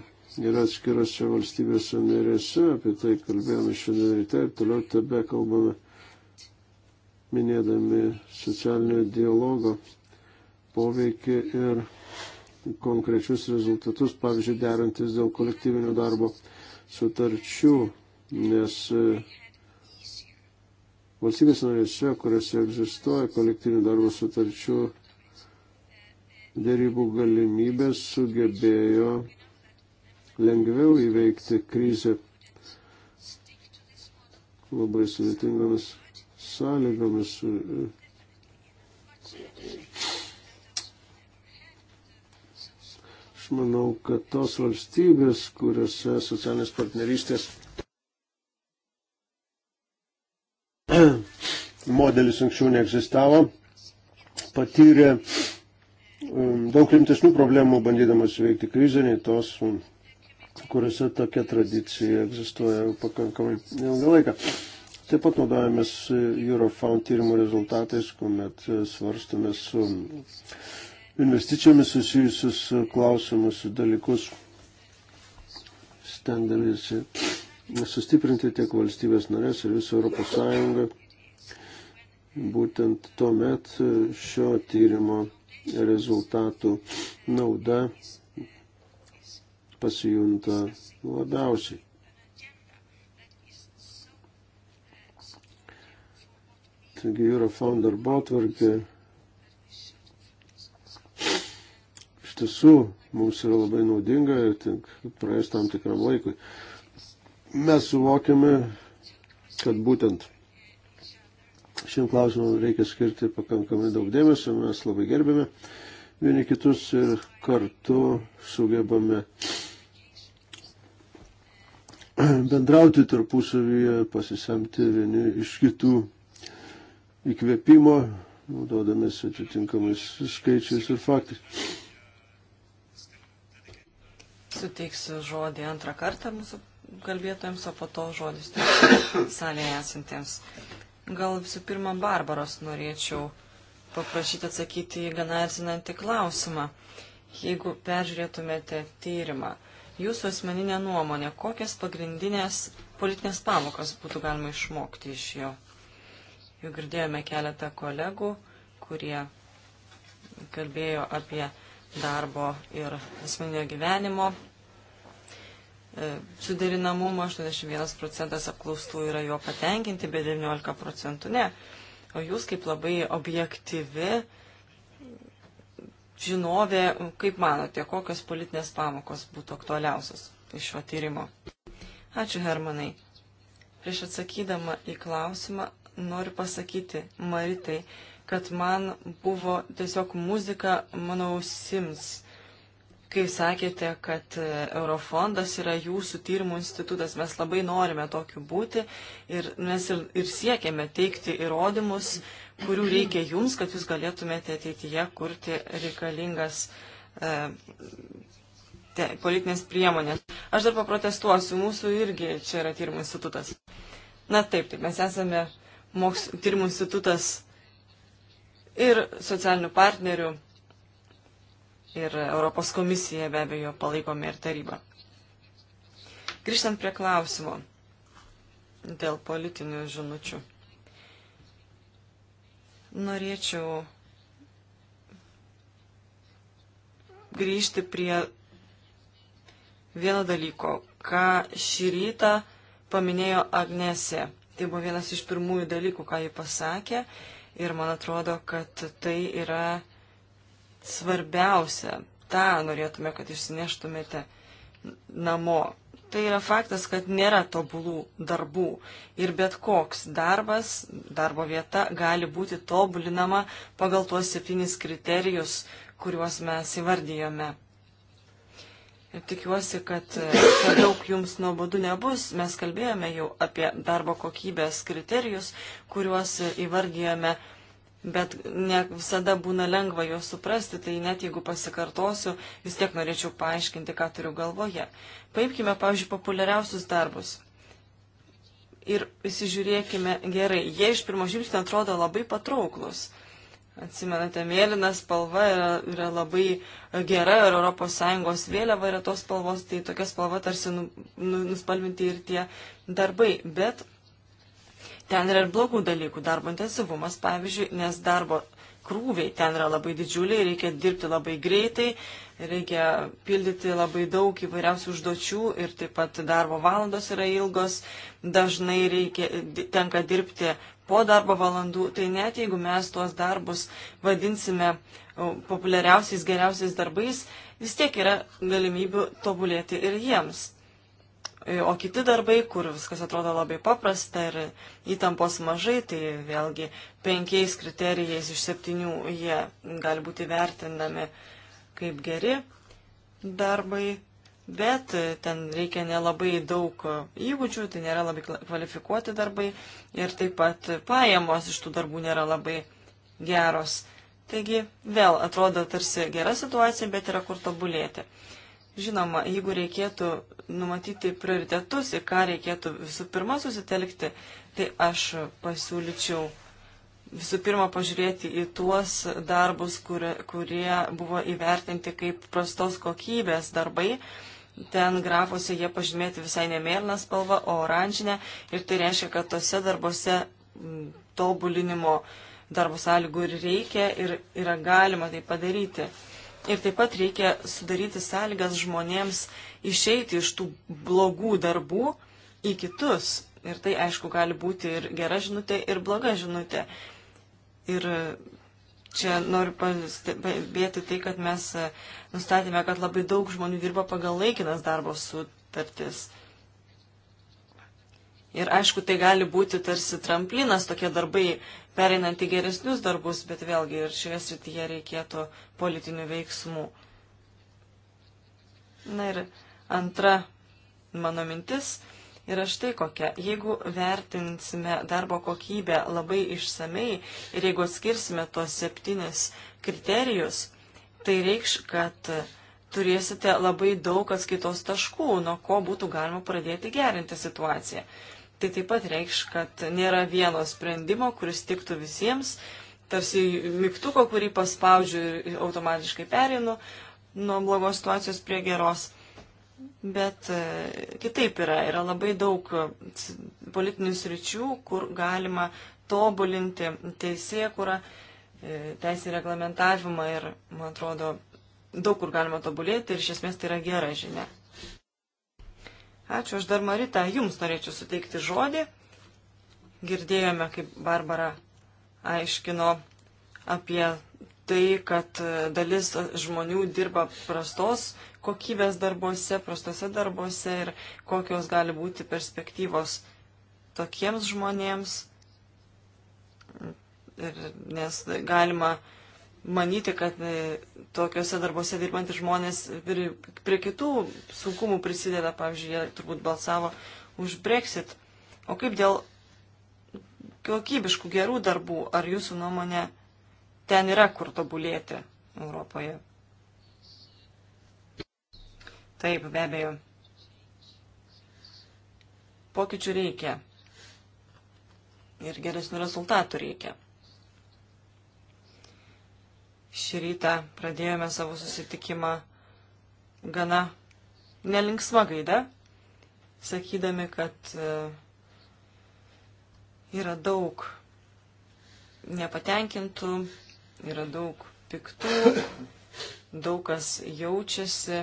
yra atskirose valstybėse narėse, apie tai kalbėjome šiandien ryte ir toliau tebe kalbame, minėdami socialinio dialogo poveikį ir konkrečius rezultatus, pavyzdžiui, derantis dėl kolektyvinio darbo sutarčių, nes Valstybės narėse, kuriuose egzistuoja kolektyvinių darbo sutarčių dėrybų galimybės, sugebėjo lengviau įveikti krizę labai sudėtingomis sąlygomis. Aš manau, kad tos valstybės, kuriuose socialinės partnerystės modelis anksčiau neegzistavo, patyrė um, daug rimtesnių problemų bandydamas veikti krizę, nei tos, um, kuriuose tokia tradicija egzistuoja jau pakankamai ilgą laiką. Taip pat naudojamės uh, Eurofound tyrimų rezultatais, kuomet uh, svarstame su um, investicijomis susijusius uh, klausimus, dalykus, stendalėsi sustiprinti tiek valstybės narės ir visą Europos Sąjungą būtent tuo met šio tyrimo rezultatų nauda pasijunta labiausiai. Taigi Eurofond darbotvarkė iš tiesų mums yra labai naudinga ir tik praėjus tam tikram laikui. Mes suvokiame, kad būtent Šiam klausimam reikia skirti pakankamai daug dėmesio, mes labai gerbėme vieni kitus ir kartu sugebame bendrauti tarpusavyje, pasisemti vieni iš kitų įkvėpimo, naudodamės atitinkamais skaičiais ir faktais. Suteiksiu žodį antrą kartą mūsų kalbėtojams, o po to žodis salėje esantiems. Gal visų pirma, Barbaros norėčiau paprašyti atsakyti į gana erzinantį klausimą. Jeigu peržiūrėtumėte tyrimą, jūsų asmeninė nuomonė, kokias pagrindinės politinės pamokas būtų galima išmokti iš jo? Jau girdėjome keletą kolegų, kurie kalbėjo apie darbo ir asmeninio gyvenimo E, suderinamumo, 81 procentas apklaustų yra juo patenkinti, bet 19 procentų ne. O jūs kaip labai objektyvi žinovė, kaip manote, kokios politinės pamokos būtų aktualiausios iš šio tyrimo? Ačiū, Hermanai. Prieš atsakydama į klausimą noriu pasakyti Maritai, kad man buvo tiesiog muzika mano ausims kai sakėte, kad e, Eurofondas yra jūsų tyrimų institutas, mes labai norime tokiu būti ir mes ir, ir siekiame teikti įrodymus, kurių reikia jums, kad jūs galėtumėte ateityje kurti reikalingas e, te, politinės priemonės. Aš dar paprotestuosiu, mūsų irgi čia yra tyrimų institutas. Na taip, taip, mes esame moks, tyrimų institutas ir socialinių partnerių ir Europos komisija be abejo palaikome ir tarybą. Grįžtant prie klausimo dėl politinių žinučių. Norėčiau grįžti prie vieno dalyko, ką šį rytą paminėjo Agnesė. Tai buvo vienas iš pirmųjų dalykų, ką ji pasakė ir man atrodo, kad tai yra svarbiausia. Ta norėtume, kad išsineštumėte namo. Tai yra faktas, kad nėra tobulų darbų ir bet koks darbas, darbo vieta gali būti tobulinama pagal tuos septynis kriterijus, kuriuos mes įvardyjome. Ir tikiuosi, kad per daug jums nuobodu nebus. Mes kalbėjome jau apie darbo kokybės kriterijus, kuriuos įvardyjome bet ne visada būna lengva juos suprasti, tai net jeigu pasikartosiu, vis tiek norėčiau paaiškinti, ką turiu galvoje. Paimkime, pavyzdžiui, populiariausius darbus. Ir įsižiūrėkime gerai. Jie iš pirmo žvilgsnio atrodo labai patrauklus. Atsimenate, mėlyna spalva yra, yra labai gera ir ES vėliava yra tos spalvos, tai tokia spalva tarsi nu, nu, nuspalvinti ir tie darbai. Bet Ten yra ir blogų dalykų, darbo intensyvumas, pavyzdžiui, nes darbo krūviai ten yra labai didžiuliai, reikia dirbti labai greitai, reikia pildyti labai daug įvairiausių užduočių ir taip pat darbo valandos yra ilgos, dažnai reikia, tenka dirbti po darbo valandų, tai net jeigu mes tuos darbus vadinsime populiariausiais, geriausiais darbais, vis tiek yra galimybių tobulėti ir jiems. O kiti darbai, kur viskas atrodo labai paprasta ir įtampos mažai, tai vėlgi penkiais kriterijais iš septynių jie gali būti vertinami kaip geri darbai, bet ten reikia nelabai daug įgūdžių, tai nėra labai kvalifikuoti darbai ir taip pat pajamos iš tų darbų nėra labai geros. Taigi vėl atrodo tarsi gera situacija, bet yra kur tobulėti. Žinoma, jeigu reikėtų numatyti prioritetus, į ką reikėtų visų pirma susitelkti, tai aš pasiūlyčiau visų pirma pažiūrėti į tuos darbus, kurie, kurie buvo įvertinti kaip prastos kokybės darbai. Ten grafuose jie pažymėti visai nemėlyną spalvą, o oranžinę. Ir tai reiškia, kad tose darbose tobulinimo darbo sąlygų ir reikia ir yra galima tai padaryti. Ir taip pat reikia sudaryti sąlygas žmonėms išeiti iš tų blogų darbų į kitus. Ir tai, aišku, gali būti ir gera žinutė, ir bloga žinutė. Ir čia noriu pastebėti tai, kad mes e, nustatėme, kad labai daug žmonių dirba pagal laikinas darbo sutartis. Ir aišku, tai gali būti tarsi tramplinas tokie darbai, pereinant į geresnius darbus, bet vėlgi ir šioje srityje reikėtų politinių veiksmų. Na ir antra mano mintis yra štai kokia. Jeigu vertinsime darbo kokybę labai išsamei ir jeigu atskirsime tos septynis kriterijus, tai reikš, kad turėsite labai daug atskaitos taškų, nuo ko būtų galima pradėti gerinti situaciją tai taip pat reikš, kad nėra vieno sprendimo, kuris tiktų visiems, tarsi mygtuko, kurį paspaudžiu ir automatiškai perinu nuo blogos situacijos prie geros. Bet e, kitaip yra, yra labai daug e, politinių sričių, kur galima tobulinti teisėkurą, e, teisį reglamentavimą ir, man atrodo, daug kur galima tobulėti ir iš esmės tai yra gera žinia. Ačiū, aš dar Marita, jums norėčiau suteikti žodį. Girdėjome, kaip Barbara aiškino apie tai, kad e, dalis žmonių dirba prastos kokybės darbuose, prastose darbuose ir kokios gali būti perspektyvos tokiems žmonėms, ir, nes galima uh, manyti, kad e, tokiuose darbuose dirbantys žmonės prie kitų sunkumų prisideda, pavyzdžiui, jie turbūt balsavo už Brexit. O kaip dėl kokybiškų gerų darbų, ar jūsų nuomonė ten yra kur tobulėti Europoje? Taip, be abejo. Pokyčių reikia. Ir geresnių rezultatų reikia. Šį rytą pradėjome savo susitikimą gana nelinksma gaida, sakydami, kad e, yra daug nepatenkintų, yra daug piktų, daug kas jaučiasi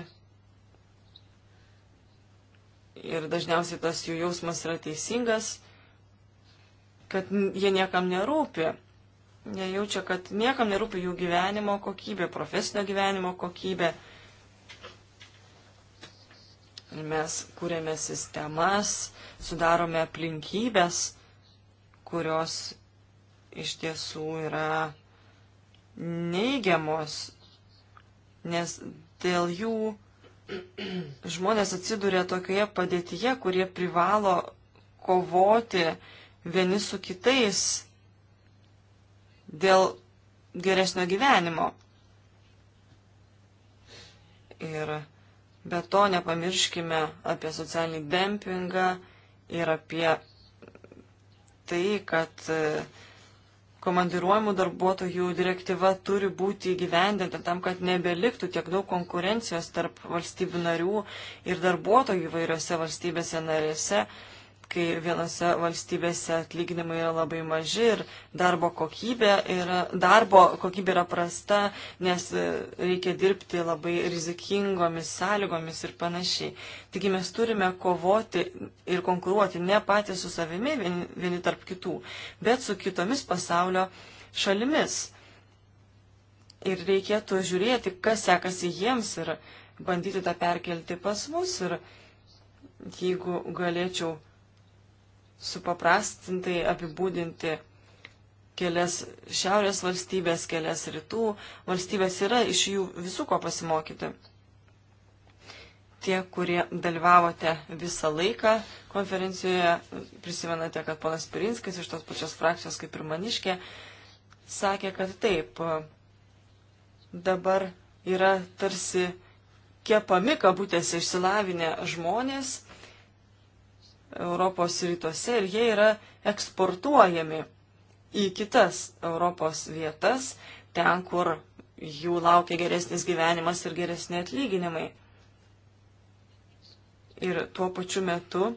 ir dažniausiai tas jų jausmas yra teisingas, kad jie niekam nerūpi. Jie jaučia, kad niekam nerūpi jų gyvenimo kokybė, profesinio gyvenimo kokybė. Ir mes kūrėme sistemas, sudarome aplinkybės, kurios iš tiesų yra neigiamos, nes dėl jų žmonės atsiduria tokioje padėtyje, kurie privalo kovoti vieni su kitais dėl geresnio gyvenimo. Ir be to nepamirškime apie socialinį dempingą ir apie tai, kad e, komandiruojamų darbuotojų direktyva turi būti įgyvendinta tam, kad nebeliktų tiek daug konkurencijos tarp valstybių narių ir darbuotojų įvairiose valstybėse narėse kai vienose valstybėse atlyginimai yra labai maži ir darbo kokybė yra, darbo kokybė yra prasta, nes e, reikia dirbti labai rizikingomis sąlygomis ir panašiai. Taigi mes turime kovoti ir konkuruoti ne patys su savimi vieni, vieni tarp kitų, bet su kitomis pasaulio šalimis. Ir reikėtų žiūrėti, kas sekasi jiems ir bandyti tą perkelti pas mus. Ir jeigu galėčiau supaprastintai apibūdinti kelias šiaurės valstybės, kelias rytų valstybės yra iš jų visų ko pasimokyti. Tie, kurie dalyvavote visą laiką konferencijoje, prisimenate, kad ponas Pirinskis iš tos pačios frakcijos kaip ir maniškė, sakė, kad taip, dabar yra tarsi kepami kabutėse išsilavinę žmonės, Europos rytuose ir jie yra eksportuojami į kitas Europos vietas, ten, kur jų laukia geresnis gyvenimas ir geresni atlyginimai. Ir tuo pačiu metu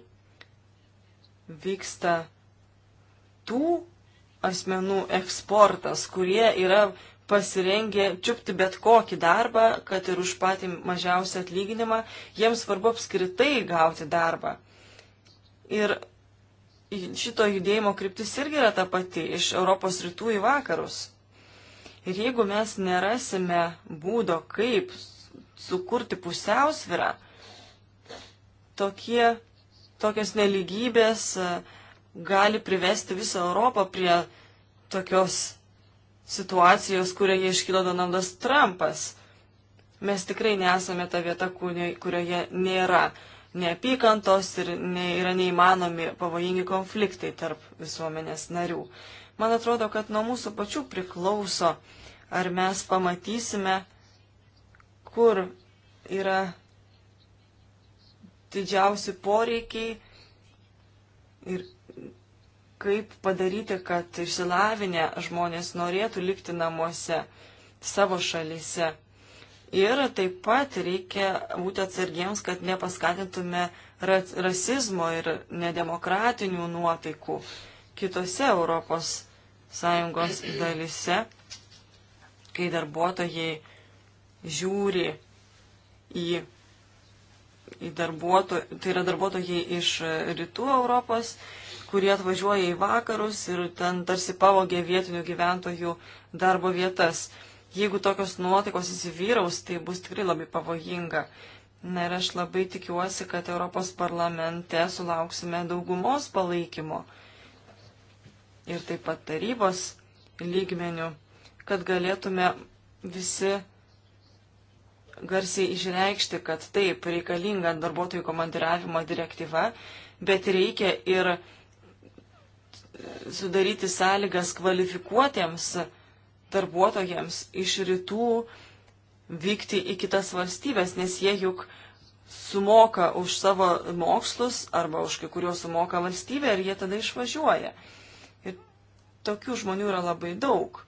vyksta tų asmenų eksportas, kurie yra pasirengę čiupti bet kokį darbą, kad ir už patį mažiausią atlyginimą, jiems svarbu apskritai gauti darbą. Ir šito judėjimo kryptis irgi yra ta pati - iš Europos rytų į vakarus. Ir jeigu mes nerasime būdo, kaip sukurti pusiausvirą, tokie, tokios neligybės e, gali privesti visą Europą prie tokios situacijos, kurioje iškilo Donaldas Trumpas. Mes tikrai nesame ta vieta, kurioje nėra neapykantos ir ne, yra neįmanomi pavojingi konfliktai tarp visuomenės narių. Man atrodo, kad nuo mūsų pačių priklauso, ar mes pamatysime, kur yra didžiausi poreikiai ir kaip padaryti, kad išsilavinę žmonės norėtų likti namuose savo šalyse. Ir taip pat reikia būti atsargiems, kad nepaskatintume rasizmo ir nedemokratinių nuotaikų kitose Europos Sąjungos dalise, kai darbuotojai žiūri į, į darbuotojų, tai yra darbuotojai iš rytų Europos, kurie atvažiuoja į vakarus ir ten tarsi pavogė vietinių gyventojų darbo vietas jeigu tokios nuotaikos įsivyraus, tai bus tikrai labai pavojinga. Na ir aš labai tikiuosi, kad Europos parlamente sulauksime daugumos palaikymo ir taip pat tarybos lygmenių, kad galėtume visi garsiai išreikšti, kad taip reikalinga darbuotojų komandiravimo direktyva, bet reikia ir sudaryti sąlygas kvalifikuotiems darbuotojams darbuotojams iš rytų vykti į kitas valstybės, nes jie juk sumoka už savo mokslus arba už kai kuriuos sumoka valstybė ir jie tada išvažiuoja. Ir tokių žmonių yra labai daug.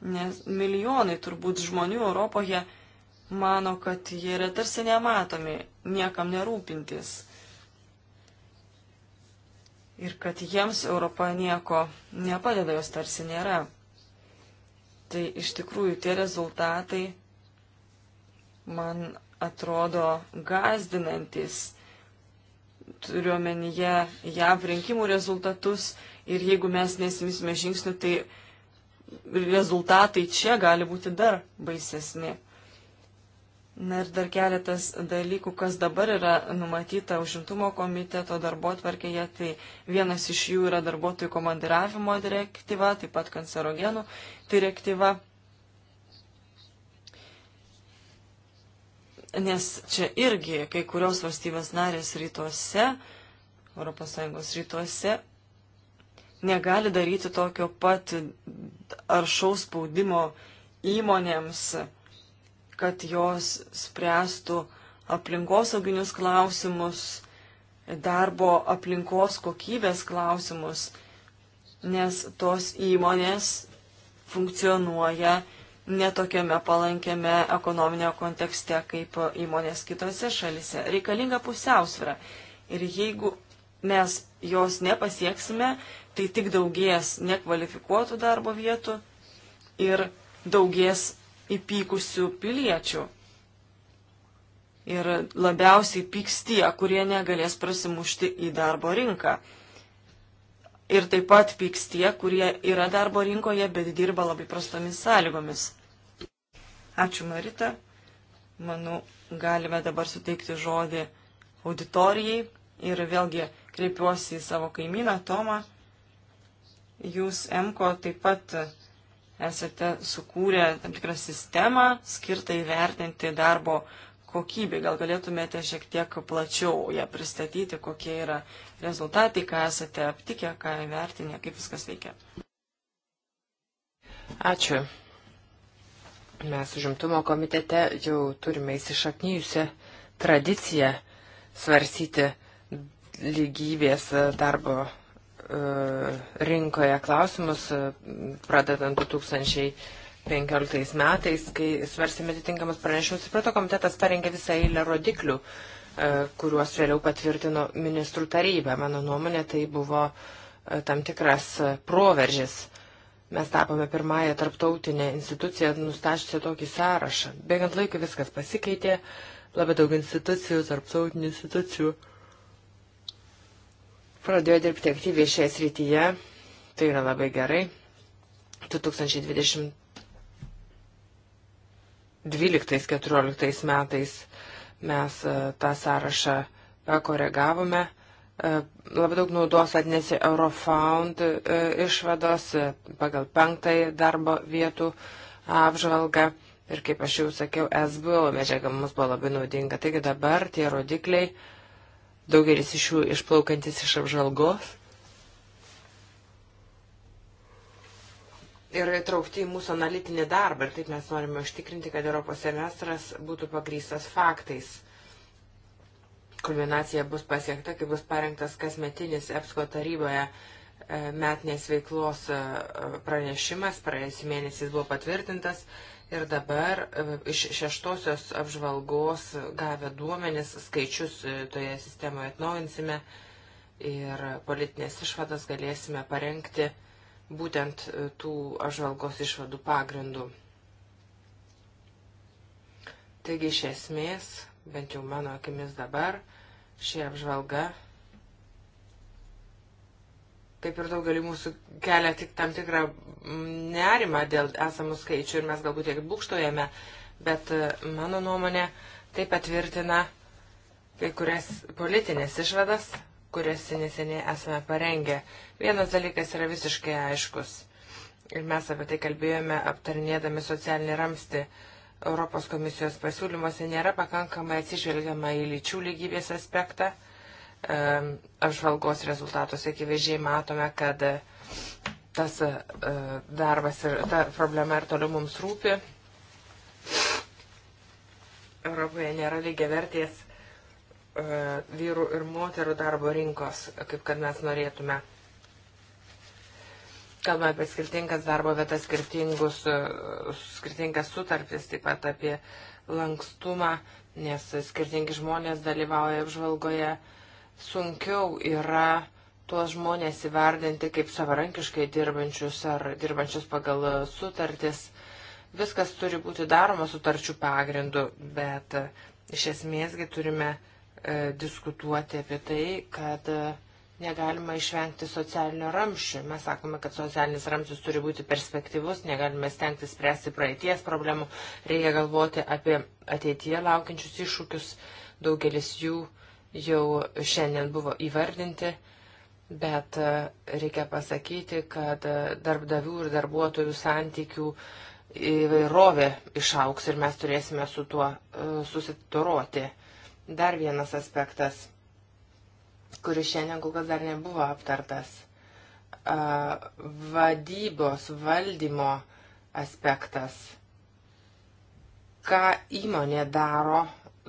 Nes milijonai turbūt žmonių Europoje mano, kad jie yra tarsi nematomi, niekam nerūpintis. Ir kad jiems Europa nieko nepadeda, jos tarsi nėra tai iš tikrųjų tie rezultatai man atrodo gazdinantis. Turiuomenyje JAV rinkimų rezultatus ir jeigu mes nesimsime žingsnių, tai rezultatai čia gali būti dar baisesni. Na ir dar keletas dalykų, kas dabar yra numatyta užimtumo komiteto darbo tvarkėje, tai vienas iš jų yra darbuotojų komandiravimo direktyva, taip pat kancerogenų direktyva. Nes čia irgi kai kurios valstybės narės rytuose, ES rytuose, negali daryti tokio pat aršaus spaudimo įmonėms, kad jos spręstų aplinkosauginius klausimus, darbo aplinkos kokybės klausimus, nes tos įmonės funkcionuoja netokiame palankiame ekonominio kontekste kaip įmonės kitose šalise. Reikalinga pusiausvėra. Ir jeigu mes jos nepasieksime, tai tik daugės nekvalifikuotų darbo vietų ir daugės įpykusių piliečių. Ir labiausiai pyks tie, kurie negalės prasimušti į darbo rinką ir taip pat pyks tie, kurie yra darbo rinkoje, bet dirba labai prastomis sąlygomis. Ačiū Marita. Manau, galime dabar suteikti žodį auditorijai ir vėlgi kreipiuosi į savo kaimyną Tomą. Jūs, Emko, taip pat esate sukūrę tam tikrą sistemą skirtą įvertinti darbo kokybei. Gal galėtumėte šiek tiek plačiau ją pristatyti, kokie yra rezultatai, ką esate aptikę, ką įvertinę, kaip viskas veikia. Ačiū. Mes užimtumo komitete jau turime įsišaknyjusią tradiciją svarsyti lygybės darbo e, rinkoje klausimus, pradedant 2000. 15 metais, kai svarstėme atitinkamus pranešimus, suprato komitetas parengė visą eilę rodiklių, e, kuriuos vėliau patvirtino ministrų taryba. Mano nuomonė, tai buvo e, tam tikras e, proveržis. Mes tapome pirmąją tarptautinę instituciją, nustačiusią tokį sąrašą. Bėgant laikui viskas pasikeitė, labai daug institucijų, tarptautinių institucijų pradėjo dirbti aktyviai šioje srityje. Tai yra labai gerai. 2020 12-14 metais mes e, tą sąrašą pakoregavome. E, labai daug naudos atnesi Eurofound e, išvados pagal penktąjį darbo vietų apžvalgą. Ir kaip aš jau sakiau, SBO medžiaga mums buvo labai naudinga. Taigi dabar tie rodikliai, daugelis iš jų išplaukantis iš apžalgos, yra įtraukti į mūsų analitinį darbą ir taip mes norime užtikrinti, kad Europos semestras būtų pagrystas faktais. Kulminacija bus pasiekta, kai bus parengtas kasmetinis EPSCO taryboje e, metinės veiklos e, pranešimas, praėjusį mėnesį jis buvo patvirtintas ir dabar e, iš šeštosios apžvalgos gavę duomenis, skaičius toje sistemoje atnaujinsime ir politinės išvadas galėsime parengti būtent e, tų apžvalgos išvadų pagrindų. Taigi iš esmės, bent jau mano akimis dabar, ši apžvalga, kaip ir daugelį mūsų, kelia tik tam tikrą mm, nerimą dėl esamų skaičių ir mes galbūt tiek būkštojame, bet e, mano nuomonė tai patvirtina kai kurias politinės išvadas, kurias neseniai esame parengę. Vienas dalykas yra visiškai aiškus. Ir mes apie tai kalbėjome aptarinėdami socialinį ramstį. Europos komisijos pasiūlymuose nėra pakankamai atsižvelgiama į lyčių lygybės aspektą. Apžvalgos rezultatuose akivaizdžiai matome, kad e, tas e, darbas ir ta problema ir toliau mums rūpi. Europoje nėra lygiavertės E, vyrų ir moterų darbo rinkos, kaip kad mes norėtume. Kalbame apie skirtingas darbo vietas, skirtingus, e, skirtingas sutartis, taip pat apie lankstumą, nes skirtingi žmonės dalyvauja apžvalgoje. Sunkiau yra tuos žmonės įvardinti kaip savarankiškai dirbančius ar dirbančius pagal sutartis. Viskas turi būti daroma sutarčių pagrindu, bet e, iš esmėsgi turime uh, E, diskutuoti apie tai, kad e, negalima išvengti socialinio ramščio. Mes sakome, kad socialinis ramštis turi būti perspektyvus, negalime stengtis spręsti praeities problemų, reikia galvoti apie ateityje laukiančius iššūkius. Daugelis jų jau šiandien buvo įvardinti, bet e, reikia pasakyti, kad darbdavių ir darbuotojų santykių įvairovė išauks ir mes turėsime su tuo susitoroti. Uh, Dar vienas aspektas, kuris šiandien kol kas dar nebuvo aptartas - vadybos valdymo aspektas. Ką įmonė daro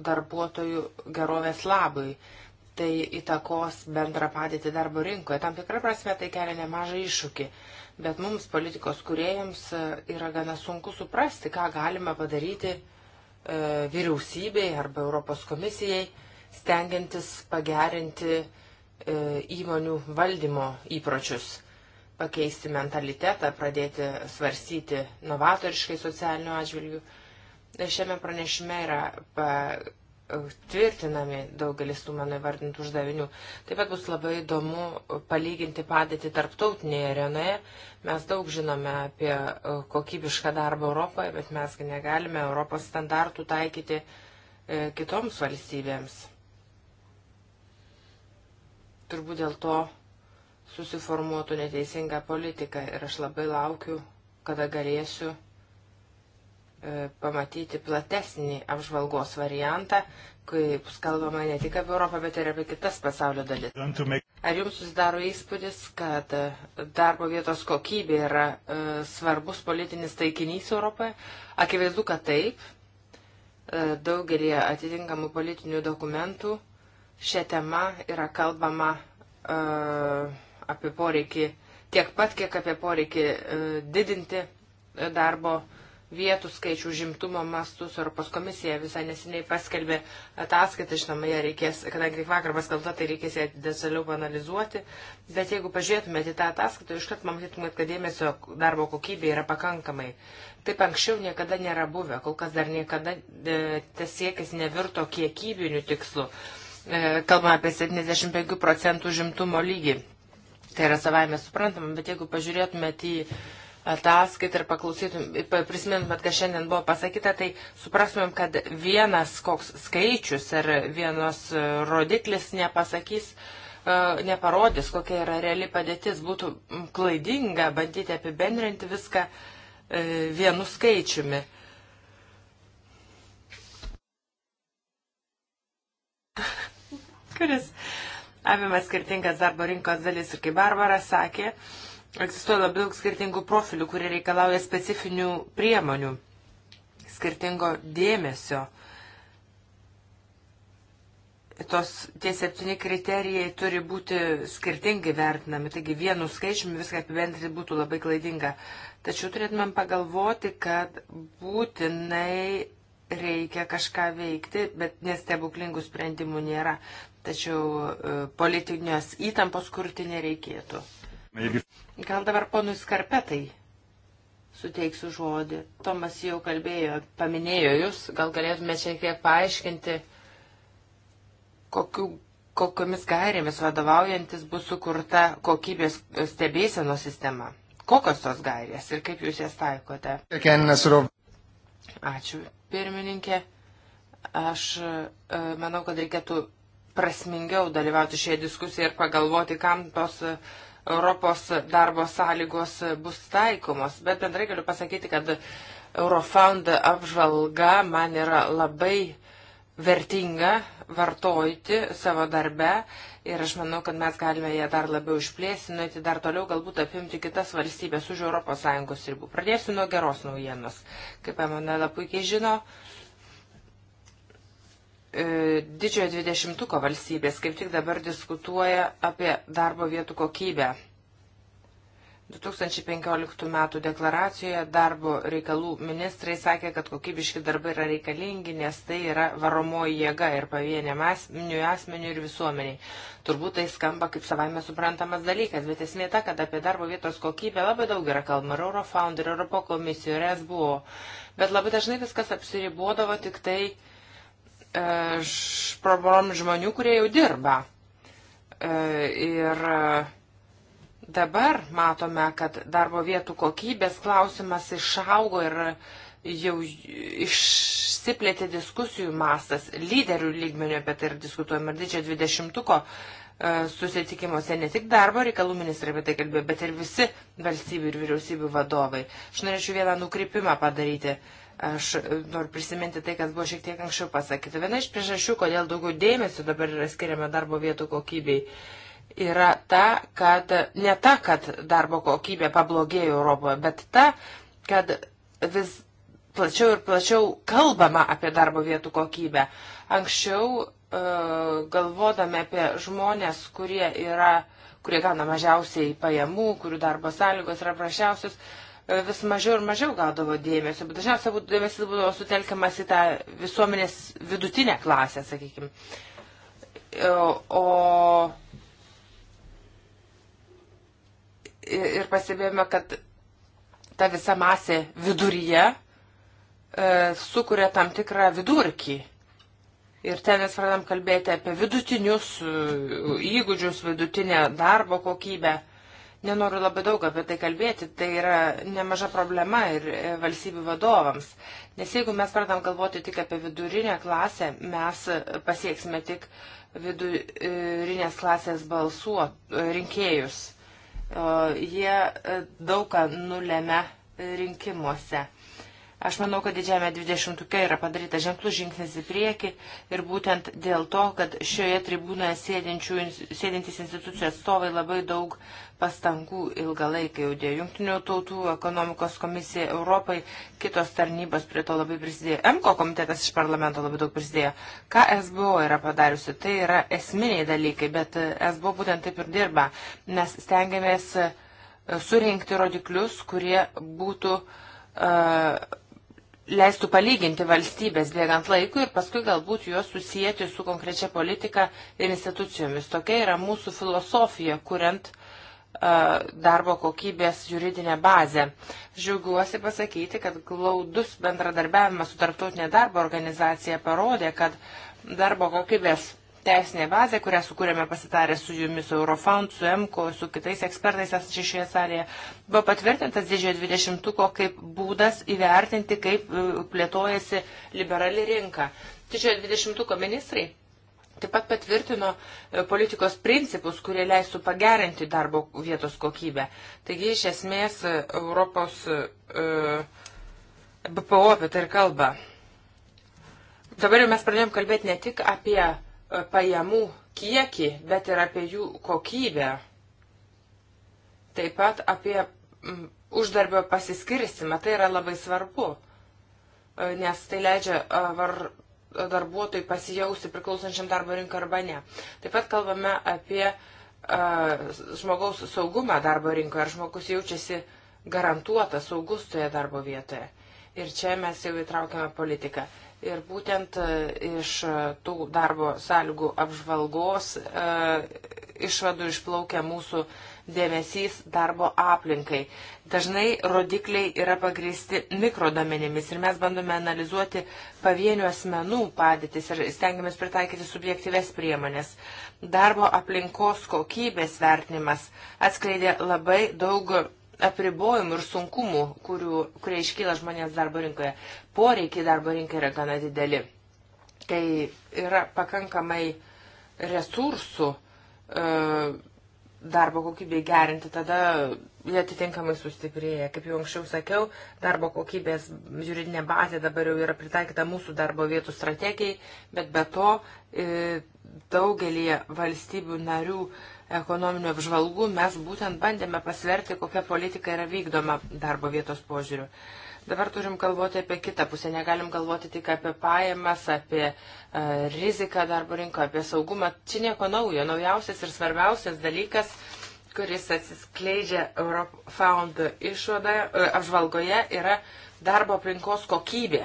darbuotojų gerovės labui, tai įtakos bendrą padėtį darbo rinkoje. Tam tikrą prasme tai kelia nemažą iššūkį, bet mums politikos kuriejams yra gana sunku suprasti, ką galima padaryti uh, E, vyriausybei arba Europos komisijai, stengiantis pagerinti e, įmonių valdymo įpročius, pakeisti mentalitetą, pradėti svarstyti novatoriškai socialinių atžvilgių. Šiame pranešime yra tvirtinami daugelis tų mano įvardintų uždavinių. Taip pat bus labai įdomu palyginti padėtį tarptautinėje arenoje. Mes daug žinome apie e, kokybišką darbą Europoje, bet mesgi negalime Europos standartų taikyti e, kitoms valstybėms. Turbūt dėl to susiformuotų neteisinga politika ir aš labai laukiu, kada galėsiu E, pamatyti platesnį apžvalgos variantą, kaip kalbama ne tik apie Europą, bet ir apie kitas pasaulio dalis. Ar jums susidaro įspūdis, kad e, darbo vietos kokybė yra e, svarbus politinis taikinys Europoje? Akivaizdu, kad taip. E, daugelį atitinkamų politinių dokumentų šią temą yra kalbama e, apie poreikį tiek pat, kiek apie poreikį e, didinti darbo vietos vietų skaičių žimtumo mastus. Europos komisija visai nesiniai paskelbė ataskaitą, žinoma, ją reikės, kadangi vakar paskelbta, tai reikės ją detaliau analizuoti. Bet jeigu pažiūrėtumėte į tą ataskaitą, iškart matytumėt, kad dėmesio darbo kokybė yra pakankamai. Taip anksčiau niekada nėra buvę, kol kas dar niekada e, tas siekis nevirto kiekybiniu tikslu. E, kalbame apie 75 procentų žimtumo lygį. Tai yra savaime suprantama, bet jeigu pažiūrėtumėte į ataskaitą ir paklausytumėm, prisimintumėt, kas šiandien buvo pasakyta, tai suprastumėm, kad vienas koks skaičius ar vienos e, rodiklis nepasakys, e, neparodys, kokia yra reali padėtis. Būtų klaidinga bandyti apibendrinti viską e, vienu skaičiumi. kuris apima skirtingas darbo rinkos dalis ir kaip Barbara sakė, uh, egzistuoja labai daug skirtingų profilių, kurie reikalauja specifinių priemonių, skirtingo dėmesio. Tos, tie septyni kriterijai turi būti skirtingai vertinami, taigi vienu skaičiumi viską apibendrinti būtų labai klaidinga. Tačiau turėtumėm pagalvoti, kad būtinai reikia kažką veikti, bet nestebuklingų sprendimų nėra. Tačiau e, politinės įtampos kurti nereikėtų. Jeigu Gal dabar ponui Skarpetai suteiksiu žodį. Tomas jau kalbėjo, paminėjo jūs, gal galėtume šiek tiek paaiškinti, kokiu, kokiomis gairėmis vadovaujantis bus sukurta kokybės stebėseno sistema. Kokios tos gairės ir kaip jūs jas taikote? Ačiū, pirmininkė. Aš e, manau, kad reikėtų prasmingiau dalyvauti šioje diskusijoje ir pagalvoti, kam tos uh, Europos darbo sąlygos bus taikomos. Bet bendrai galiu pasakyti, kad Eurofound apžvalga man yra labai vertinga vartoti savo darbe ir aš manau, kad mes galime ją dar labiau išplėsti, nueiti dar toliau, galbūt apimti kitas valstybės už ES ribų. Pradėsiu nuo geros naujienos. Kaip Emanuela puikiai žino, uh, E, didžiojo dvidešimtuko valstybės kaip tik dabar diskutuoja apie darbo vietų kokybę. 2015 m. deklaracijoje darbo reikalų ministrai sakė, kad kokybiški darbai yra reikalingi, nes tai yra varomoji jėga ir pavieniam asmeniu, asmeniu ir visuomeniai. Turbūt tai skamba kaip savaime suprantamas dalykas, bet esmė ta, kad apie darbo vietos kokybę labai daug yra kalbama ir Eurofound, ir Europo komisijų, ir SBO, bet labai dažnai viskas apsiribuodavo tik tai E, problemom žmonių, kurie jau dirba. E, ir e, dabar matome, kad darbo vietų kokybės klausimas išaugo ir jau išsiplėtė diskusijų mastas, lyderių lygmenio apie tai ir diskutuojama ir didžiojo dvidešimtuko susitikimuose ne tik darbo reikalų ministrai apie tai kalbėjo, bet ir visi valstybių ir vyriausybių vadovai. Aš norėčiau vieną nukrypimą padaryti. Uh, Aš noriu prisiminti tai, kas buvo šiek tiek anksčiau pasakyta. Viena iš priežasčių, kodėl daugiau dėmesio dabar yra skiriama darbo vietų kokybei, yra ta, kad ne ta, kad darbo kokybė pablogėjo Europoje, bet ta, kad vis plačiau ir plačiau kalbama apie darbo vietų kokybę. Anksčiau e, galvodami apie žmonės, kurie yra, kurie gauna mažiausiai pajamų, kurių darbo sąlygos yra prašiausios, vis mažiau ir mažiau gaudavo dėmesio, bet dažniausiai būtų dėmesys būdavo sutelkiamas į tą visuomenės vidutinę klasę, sakykime. O ir pastebėjome, kad ta visa masė viduryje e, sukuria tam tikrą vidurkį. Ir ten mes pradam kalbėti apie vidutinius e, įgūdžius, vidutinę darbo kokybę. Nenoriu labai daug apie tai kalbėti, tai yra nemaža problema ir e, valstybių vadovams. Nes jeigu mes pradam galvoti tik apie vidurinę klasę, mes pasieksime tik vidurinės klasės balsų e, rinkėjus. Jie e, daugą nulėmė rinkimuose. Aš manau, kad didžiame 20-uke yra padaryta ženklus žingsnis į priekį ir būtent dėl to, kad šioje tribūnoje sėdintys institucijų atstovai labai daug pastangų ilgą laiką jau dėjo. Junktinių tautų ekonomikos komisija Europai, kitos tarnybos prie to labai prisidėjo. MKO komitetas iš parlamento labai daug prisidėjo. Ką SBO yra padariusi? Tai yra esminiai dalykai, bet SBO būtent taip ir dirba. Mes stengiamės e, surinkti rodiklius, kurie būtų uh, leistų palyginti valstybės bėgant laikui ir paskui galbūt juos susijęti su konkrečia politika ir institucijomis. Tokia yra mūsų filosofija, kuriant uh, darbo kokybės juridinę bazę. Žiūgiuosi pasakyti, kad glaudus bendradarbiavimas su tarptautinė darbo organizacija parodė, kad darbo kokybės teisinė bazė, kurią sukūrėme pasitarę su jumis, su Eurofound, su EMCO, su kitais ekspertais esančiais šioje salėje, buvo patvirtintas didžiojo dvidešimtuko kaip būdas įvertinti, kaip e, plėtojasi liberali rinka. Didžiojo dvidešimtuko ministrai taip pat patvirtino e, politikos principus, kurie leistų pagerinti darbo vietos kokybę. Taigi, iš esmės, e, Europos BPO apie tai ir kalba. Dabar jau mes pradėjom kalbėti ne tik apie E, pajamų kiekį, bet ir apie jų kokybę. Taip pat apie uždarbio pasiskirstimą. Tai yra labai svarbu, e, nes tai leidžia e, var, darbuotojai pasijausti priklausančiam darbo rinką arba ne. Taip pat kalbame apie a, žmogaus saugumą darbo rinkoje, ar žmogus jaučiasi garantuotas saugus toje darbo vietoje. Ir čia mes jau įtraukiame politiką. Ir būtent e, iš e, tų darbo sąlygų apžvalgos e, išvadų išplaukia mūsų dėmesys darbo aplinkai. Dažnai rodikliai yra pagristi mikrodomenimis ir mes bandome analizuoti pavienių asmenų padėtis ir stengiamės pritaikyti subjektyves priemonės. Darbo aplinkos kokybės vertinimas atskleidė labai daug apribojimų ir sunkumų, kurių, kurie iškyla žmonės darbo rinkoje poreikiai darbo rinkai yra gana dideli. Kai yra pakankamai resursų e, darbo kokybei gerinti, tada jie atitinkamai sustiprėja. Kaip jau anksčiau sakiau, darbo kokybės žiūrinė bazė dabar jau yra pritaikyta mūsų darbo vietų strategijai, bet be to e, daugelį valstybių narių ekonominių apžvalgų mes būtent bandėme pasverti, kokia politika yra vykdoma darbo vietos požiūriu. Dabar turim galvoti apie kitą pusę, negalim galvoti tik apie pajamas, apie uh, riziką darbo rinkoje, apie saugumą. Čia nieko naujo. Naujausias ir svarbiausias dalykas, kuris atsiskleidžia Eurofound išvada, uh, apžvalgoje, yra darbo aplinkos kokybė.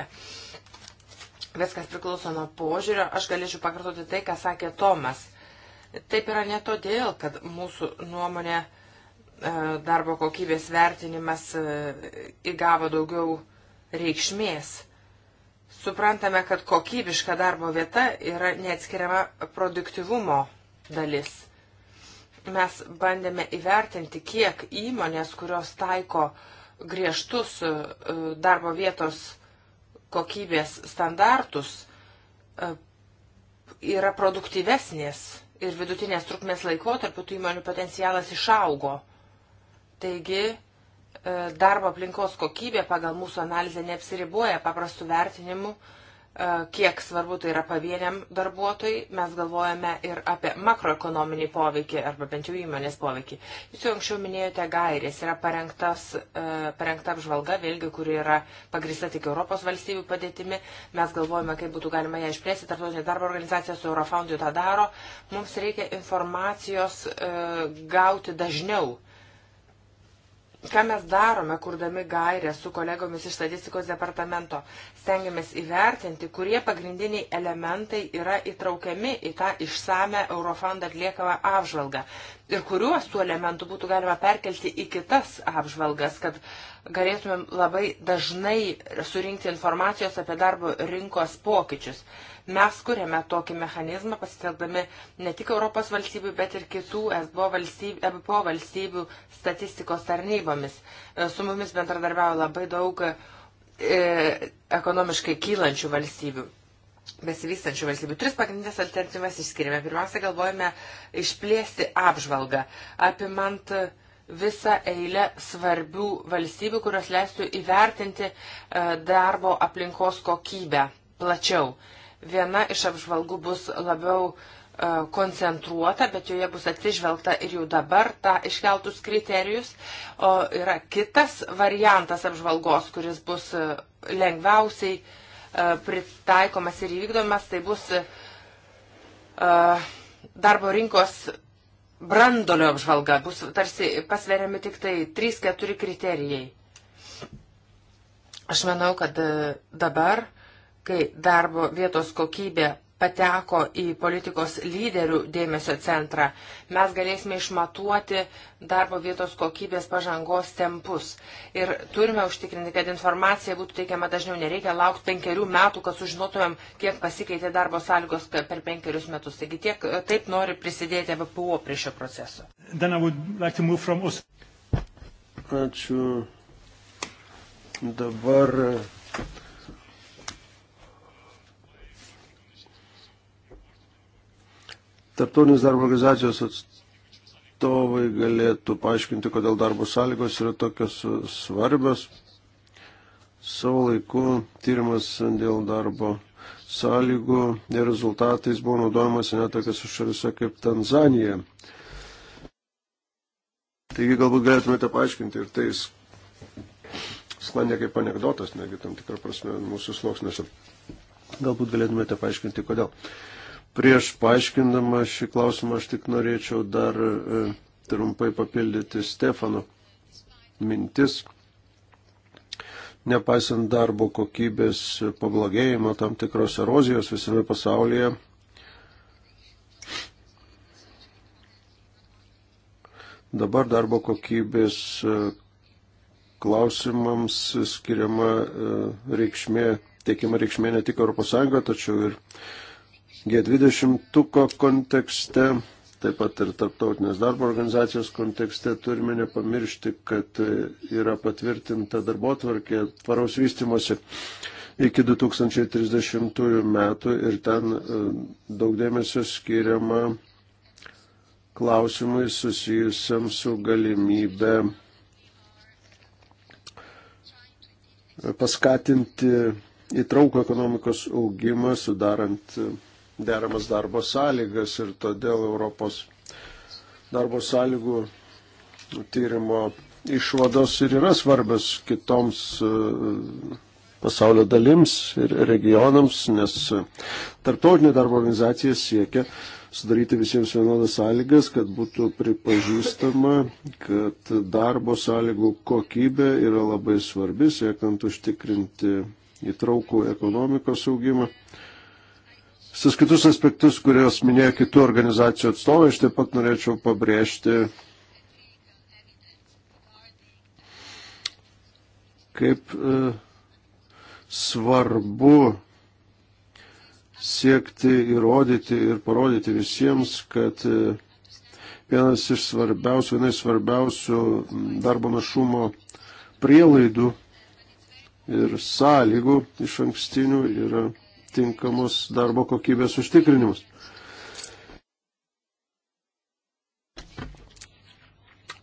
Viskas priklauso nuo požiūrio. Aš galėčiau pakartoti tai, ką sakė Tomas. Taip yra ne todėl, kad mūsų nuomonė uh, E, darbo kokybės vertinimas e, įgavo daugiau reikšmės. Suprantame, kad kokybiška darbo vieta yra neatskiriama produktivumo dalis. Mes bandėme įvertinti, kiek įmonės, kurios taiko griežtus e, darbo vietos kokybės standartus, yra produktyvesnės ir vidutinės trukmės laikotarpiu tų įmonių potencialas išaugo. Taigi, e, darbo aplinkos kokybė pagal mūsų analizę neapsiriboja paprastų vertinimų, e, kiek svarbu tai yra pavieniam darbuotojai. Mes galvojame ir apie makroekonominį poveikį arba bent jau įmonės poveikį. Jūs jau anksčiau minėjote gairės, yra e, parengta apžvalga, vėlgi, kuri yra pagrįsta tik Europos valstybių padėtimi. Mes galvojame, kaip būtų galima ją išplėsti. Tarptautinė darbo organizacija su Eurofoundiju tą daro. Mums reikia informacijos gauti dažniau ką mes darome, kurdami gairę su kolegomis iš statistikos departamento. Stengiamės įvertinti, kurie pagrindiniai elementai yra įtraukiami į tą išsame Eurofond atliekamą apžvalgą ir kuriuos tų elementų būtų galima perkelti į kitas apžvalgas, kad galėtumėm labai dažnai surinkti informacijos apie darbo rinkos pokyčius. Mes kuriame tokį mechanizmą pasitelkdami ne tik Europos valstybių, bet ir kitų SBO valstybių, EBPO valstybių statistikos tarnybomis. E, su mumis bendradarbiavo labai daug e, ekonomiškai kylančių valstybių besivystančių valstybių. Tris pagrindinės alternatyvas išskiriame. Pirmiausia, galvojame išplėsti apžvalgą, apimant uh, visą eilę svarbių valstybių, kurios leistų įvertinti e, darbo aplinkos kokybę plačiau. Viena iš apžvalgų bus labiau e, koncentruota, bet joje bus atsižvelgta ir jau dabar tą iškeltus kriterijus. O yra kitas variantas apžvalgos, kuris bus e, lengviausiai pritaikomas ir įvykdomas, tai bus darbo rinkos brandolio apžvalga, bus tarsi pasveriami tik tai 3-4 kriterijai. Aš manau, kad e, dabar, kai darbo vietos kokybė pateko į politikos lyderių dėmesio centrą, mes galėsime išmatuoti darbo vietos kokybės pažangos tempus. Ir turime užtikrinti, kad informacija būtų teikiama dažniau, nereikia laukti penkerių metų, kad sužinotumėm, kiek pasikeitė darbo sąlygos per penkerius metus. Taigi tiek, taip nori prisidėti BPO prie šio proceso. Like Ačiū. Dabar Tartautinės darbo organizacijos atstovai galėtų paaiškinti, kodėl darbo sąlygos yra tokios svarbios. Savo laiku tyrimas dėl darbo sąlygų ir rezultatais buvo naudojamas netokias šalise kaip Tanzanija. Taigi galbūt galėtumėte paaiškinti ir tai sklandė kaip anegdotas, negi tam tikrą prasme mūsų sluoksniuose. Galbūt galėtumėte paaiškinti, kodėl. Uh, Prieš paaiškindama šį klausimą aš tik norėčiau dar e, trumpai papildyti Stefano mintis. Nepaisant darbo kokybės pablogėjimo, tam tikros erozijos visame pasaulyje, dabar darbo kokybės e, klausimams skiriama e, reikšmė, teikiama reikšmė ne tik ES, tačiau ir G20 kontekste, taip pat ir tarptautinės darbo organizacijos kontekste turime nepamiršti, kad yra patvirtinta darbo tvarkė tvaraus vystimosi iki 2030 metų ir ten e, daug dėmesio skiriama klausimai susijusiam su galimybė paskatinti įtraukų ekonomikos augimą, sudarant deramas darbo sąlygas ir todėl Europos darbo sąlygų tyrimo išvados ir yra svarbios kitoms e, pasaulio dalims ir regionams, nes tarptautinė darbo organizacija siekia sudaryti visiems vienodas sąlygas, kad būtų pripažįstama, kad darbo sąlygų kokybė yra labai svarbi, siekiant užtikrinti įtraukų ekonomikos augimą. Visus kitus aspektus, kuriuos minėjo kitų organizacijų atstovai, aš taip pat norėčiau pabrėžti, kaip e, svarbu siekti įrodyti ir parodyti visiems, kad e, vienas iš svarbiausių, viena iš svarbiausių darbo našumo prielaidų ir sąlygų iš ankstinių yra tinkamus darbo kokybės užtikrinimus.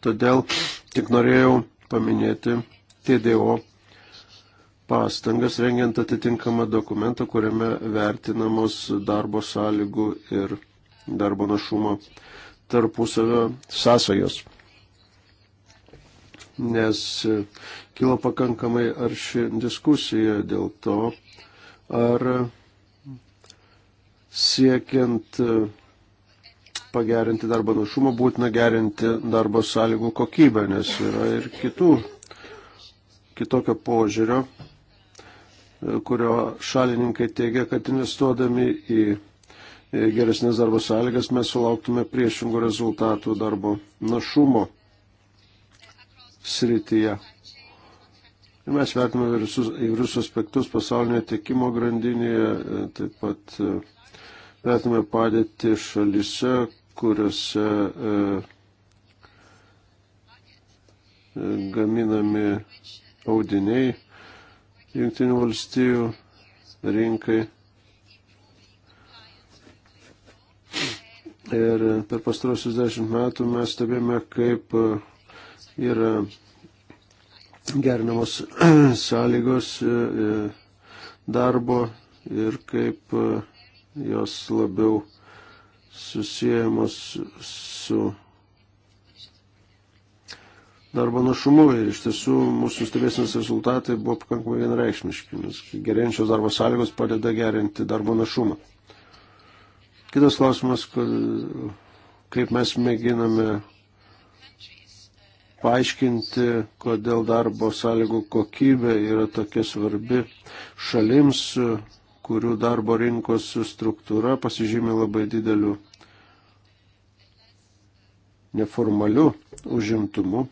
Todėl tik norėjau paminėti TDO pastangas rengiant atitinkamą dokumentą, kuriame vertinamos darbo sąlygų ir darbo našumo tarpusavio sąsajos. Nes kilo pakankamai arši diskusija dėl to, ar siekiant e, pagerinti darbo našumą, būtina gerinti darbo sąlygų kokybę, nes yra ir kitų, kitokio požiūrio, e, kurio šalininkai teigia, kad investuodami į geresnės darbo sąlygas mes sulauktume priešingų rezultatų darbo našumo srityje. Ir mes vertiname visus, visus aspektus pasaulinėje tiekimo grandinėje, e, taip pat vertiname padėti šalise, kuriuose e, e, gaminami audiniai jungtinių valstijų rinkai. Ir per pastarosius dešimt metų mes stebėjome, kaip e, yra gerinamos sąlygos e, darbo ir kaip jos labiau susijęjamos su darbo našumu ir iš tiesų mūsų stebėsinos rezultatai buvo pakankamai vienreikšmiški, nes gerėjančios darbo sąlygos padeda gerinti darbo našumą. Kitas klausimas, kaip mes mėginame paaiškinti, kodėl darbo sąlygų kokybė yra tokia svarbi šalims, kurių darbo rinkos struktūra pasižymė labai dideliu neformaliu užimtumu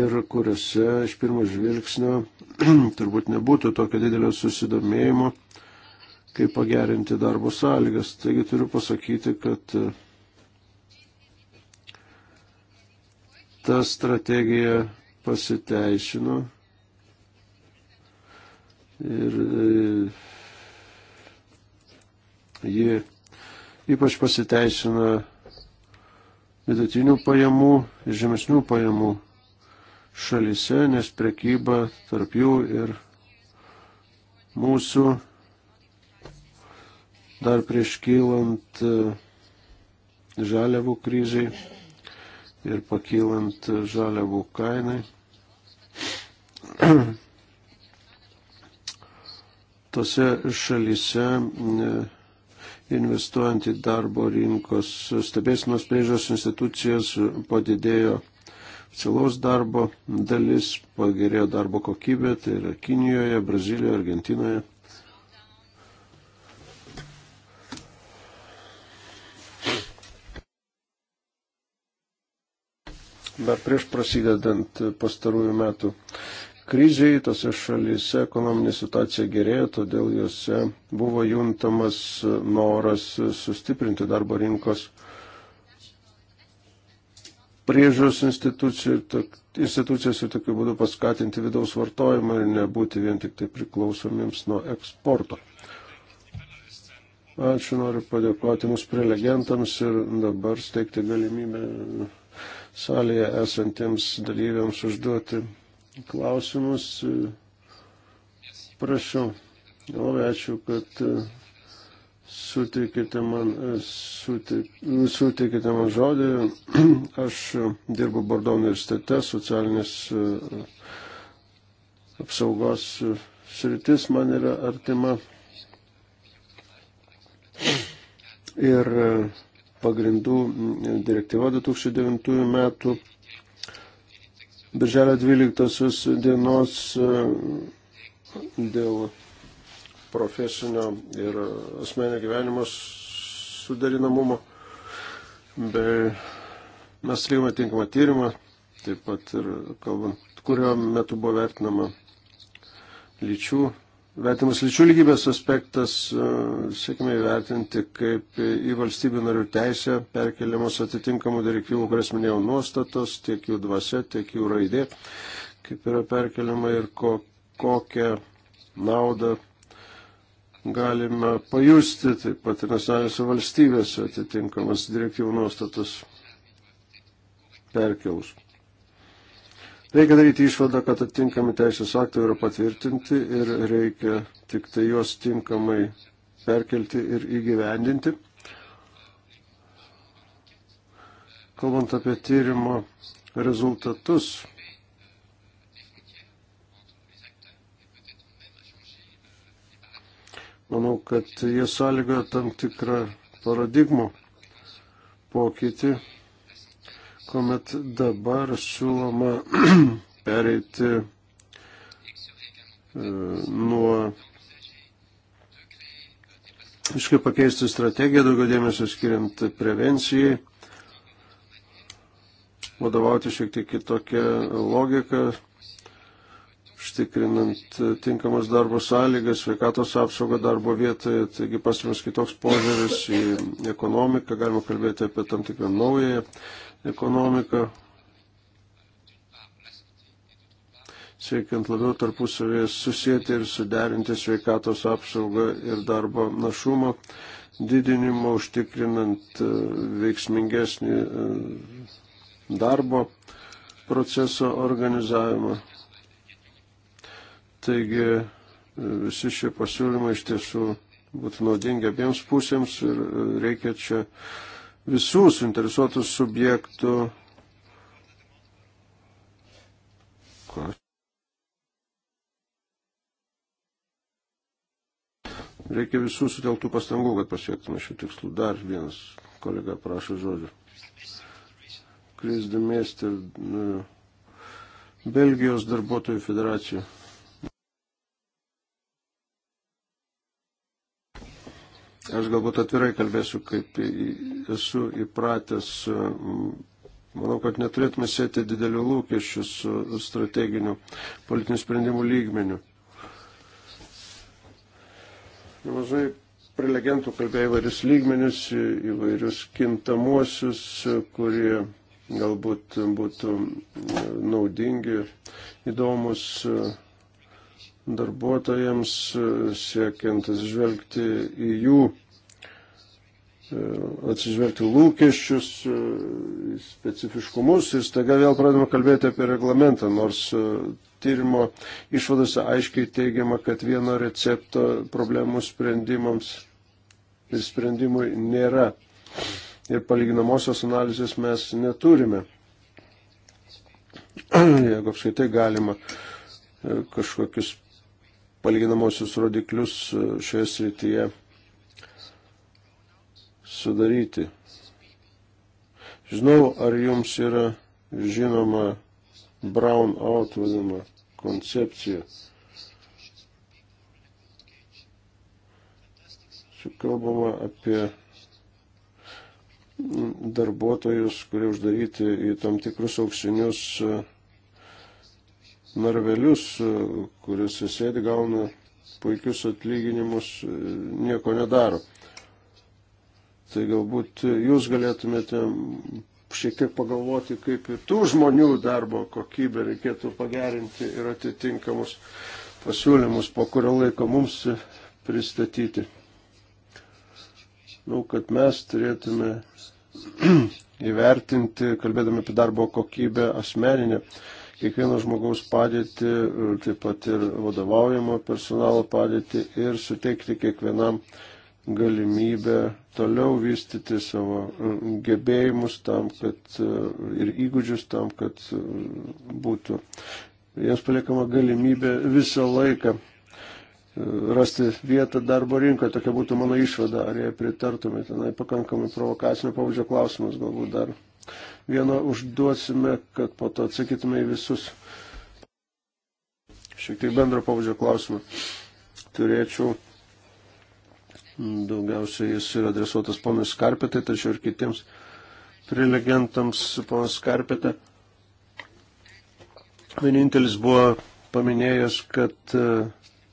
ir kuriuose iš pirmo žvilgsnio turbūt nebūtų tokio didelio susidomėjimo, kaip pagerinti darbo sąlygas. Taigi turiu pasakyti, kad e, ta strategija pasiteisino Ir e, ji ypač pasiteisina vidutinių pajamų ir žemesnių pajamų šalise, nes prekyba tarp jų ir mūsų dar prieš kylant e, žaliavų kryžiai ir pakylant žaliavų kainai tose šalyse e, investuojant į darbo rinkos stebėsinos priežos institucijas padidėjo oficialaus darbo dalis, pagerėjo darbo kokybė, tai yra Kinijoje, Brazilijoje, Argentinoje. Dar prieš prasidedant pastarųjų metų kriziai, tose šalyse ekonominė situacija gerėjo, todėl juose buvo juntamas noras sustiprinti darbo rinkos priežiūros institucijas ir tokiu būdu paskatinti vidaus vartojimą ir nebūti vien tik tai priklausomiems nuo eksporto. Ačiū, noriu padėkoti mūsų prelegentams ir dabar steigti galimybę salėje esantiems dalyviams užduoti klausimus. E, prašau. Labai ačiū, kad e, suteikite man, e, suteik, suteikite man žodį. Aš dirbu Bordo universitete, socialinės apsaugos sritis man yra artima. Ir pagrindų direktyva 2009 metų birželio 12 dienos e, dėl profesinio ir asmenio gyvenimo suderinamumo. Bei mes atlikome tinkamą tyrimą, taip pat ir kalbant, kurio metu buvo vertinama lyčių Vertimas lyčių lygybės aspektas, e, sėkime įvertinti, kaip į valstybių narių teisę perkeliamos atitinkamų direktyvų, kurias minėjau, nuostatos, tiek jų dvasia, tiek jų raidė, kaip yra perkeliama ir ko, kokią naudą galime pajusti, taip pat ir nacionalinėse valstybėse atitinkamas direktyvų nuostatas perkelus. Reikia daryti išvadą, kad atitinkami teisės aktai yra patvirtinti ir reikia tik tai juos tinkamai perkelti ir įgyvendinti. Kalbant apie tyrimo rezultatus, manau, kad jie sąlygoja tam tikrą paradigmų pokytį kuomet dabar siūloma pereiti e, nuo iškai pakeisti strategiją, daugiau dėmesio skiriant prevencijai, vadovauti šiek tiek kitokią logiką, užtikrinant e, tinkamas darbo sąlygas, sveikatos apsaugą darbo vietoje, taigi pasimas kitoks požiūris į ekonomiką, galima kalbėti apie tam tikrą naują ekonomiką, siekiant labiau tarpusavėje susijęti ir suderinti sveikatos apsaugą ir darbo našumą, didinimo užtikrinant e, veiksmingesnį e, darbo proceso organizavimą. Taigi e, visi šie pasiūlymai iš tiesų būtų naudingi abiems pusėms ir e, reikia čia visų suinteresuotų subjektų. Reikia visų suteltų pastangų, kad pasiektume šių tikslų. Dar vienas kolega prašo žodžių. Kris Demester, e, Belgijos darbuotojų federacija. Aš galbūt atvirai kalbėsiu, kaip esu įpratęs. Manau, kad neturėtume sėti didelių lūkesčių su strateginiu politinių sprendimų lygmeniu. Nemažai prelegentų kalbėjo įvairius lygmenius, įvairius kintamuosius, kurie galbūt būtų naudingi, įdomus darbuotojams, siekiant atsižvelgti į jų E, atsižvelgti lūkesčius, e, specifiškumus ir staiga vėl pradedama kalbėti apie reglamentą, nors e, tyrimo išvadose aiškiai teigiama, kad vieno recepto problemų sprendimams ir sprendimui nėra. Ir palyginamosios analizės mes neturime. Jeigu apskaitai galima kažkokius palyginamosius rodiklius šioje srityje sudaryti. Žinau, ar jums yra žinoma brown out vadinama koncepcija. Čia kalbama apie darbuotojus, kurie uždaryti į tam tikrus auksinius e, narvelius, e, kuriuose sėdi, gauna puikius atlyginimus, e, nieko nedaro. Tai galbūt jūs galėtumėte šiek tiek pagalvoti, kaip ir tų žmonių darbo kokybę reikėtų pagerinti ir atitinkamus pasiūlymus po kurio laiko mums pristatyti. Manau, kad mes turėtume įvertinti, kalbėdami apie darbo kokybę asmeninę, kiekvieno žmogaus padėtį, taip pat ir vadovaujamo personalo padėtį ir suteikti kiekvienam uh, galimybę toliau vystyti savo e, gebėjimus tam, kad e, ir įgūdžius tam, kad e, būtų jiems paliekama galimybė visą laiką rasti vietą darbo rinkoje. Tokia būtų mano išvada, ar jie pritartumėte. Tenai pakankamai provokacinio pavadžio klausimas galbūt dar. Vieną užduosime, kad po to atsakytume į visus. Šiek tiek bendro pavadžio klausimą. Turėčiau Daugiausiai jis yra adresuotas ponui Skarpetai, tačiau ir kitiems prelegentams ponas Skarpetė. Vienintelis buvo paminėjęs, kad e,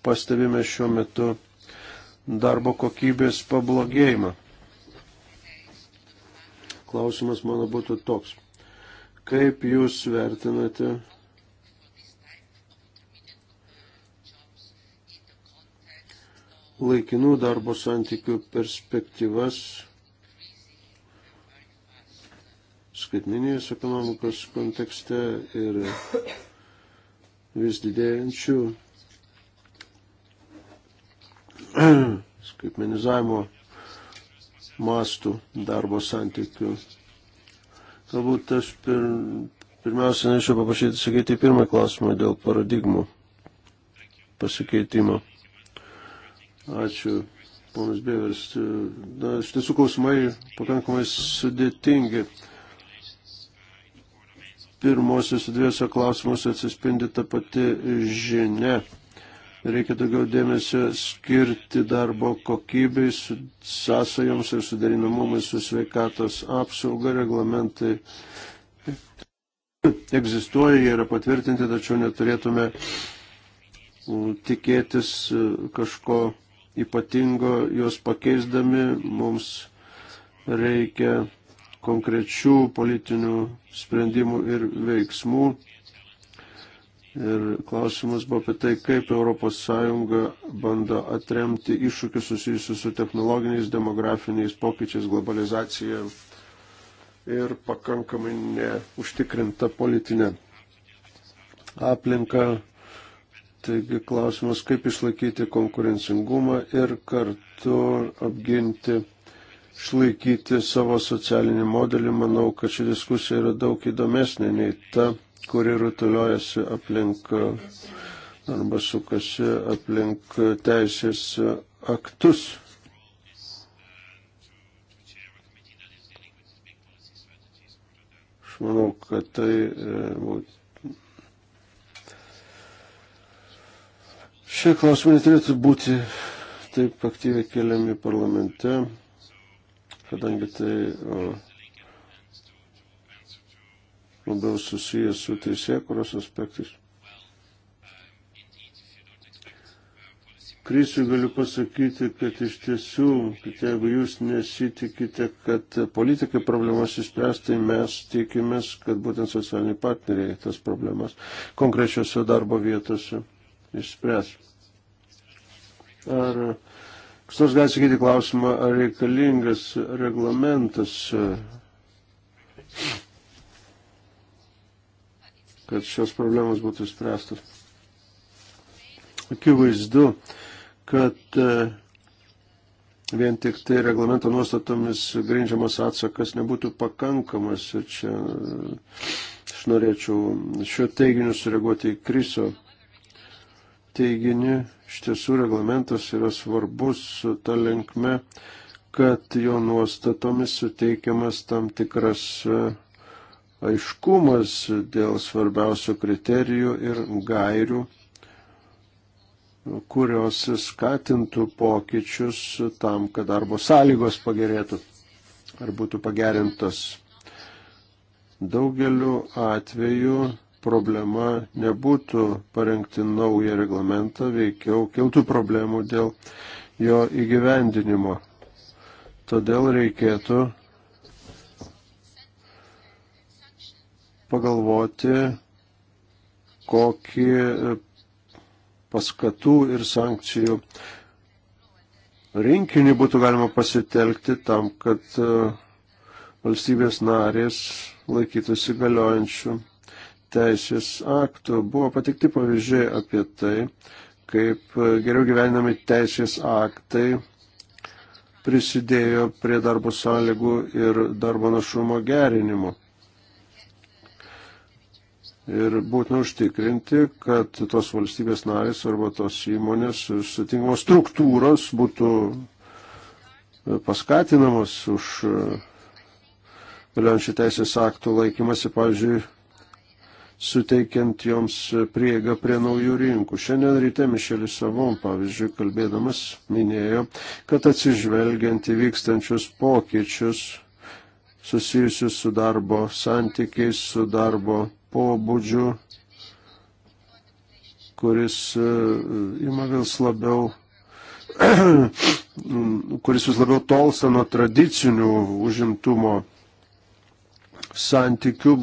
pastebime šiuo metu darbo kokybės pablogėjimą. Klausimas mano būtų toks. Kaip jūs vertinate laikinų darbo santykių perspektyvas skaitminės ekonomikos kontekste ir vis didėjančių skaitmenizavimo mastų darbo santykių. Galbūt aš pir, pirmiausia norėčiau paprašyti sakyti pirmą klausimą dėl paradigmų pasikeitimo. Ačiū, ponas Bėvers. Na, iš tiesų klausimai pakankamai sudėtingi. Pirmosios dviejose klausimuose atsispindi ta pati žinia reikia daugiau dėmesio skirti darbo kokybei, sąsajoms ir sudarinamumui su sveikatos apsauga, reglamentai egzistuoja, jie yra patvirtinti, tačiau neturėtume tikėtis e, kažko ypatingo juos pakeisdami mums reikia konkrečių politinių sprendimų ir veiksmų. Ir klausimas buvo apie tai, kaip ES bando atremti iššūkius susijusius su technologiniais, demografiniais pokyčiais, globalizacija ir pakankamai neužtikrinta politinė aplinka Taigi klausimas, kaip išlaikyti konkurencingumą ir kartu apginti, išlaikyti savo socialinį modelį. Manau, kad ši diskusija yra daug įdomesnė nei ta, kuri rutuliojasi aplink arba sukasi aplink teisės aktus. Aš manau, kad tai e, Šie klausimai neturėtų būti taip aktyviai keliami parlamente, kadangi tai o, labiau susijęs su teisėkuros aspektais. Krisiu galiu pasakyti, kad iš tiesų, kad jeigu jūs nesitikite, kad politikai problemas įspręs, tai mes tikimės, kad būtent socialiniai partneriai tas problemas konkrečiose darbo vietose išspręs. Ar kas nors gali sakyti klausimą, ar reikalingas reglamentas, kad šios problemos būtų išspręstos? Akivaizdu, kad e, vien tik tai reglamento nuostatomis grindžiamas atsakas nebūtų pakankamas. Ir čia e, aš norėčiau šio teiginiu sureaguoti į Kriso teigini, iš tiesų reglamentas yra svarbus ta linkme, kad jo nuostatomis suteikiamas tam tikras e, aiškumas dėl svarbiausių kriterijų ir gairių, kurios skatintų pokyčius tam, kad darbo sąlygos pagerėtų ar būtų pagerintos. Daugeliu atveju problema nebūtų parengti naują reglamentą, veikiau kiltų problemų dėl jo įgyvendinimo. Todėl reikėtų pagalvoti, kokį paskatų ir sankcijų rinkinį būtų galima pasitelkti tam, kad e, valstybės narės laikytųsi galiojančių teisės aktų. Buvo patikti pavyzdžiai apie tai, kaip geriau gyvenami teisės aktai prisidėjo prie darbo sąlygų ir darbo našumo gerinimo. Ir būtina užtikrinti, kad tos valstybės narės arba tos įmonės sutinkamos struktūros būtų paskatinamos už galiojančių teisės aktų laikymasi, pavyzdžiui, suteikiant joms prieigą prie naujų rinkų. Šiandien ryte Mišelis Savon, pavyzdžiui, kalbėdamas minėjo, kad atsižvelgiant į vykstančius pokyčius susijusius su darbo santykiais, su darbo pobūdžiu, kuris e, ima vis labiau kuris vis labiau tolsta nuo tradicinių užimtumo santykių,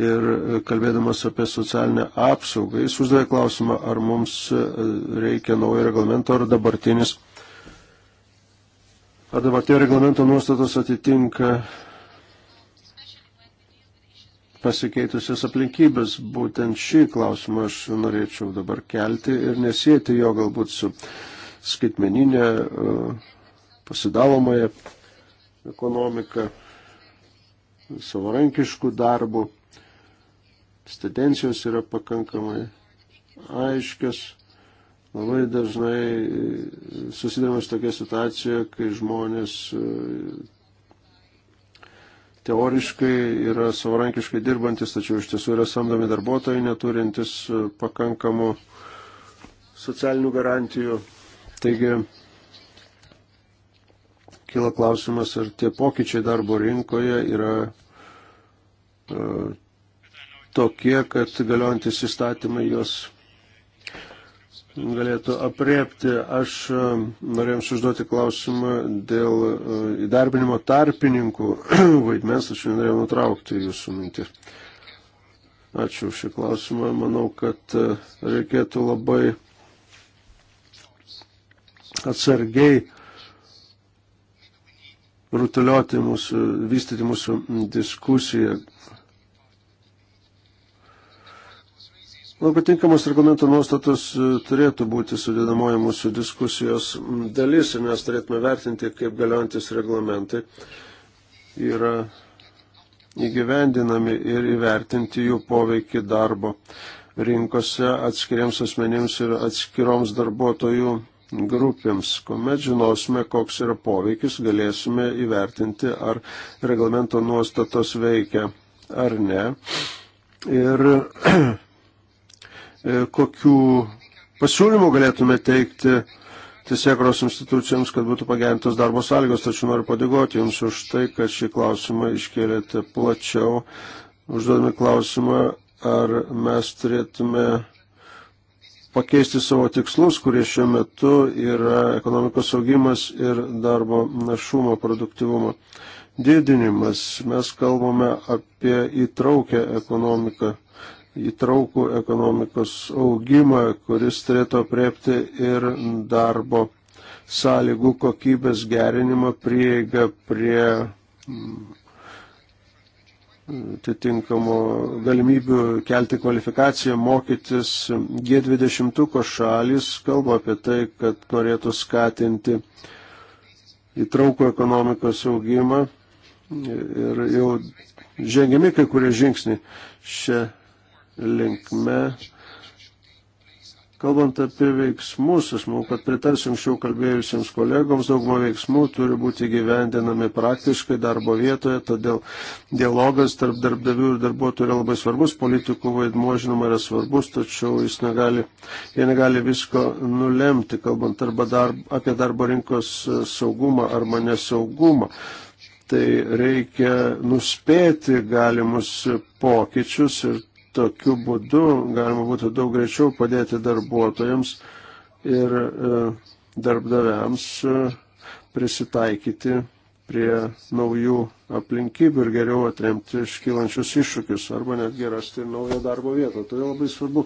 ir e, kalbėdamas apie socialinę apsaugą, jis uždavė klausimą, ar mums e, reikia naujo reglamento ar dabartinis. Ar dabartinio reglamento nuostatos atitinka pasikeitusias aplinkybės. Būtent šį klausimą aš norėčiau dabar kelti ir nesėti jo galbūt su skaitmeninė e, pasidalomąją ekonomiką, savarankiškų darbų tendencijos yra pakankamai aiškios. Labai dažnai e, susidurimas tokia situacija, kai žmonės e, teoriškai yra savarankiškai dirbantis, tačiau iš tiesų yra samdomi darbuotojai, neturintis e, pakankamų socialinių garantijų. Taigi kyla klausimas, ar tie pokyčiai darbo rinkoje yra tokie, kad galiojantis įstatymai jos galėtų apriepti. Aš e, norėjom užduoti klausimą dėl e, įdarbinimo tarpininkų vaidmens, aš norėjau nutraukti jūsų mintį. Ačiū už šį klausimą. Manau, kad e, reikėtų labai atsargiai rutulioti mūsų, vystyti mūsų diskusiją. Manau, kad tinkamos reglamento nuostatos e, turėtų būti sudėdamoji mūsų diskusijos dalis ir mes turėtume vertinti, kaip galiojantis reglamentai yra įgyvendinami ir įvertinti jų poveikį darbo rinkose atskiriams asmenims ir atskiroms darbuotojų grupėms. Komet žinosime, koks yra poveikis, galėsime įvertinti, ar reglamento nuostatos veikia ar ne. Ir E, kokių pasiūlymų galėtume teikti tiesiekros institucijoms, kad būtų pagerintos darbo sąlygos, tačiau noriu padėkoti Jums už tai, kad šį klausimą iškėlėte plačiau, užduodami klausimą, ar mes turėtume pakeisti savo tikslus, kurie šiuo metu yra ekonomikos augimas ir darbo našumo, produktivumo didinimas. Mes kalbame apie įtraukę ekonomiką įtraukų ekonomikos augimą, kuris turėtų apriepti ir darbo sąlygų kokybės gerinimą, prieigą prie mm, atitinkamo galimybių kelti kvalifikaciją, mokytis. G20 šalis kalba apie tai, kad norėtų skatinti įtraukų ekonomikos augimą ir jau žengiami kai kurie žingsniai šią linkme. Kalbant apie veiksmus, aš manau, kad pritarsim šių kalbėjusiems kolegoms, dauguma veiksmų turi būti gyvendinami praktiškai darbo vietoje, todėl dialogas tarp darbdavių ir darbuotojų yra labai svarbus, politikų vaidmuo žinoma yra svarbus, tačiau jis negali, jie negali visko nulemti, kalbant arba darb, apie darbo rinkos saugumą arba nesaugumą tai reikia nuspėti galimus pokyčius ir tokiu būdu galima būtų daug greičiau padėti darbuotojams ir e, darbdaviams e, prisitaikyti prie naujų aplinkybių ir geriau atremti iškylančius iššūkius arba netgi rasti naują darbo vietą. Todėl labai svarbu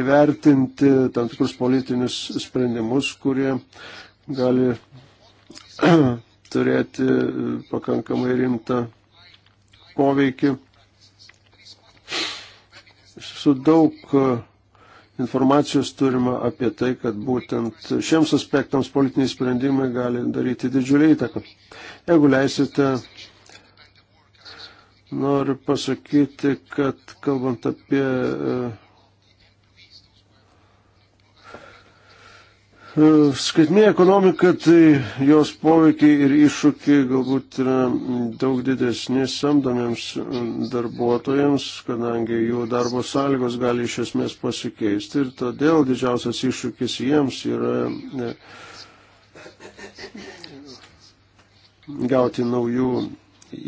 įvertinti tam tikrus politinius sprendimus, kurie gali turėti e, pakankamai rimtą poveikį su daug e, informacijos turima apie tai, kad būtent šiems aspektams politiniai sprendimai gali daryti didžiulį įtaką. Jeigu leisite, noriu pasakyti, kad kalbant apie uh, E, Skaitminė ekonomika, tai jos poveikiai ir iššūkiai galbūt yra daug didesni samdomiems e, darbuotojams, kadangi jų darbo sąlygos gali iš esmės pasikeisti ir todėl didžiausias iššūkis jiems yra e, gauti naujų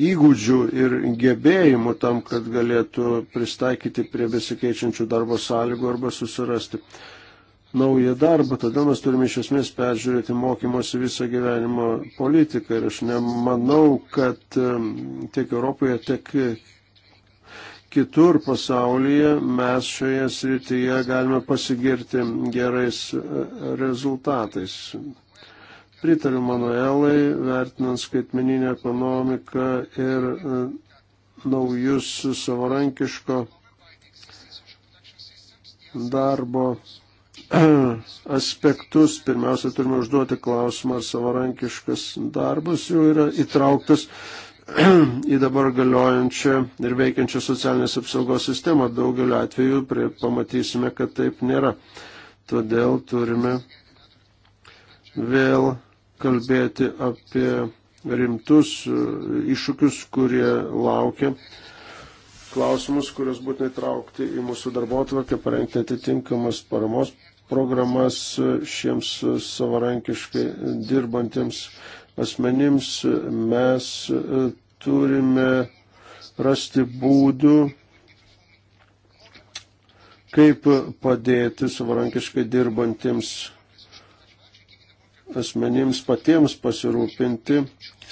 įgūdžių ir gebėjimų tam, kad galėtų pristaikyti prie besikeičiančių darbo sąlygų arba susirasti naują darbą, todėl mes turime iš esmės peržiūrėti mokymosi visą gyvenimo politiką ir aš nemanau, kad tiek Europoje, tiek kitur pasaulyje mes šioje srityje galime pasigirti gerais e, rezultatais. Pritariu Manuelai, vertinant skaitmeninę ekonomiką ir e, naujus savarankiško darbo aspektus. Pirmiausia, turime užduoti klausimą, ar savarankiškas darbas jau yra įtrauktas į dabar galiojančią ir veikiančią socialinės apsaugos sistemą. Daugeliu atveju prie, pamatysime, kad taip nėra. Todėl turime vėl kalbėti apie rimtus e, iššūkius, kurie laukia. Klausimus, kuriuos būtinai traukti į mūsų darbo atvarkę, parengti atitinkamas paramos programas šiems savarankiškai dirbantiems asmenims. Mes turime rasti būdų, kaip padėti savarankiškai dirbantiems asmenims patiems pasirūpinti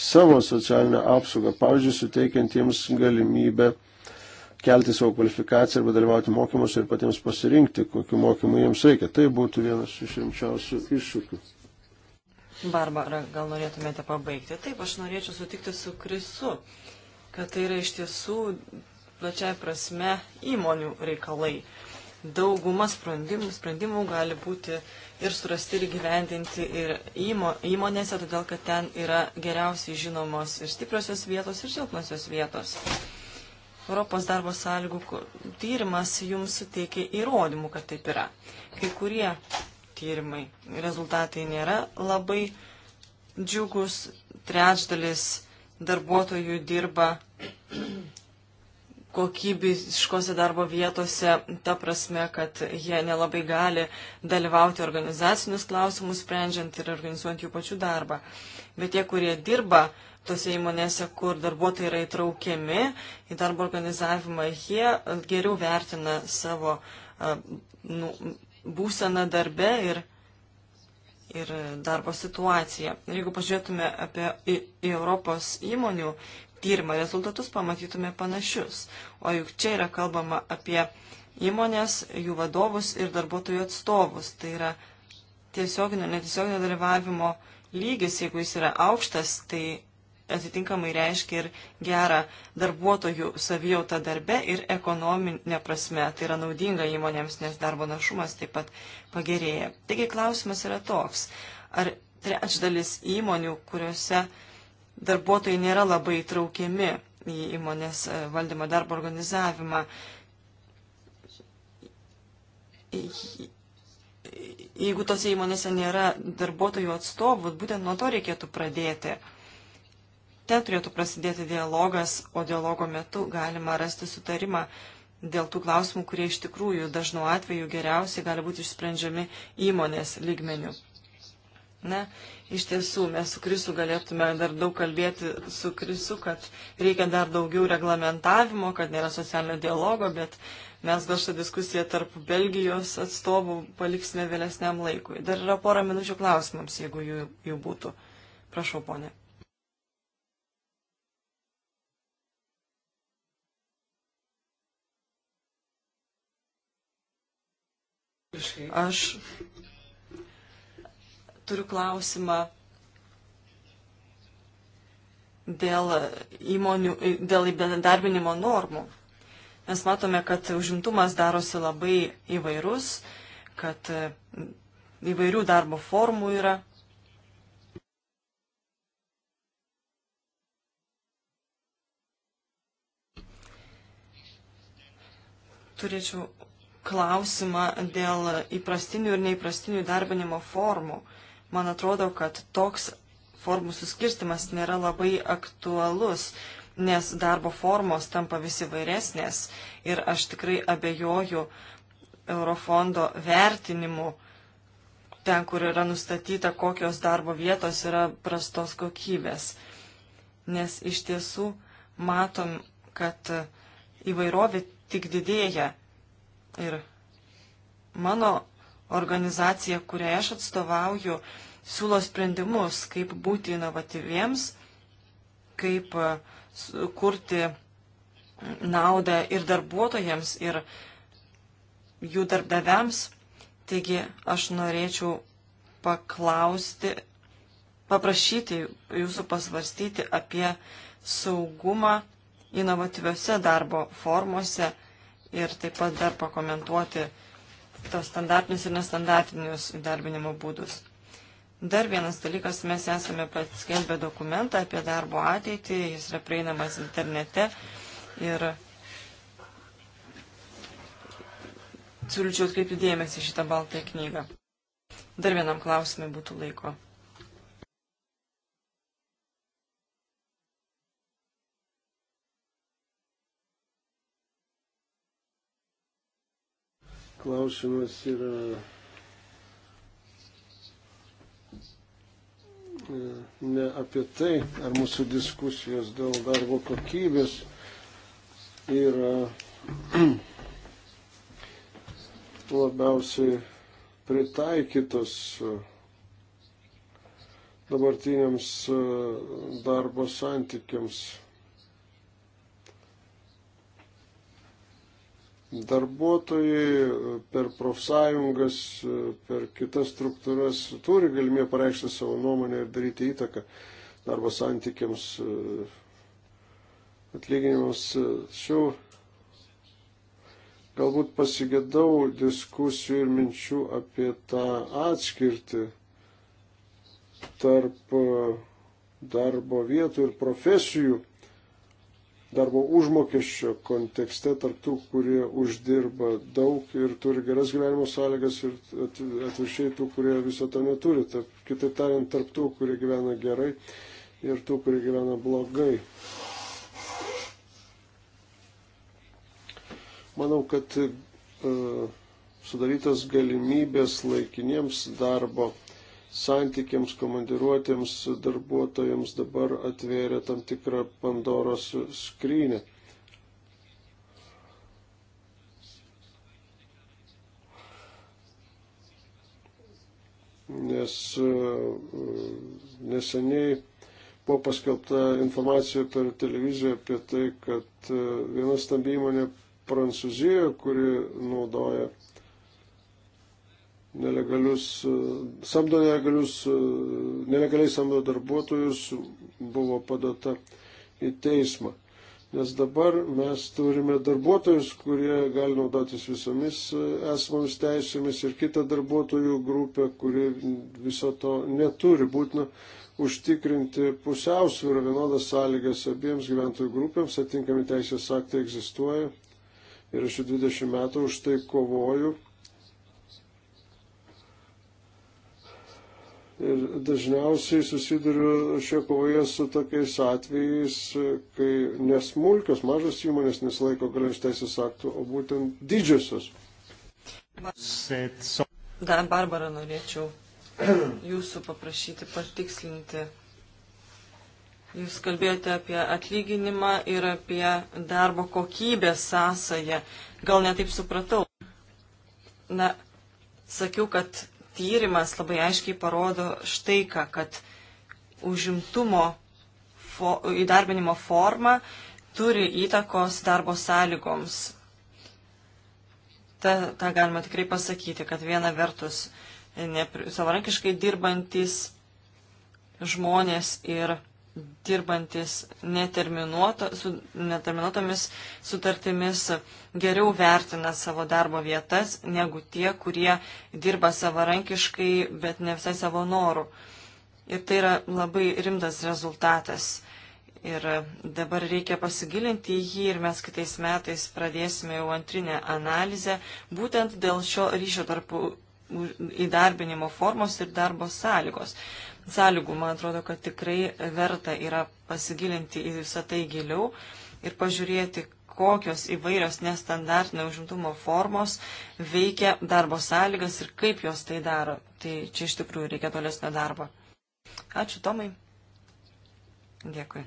savo socialinę apsaugą, pavyzdžiui, suteikiant jiems galimybę kelti savo kvalifikaciją arba dalyvauti mokymuose ir patiems pasirinkti, kokiu mokymu jiems reikia. Tai būtų vienas iš rimčiausių iššūkių. Barbara, gal norėtumėte pabaigti? Taip, aš norėčiau sutikti su Krisu, kad tai yra iš tiesų plačiai prasme įmonių reikalai. Dauguma sprendimų, sprendimų gali būti ir surasti ir gyvendinti ir įmo, įmonėse, todėl kad ten yra geriausiai žinomos ir stipriosios vietos, ir silpnosios vietos. Europos darbo sąlygų tyrimas jums suteikė įrodymų, kad taip yra. Kai kurie tyrimai rezultatai nėra labai džiugus, trečdalis darbuotojų dirba kokybiškose darbo vietose, ta prasme, kad jie nelabai gali dalyvauti organizacinius klausimus sprendžiant ir organizuojant jų pačių darbą. Bet tie, kurie dirba tose įmonėse, kur darbuotojai yra įtraukiami į darbo organizavimą, jie e, geriau vertina savo e, nu, būseną darbe ir, ir darbo situaciją. Ir jeigu pažiūrėtume apie, į, į Europos įmonių tyrimą, rezultatus pamatytume panašius. O juk čia yra kalbama apie įmonės, jų vadovus ir darbuotojų atstovus. Tai yra tiesioginio, netiesioginio dalyvavimo lygis, jeigu jis yra aukštas, tai atitinkamai reiškia ir gerą darbuotojų savijautą darbe ir ekonominė prasme. Tai yra naudinga įmonėms, nes darbo našumas taip pat pagerėja. Taigi klausimas yra toks, ar trečdalis įmonių, kuriuose darbuotojai nėra labai traukiami į įmonės e, valdymo darbo organizavimą, jeigu tose įmonėse nėra darbuotojų atstovų, būtent nuo to reikėtų pradėti. Ten turėtų prasidėti dialogas, o dialogo metu galima rasti sutarimą dėl tų klausimų, kurie iš tikrųjų dažnu atveju geriausiai gali būti išsprendžiami įmonės lygmenių. Na, iš tiesų, mes su Krisu galėtume dar daug kalbėti su Krisu, kad reikia dar daugiau reglamentavimo, kad nėra socialinio dialogo, bet mes gal šią diskusiją tarp Belgijos atstovų paliksime vėlesniam laikui. Dar yra pora minučių klausimams, jeigu jų, jų būtų. Prašau, ponė. Aš turiu klausimą dėl įmonių, dėl įdarbinimo normų. Mes matome, kad užimtumas darosi labai įvairus, kad įvairių darbo formų yra. Turėčiau klausimą dėl įprastinių ir neįprastinių darbinimo formų. Man atrodo, kad toks formų suskirstimas nėra labai aktualus, nes darbo formos tampa visi vairesnės ir aš tikrai abejoju Eurofondo vertinimu ten, kur yra nustatyta, kokios darbo vietos yra prastos kokybės. Nes iš tiesų matom, kad įvairovė tik didėja Ir mano organizacija, kuriai aš atstovauju, siūlo sprendimus, kaip būti inovatyviems, kaip e, kurti naudą ir darbuotojams, ir jų darbdaviams. Taigi aš norėčiau paklausti, paprašyti jūsų pasvarstyti apie saugumą inovatyviose darbo formose ir taip pat dar pakomentuoti tos standartinius ir nestandartinius įdarbinimo būdus. Dar vienas dalykas, mes esame paskelbę dokumentą apie darbo ateitį, jis yra prieinamas internete ir siūlyčiau atkreipti dėmesį šitą baltąją knygą. Dar vienam klausimui būtų laiko. klausimas yra e, ne apie tai, ar mūsų diskusijos dėl darbo kokybės yra labiausiai pritaikytos dabartiniams e, darbo santykiams Darbuotojai per profsąjungas, per kitas struktūras turi galimybę pareikšti savo nuomonę ir daryti įtaką darbo santykiams, atlyginimams. Šiau galbūt pasigėdau diskusijų ir minčių apie tą atskirtį tarp darbo vietų ir profesijų darbo užmokesčio kontekste, tarptų, kurie uždirba daug ir turi geras gyvenimo sąlygas ir atviršiai tų, kurie viso to neturi. Tarp, kitaip tariant, tarptų, kurie gyvena gerai ir tų, kurie gyvena blogai. Manau, kad uh, sudarytos galimybės laikiniems darbo santykiams, komandiruotėms darbuotojams dabar atvėrė tam tikrą Pandoros skrynę. Nes e, neseniai buvo paskelbta informacija per televiziją apie tai, kad e, viena stambi įmonė Prancūzijoje, kuri naudoja nelegalius, e, samdo nelegalius, e, nelegaliai samdo darbuotojus, buvo padata į teismą. Nes dabar mes turime darbuotojus, kurie gali naudotis visomis e, esamomis teisėmis ir kitą darbuotojų grupę, kuri viso to neturi. Būtina užtikrinti pusiausvyrą vienodas sąlygas abiems gyventojų grupėms, atinkami teisės aktai egzistuoja. Ir aš jau 20 metų už tai kovoju Ir dažniausiai susiduriu šio kovoje su tokiais atvejais, kai nesmulkios, mažos įmonės nesilaiko galiojančių teisės aktų, o būtent didžiosios. Dar Barbara norėčiau jūsų paprašyti patikslinti. Jūs kalbėjote apie atlyginimą ir apie darbo kokybės sąsąją. Gal netaip supratau. Na, sakiau, kad tyrimas labai aiškiai parodo štai ką, kad užimtumo fo, įdarbinimo forma turi įtakos darbo sąlygoms. Ta, ta galima tikrai pasakyti, kad viena vertus ne, savarankiškai dirbantis žmonės ir dirbantis neterminuoto, su neterminuotomis sutartimis geriau vertina savo darbo vietas negu tie, kurie dirba savarankiškai, bet ne visai savo norų. Ir tai yra labai rimtas rezultatas. Ir dabar reikia pasigilinti į jį ir mes kitais metais pradėsime jau antrinę analizę būtent dėl šio ryšio tarp įdarbinimo formos ir darbo sąlygos sąlygų. Man atrodo, kad tikrai verta yra pasigilinti į visą tai giliau ir pažiūrėti, kokios įvairios nestandartinio užimtumo formos veikia darbo sąlygas ir kaip jos tai daro. Tai čia iš tikrųjų reikia tolesnio darbo. Ačiū Tomai. Dėkui.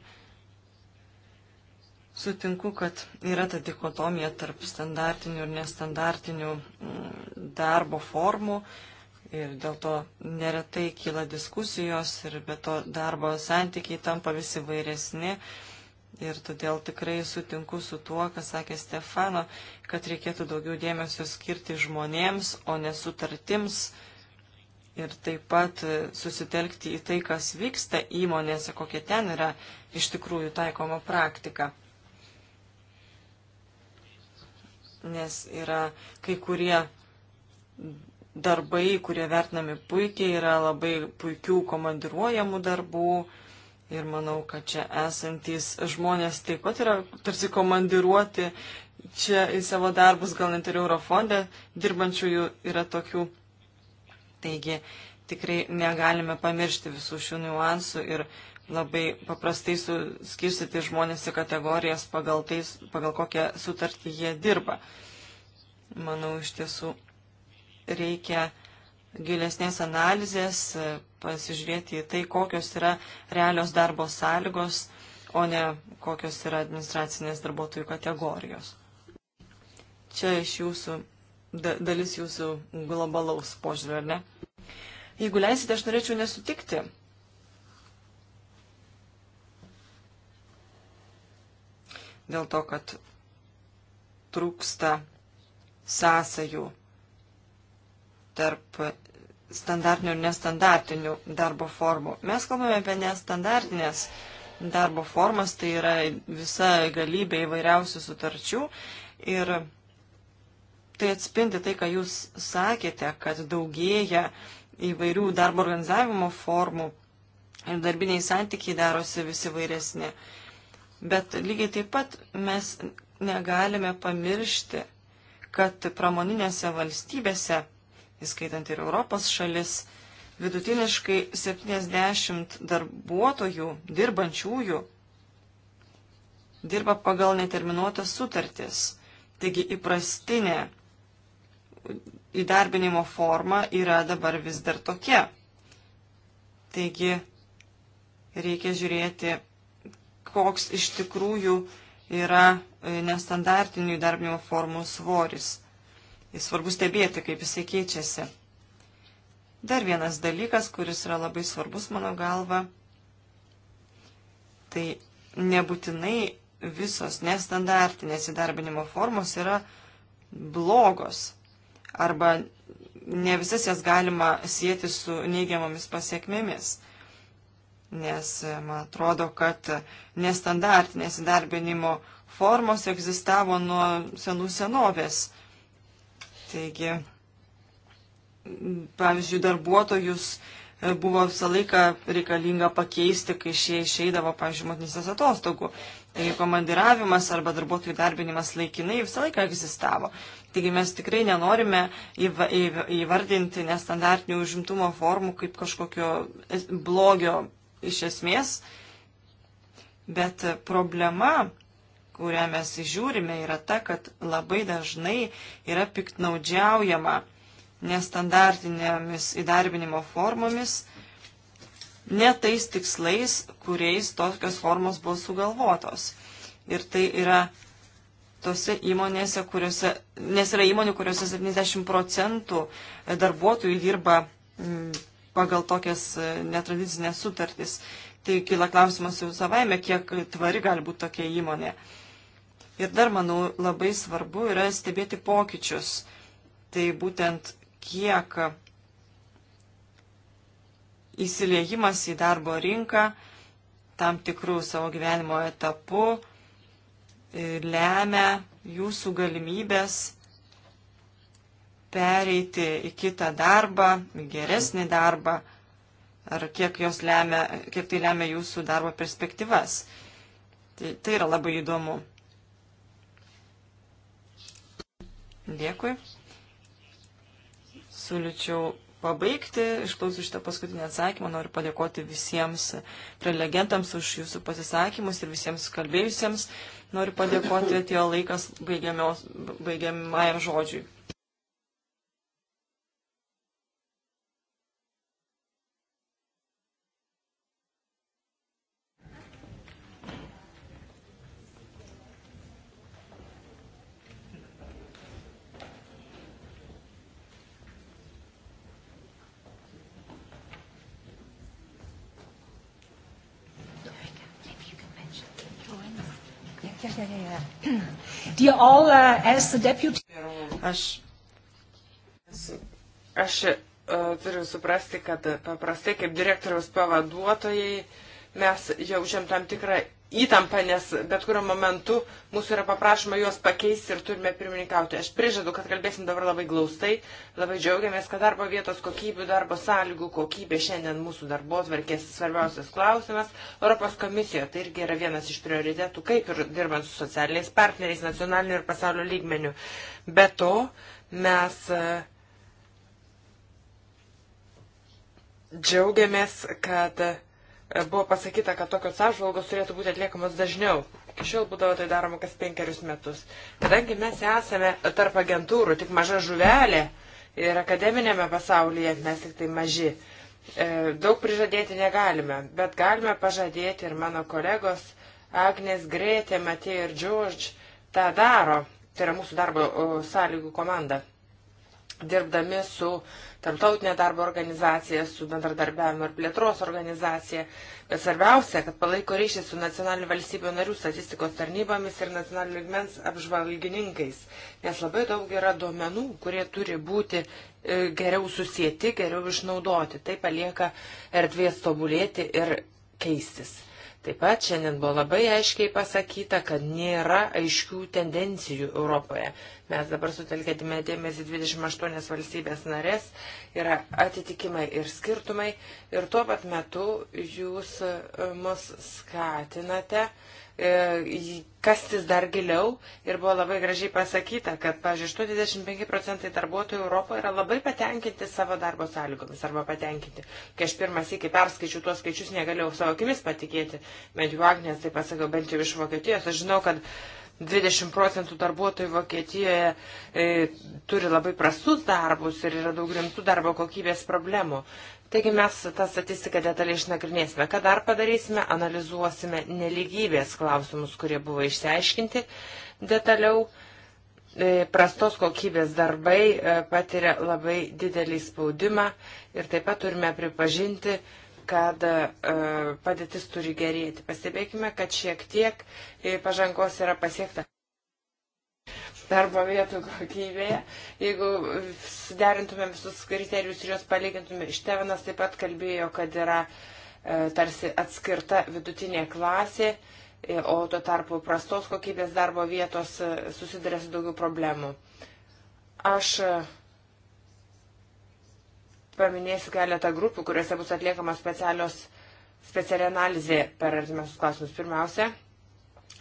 Sutinku, kad yra ta dikotomija tarp standartinių ir nestandartinių mm, darbo formų. Uh, Ir dėl to neretai kyla diskusijos ir be to darbo santykiai tampa visi vairesni. Ir todėl tikrai sutinku su tuo, kas sakė Stefano, kad reikėtų daugiau dėmesio skirti žmonėms, o ne sutartims. Ir taip pat susitelkti į tai, kas vyksta įmonėse, kokia ten yra iš tikrųjų taikoma praktika. Nes yra kai kurie darbai, kurie vertinami puikiai, yra labai puikių komandiruojamų darbų. Ir manau, kad čia esantys žmonės taip pat yra tarsi komandiruoti čia į savo darbus, gal net ir Eurofonde dirbančiųjų yra tokių. Taigi tikrai negalime pamiršti visų šių niuansų ir labai paprastai suskirstyti žmonės į kategorijas pagal, tais, pagal kokią sutartį jie dirba. Manau, iš tiesų reikia gilesnės analizės, pasižiūrėti į tai, kokios yra realios darbo sąlygos, o ne kokios yra administracinės darbuotojų kategorijos. Čia iš jūsų, da, dalis jūsų globalaus požiūrio, ar ne? Jeigu leisite, aš norėčiau nesutikti. Dėl to, kad trūksta sąsajų tarp standartinių ir nestandartinių darbo formų. Mes kalbame apie nestandartinės darbo formas, tai yra visa galybė įvairiausių sutarčių ir tai atspindi tai, ką jūs sakėte, kad daugėja įvairių darbo organizavimo formų ir darbiniai santykiai darosi visi vairesni. Bet lygiai taip pat mes negalime pamiršti, kad pramoninėse valstybėse įskaitant ir Europos šalis, vidutiniškai 70 darbuotojų, dirbančiųjų, dirba pagal neterminuotas sutartis. Taigi įprastinė įdarbinimo forma yra dabar vis dar tokia. Taigi reikia žiūrėti, koks iš tikrųjų yra e, nestandartinių įdarbinimo formų svoris svarbu stebėti, kaip jisai keičiasi. Dar vienas dalykas, kuris yra labai svarbus mano galva, tai nebūtinai visos nestandartinės įdarbinimo formos yra blogos arba ne visas jas galima sieti su neigiamomis pasiekmėmis. Nes e, man atrodo, kad nestandartinės įdarbinimo formos egzistavo nuo senų senovės Taigi, pavyzdžiui, darbuotojus e, buvo visą laiką reikalinga pakeisti, kai šie išeidavo, pavyzdžiui, motinystės atostogų. Taigi komandiravimas arba darbuotojų darbinimas laikinai visą laiką egzistavo. Taigi mes tikrai nenorime įvardinti nestandartinių užimtumo formų kaip kažkokio blogio iš esmės, bet problema kurią mes žiūrime, yra ta, kad labai dažnai yra piktnaudžiaujama nestandartinėmis įdarbinimo formomis, ne tais tikslais, kuriais tokios formos buvo sugalvotos. Ir tai yra tose įmonėse, kuriuose, nes yra įmonių, kuriuose 70 procentų darbuotojų dirba mm, pagal tokias e, netradicinės sutartys. Tai kila klausimas jau savaime, kiek tvari gali būti tokia įmonė. Uh, Ir dar, manau, labai svarbu yra stebėti pokyčius. Tai būtent kiek įsiliejimas į darbo rinką tam tikrų savo gyvenimo etapų lemia jūsų galimybės pereiti į kitą darbą, į geresnį darbą, ar kiek, lemia, kiek tai lemia jūsų darbo perspektyvas. Tai, tai yra labai įdomu. Dėkui. Siūlyčiau pabaigti, išklausiu šitą paskutinį atsakymą, noriu padėkoti visiems prelegentams už jūsų pasisakymus ir visiems kalbėjusiems. Noriu padėkoti, atėjo laikas baigiamajam žodžiui. yeah, yeah, yeah. Dear all, uh, as the deputy... Aš, aš uh, turiu suprasti, kad paprastai kaip direktoriaus pavaduotojai mes jau žem tam tikrą įtampą, nes bet kuriuo momentu mūsų yra paprašoma juos pakeisti ir turime pirmininkauti. Aš prižadu, kad kalbėsim dabar labai glaustai, labai džiaugiamės, kad darbo vietos kokybių, darbo sąlygų kokybė šiandien mūsų darbo atvarkės svarbiausias klausimas. Europos komisijoje tai irgi yra vienas iš prioritetų, kaip ir dirbant su socialiniais partneriais, nacionaliniu ir pasaulio lygmeniu. Be to, mes. E, džiaugiamės, kad buvo pasakyta, kad tokios apžvalgos turėtų būti atliekamos dažniau. Iki šiol būdavo tai daroma kas penkerius metus. Kadangi mes esame tarp agentūrų, tik maža žuvelė ir akademinėme pasaulyje mes tik tai maži. E, daug prižadėti negalime, bet galime pažadėti ir mano kolegos Agnes Grėtė, Matė ir George tą daro. Tai yra mūsų darbo sąlygų komanda. Dirbdami su uh, Tartautinė darbo organizacija, su bendradarbiavimo ir plėtros organizacija. Bet svarbiausia, kad palaiko ryšį su nacionalinių valstybių narių statistikos tarnybomis ir nacionalinių ligmens apžvalgininkais. Nes labai daug yra duomenų, kurie turi būti e, geriau susijęti, geriau išnaudoti. Tai palieka erdvės tobulėti ir keistis. Taip pat šiandien buvo labai aiškiai pasakyta, kad nėra aiškių tendencijų Europoje. Mes dabar sutelkėtume dėmesį 28 valstybės narės, yra atitikimai ir skirtumai ir tuo pat metu jūs e, mus skatinate uh, E, kastis dar giliau ir buvo labai gražiai pasakyta, kad, pažiūrėjau, 85 procentai darbuotojų Europoje yra labai patenkinti savo darbo sąlygomis arba patenkinti. Kai aš pirmas iki perskaičiu tuos skaičius, negalėjau savo akimis patikėti, bent jau Agnės, tai pasakiau, bent jau iš Vokietijos, aš žinau, kad 20 procentų darbuotojų Vokietijoje e, turi labai prastus darbus ir yra daug rimtų darbo kokybės problemų. Taigi mes tą statistiką detaliai išnagrinėsime. Ką dar padarysime? Analizuosime neligybės klausimus, kurie buvo išsiaiškinti detaliau. E, prastos kokybės darbai e, patiria labai didelį spaudimą ir taip pat turime pripažinti, kad e, padėtis turi gerėti. Pastebėkime, kad šiek tiek pažangos yra pasiekta darbo vietų kokybėje. Jeigu suderintumėm visus kriterijus ir juos palygintumėm, Števenas taip pat kalbėjo, kad yra e, tarsi atskirta vidutinė klasė, e, o tuo tarpu prastos kokybės darbo vietos e, susiduria su daugiau problemų. Aš paminėsiu keletą grupių, kuriuose bus atliekama speciali analizė per artimiausius klausimus. Pirmiausia,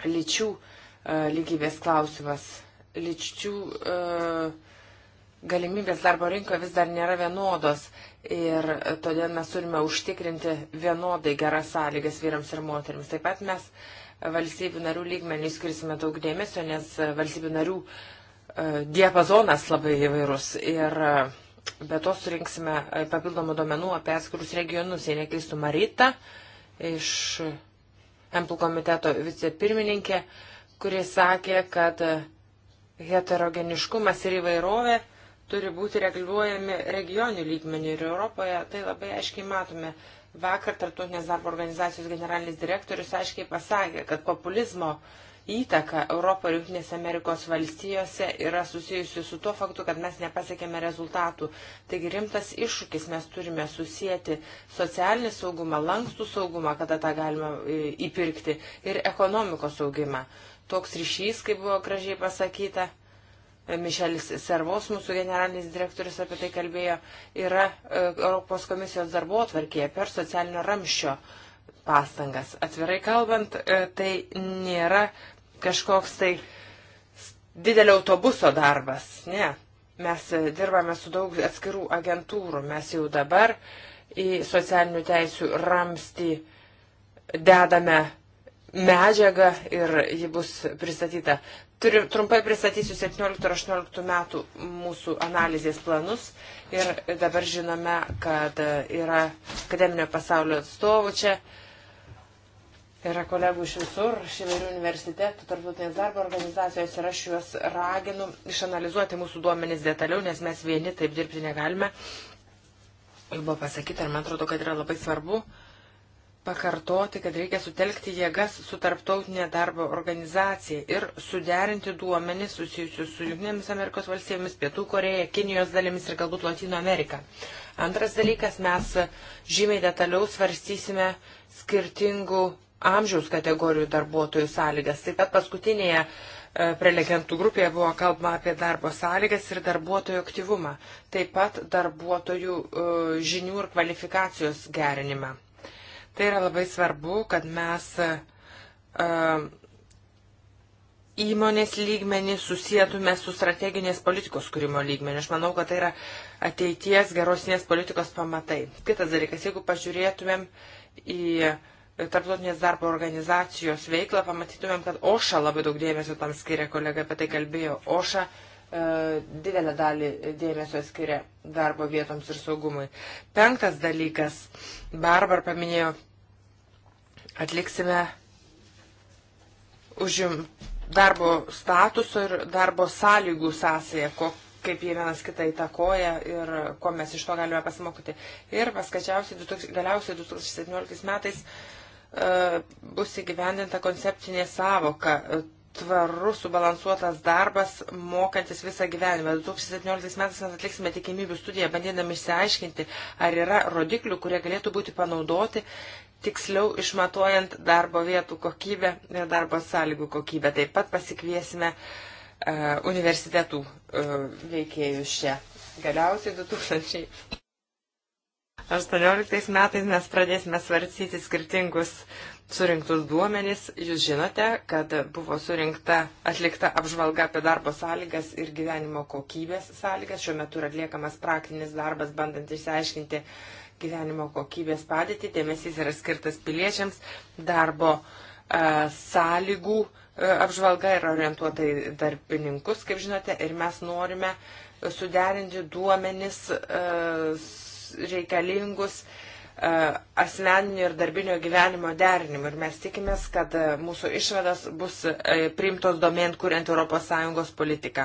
lyčių lygybės klausimas lyčių e, galimybės darbo rinkoje vis dar nėra vienodos ir todėl mes turime užtikrinti vienodai geras sąlygas vyrams ir moteriams. Taip pat mes valstybių narių lygmenį skirsime daug dėmesio, nes valstybių narių e, diapazonas labai įvairus ir e, be to surinksime papildomų duomenų apie atskirus regionus, jei neklystų Marita iš MPL komiteto vicepirmininkė, kuris sakė, kad heterogeniškumas ir įvairovė turi būti reguliuojami regionių lygmenių ir Europoje tai labai aiškiai matome. Vakar Tartutinės darbo organizacijos generalinis direktorius aiškiai pasakė, kad populizmo įtaka Europo ir Junktinėse Amerikos valstijose yra susijusi su tuo faktu, kad mes nepasiekėme rezultatų. Taigi rimtas iššūkis mes turime susijęti socialinį saugumą, lankstų saugumą, kada tą galima įpirkti, ir ekonomikos saugimą toks ryšys, kaip buvo gražiai pasakyta. Mišelis Servos, mūsų generalinis direktorius apie tai kalbėjo, yra e, Europos komisijos darbo atvarkėje per socialinio ramščio pastangas. Atvirai kalbant, e, tai nėra kažkoks tai didelio autobuso darbas. Ne, mes e, dirbame su daug atskirų agentūrų. Mes jau dabar į socialinių teisių ramstį dedame medžiagą ir ji bus pristatyta. Turiu, trumpai pristatysiu 17 ir 18 metų mūsų analizės planus ir dabar žinome, kad yra akademinio pasaulio atstovų čia. Yra kolegų iš visur, iš įvairių universitetų, tarptautinės darbo organizacijos ir aš juos raginu išanalizuoti mūsų duomenys detaliau, nes mes vieni taip dirbti negalime. Jau buvo pasakyta ir man atrodo, kad yra labai svarbu uh, pakartoti, kad reikia sutelkti jėgas su tarptautinė darbo organizacija ir suderinti duomenys susijusius su Junktinėmis Amerikos valstybėmis, Pietų Koreja, Kinijos dalimis ir galbūt Latino Amerika. Antras dalykas, mes žymiai detaliau svarstysime skirtingų amžiaus kategorijų darbuotojų sąlygas. Taip pat paskutinėje e, prelegentų grupėje buvo kalbama apie darbo sąlygas ir darbuotojų aktyvumą, taip pat darbuotojų e, žinių ir kvalifikacijos gerinimą. Tai yra labai svarbu, kad mes uh, įmonės lygmenį susijėtume su strateginės politikos kūrimo lygmeniu. Aš manau, kad tai yra ateities gerosinės politikos pamatai. Kitas dalykas, jeigu pažiūrėtumėm į tarptautinės darbo organizacijos veiklą, pamatytumėm, kad OŠA labai daug dėmesio tam skiria, kolega apie tai kalbėjo. OŠA e, didelę dalį dėmesio skiria darbo vietoms ir saugumui. Penktas dalykas, Barbar paminėjo Atliksime užim darbo statuso ir darbo sąlygų sąsąją, kaip jie vienas kitą įtakoja ir ko mes iš to galime pasimokyti. Ir paskačiausiai, galiausiai 2017 metais e, bus įgyvendinta konceptinė savoka e, tvarus, subalansuotas darbas, mokantis visą gyvenimą. 2017 metais mes atliksime tikimybių studiją, bandydami išsiaiškinti, ar yra rodiklių, kurie galėtų būti panaudoti tiksliau išmatuojant darbo vietų kokybę ir darbo sąlygų kokybę. Taip pat pasikviesime uh, universitetų uh, veikėjus čia. Galiausiai 2018 metais mes pradėsime svarstyti skirtingus surinktus duomenys. Jūs žinote, kad buvo surinkta, atlikta apžvalga apie darbo sąlygas ir gyvenimo kokybės sąlygas. Šiuo metu yra atliekamas praktinis darbas, bandant išsiaiškinti, gyvenimo kokybės padėtį, dėmesys yra skirtas piliečiams, darbo a, e, sąlygų a, e, apžvalga yra orientuota į darbininkus, kaip žinote, ir mes norime suderinti duomenis a, e, reikalingus asmeninio ir darbinio gyvenimo derinimu. Ir mes tikimės, kad mūsų išvadas bus priimtos domėn, kuriant ES politiką.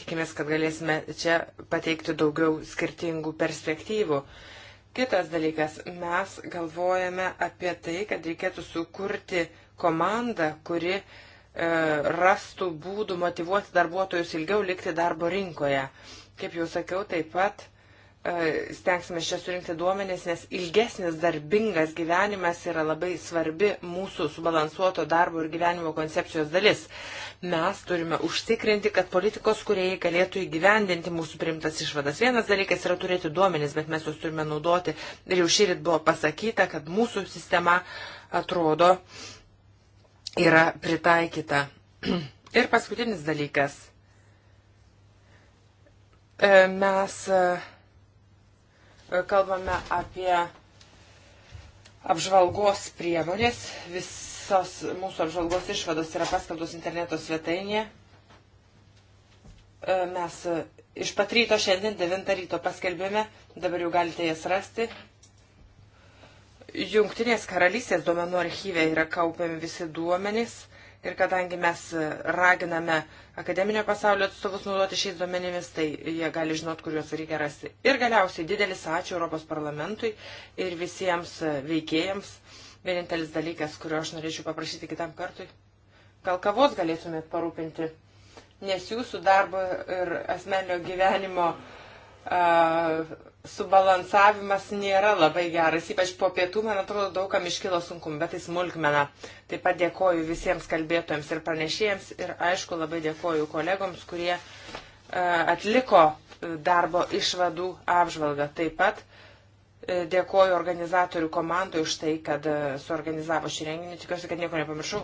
Tikimės, kad galėsime čia pateikti daugiau skirtingų perspektyvų. Uh, Kitas dalykas, mes galvojame apie tai, kad reikėtų sukurti komandą, kuri e, rastų būdų motivuoti darbuotojus ilgiau likti darbo rinkoje. Kaip jau sakiau, taip pat e, E, stengsime čia surinkti duomenys, nes ilgesnis darbingas gyvenimas yra labai svarbi mūsų subalansuoto darbo ir gyvenimo koncepcijos dalis. Mes turime užtikrinti, kad politikos kuriejai galėtų įgyvendinti mūsų primtas išvadas. Vienas dalykas yra turėti duomenys, bet mes juos turime naudoti. Ir jau šįryt buvo pasakyta, kad mūsų sistema atrodo yra pritaikyta. Ir paskutinis dalykas. E, mes e, kalbame apie apžvalgos priemonės. Visos mūsų apžvalgos išvados yra paskelbtos interneto svetainėje. E, mes e, iš pat ryto šiandien 9 ryto paskelbėme, dabar jau galite jas rasti. Jungtinės karalystės duomenų archyve yra kaupiami visi duomenys Ir kadangi mes raginame akademinio pasaulio atstovus naudoti šiais duomenimis, tai jie gali žinot, kur juos reikia rasti. Ir galiausiai didelis ačiū Europos parlamentui ir visiems veikėjams. Vienintelis dalykas, kurio aš norėčiau paprašyti kitam kartui. Gal kavos galėtumėt parūpinti, nes jūsų darbo ir asmenio gyvenimo uh, subalansavimas nėra labai geras, ypač po pietų, man atrodo, daugam iškilo sunkum, bet tai smulkmena. Taip pat dėkoju visiems kalbėtojams ir pranešėjams ir aišku labai dėkoju kolegoms, kurie e, atliko e, darbo išvadų apžvalgą. Taip pat e, dėkoju organizatorių komandai už tai, kad suorganizavo šį renginį. Tikiuosi, kad nieko nepamiršau.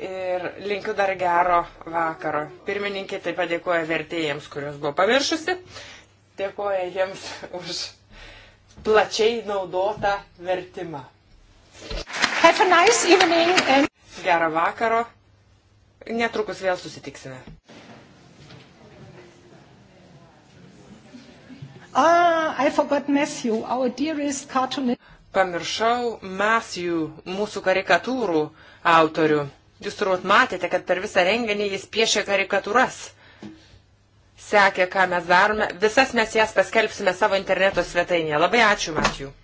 Ir linkiu dar gero vakaro. Pirmininkė taip pat dėkoja vertėjams, kurios buvo pamiršusi dėkoja jiems už plačiai naudotą vertimą. Nice and... Gerą vakaro. Netrukus vėl susitiksime. Ah, I forgot Matthew, our dearest cartoonist. Pamiršau Matthew, mūsų karikatūrų autorių. Jūs turbūt matėte, kad per visą renginį jis piešia karikatūras sekė, ką mes darome. Visas mes jas paskelbsime savo interneto svetainėje. Labai ačiū, Matijų.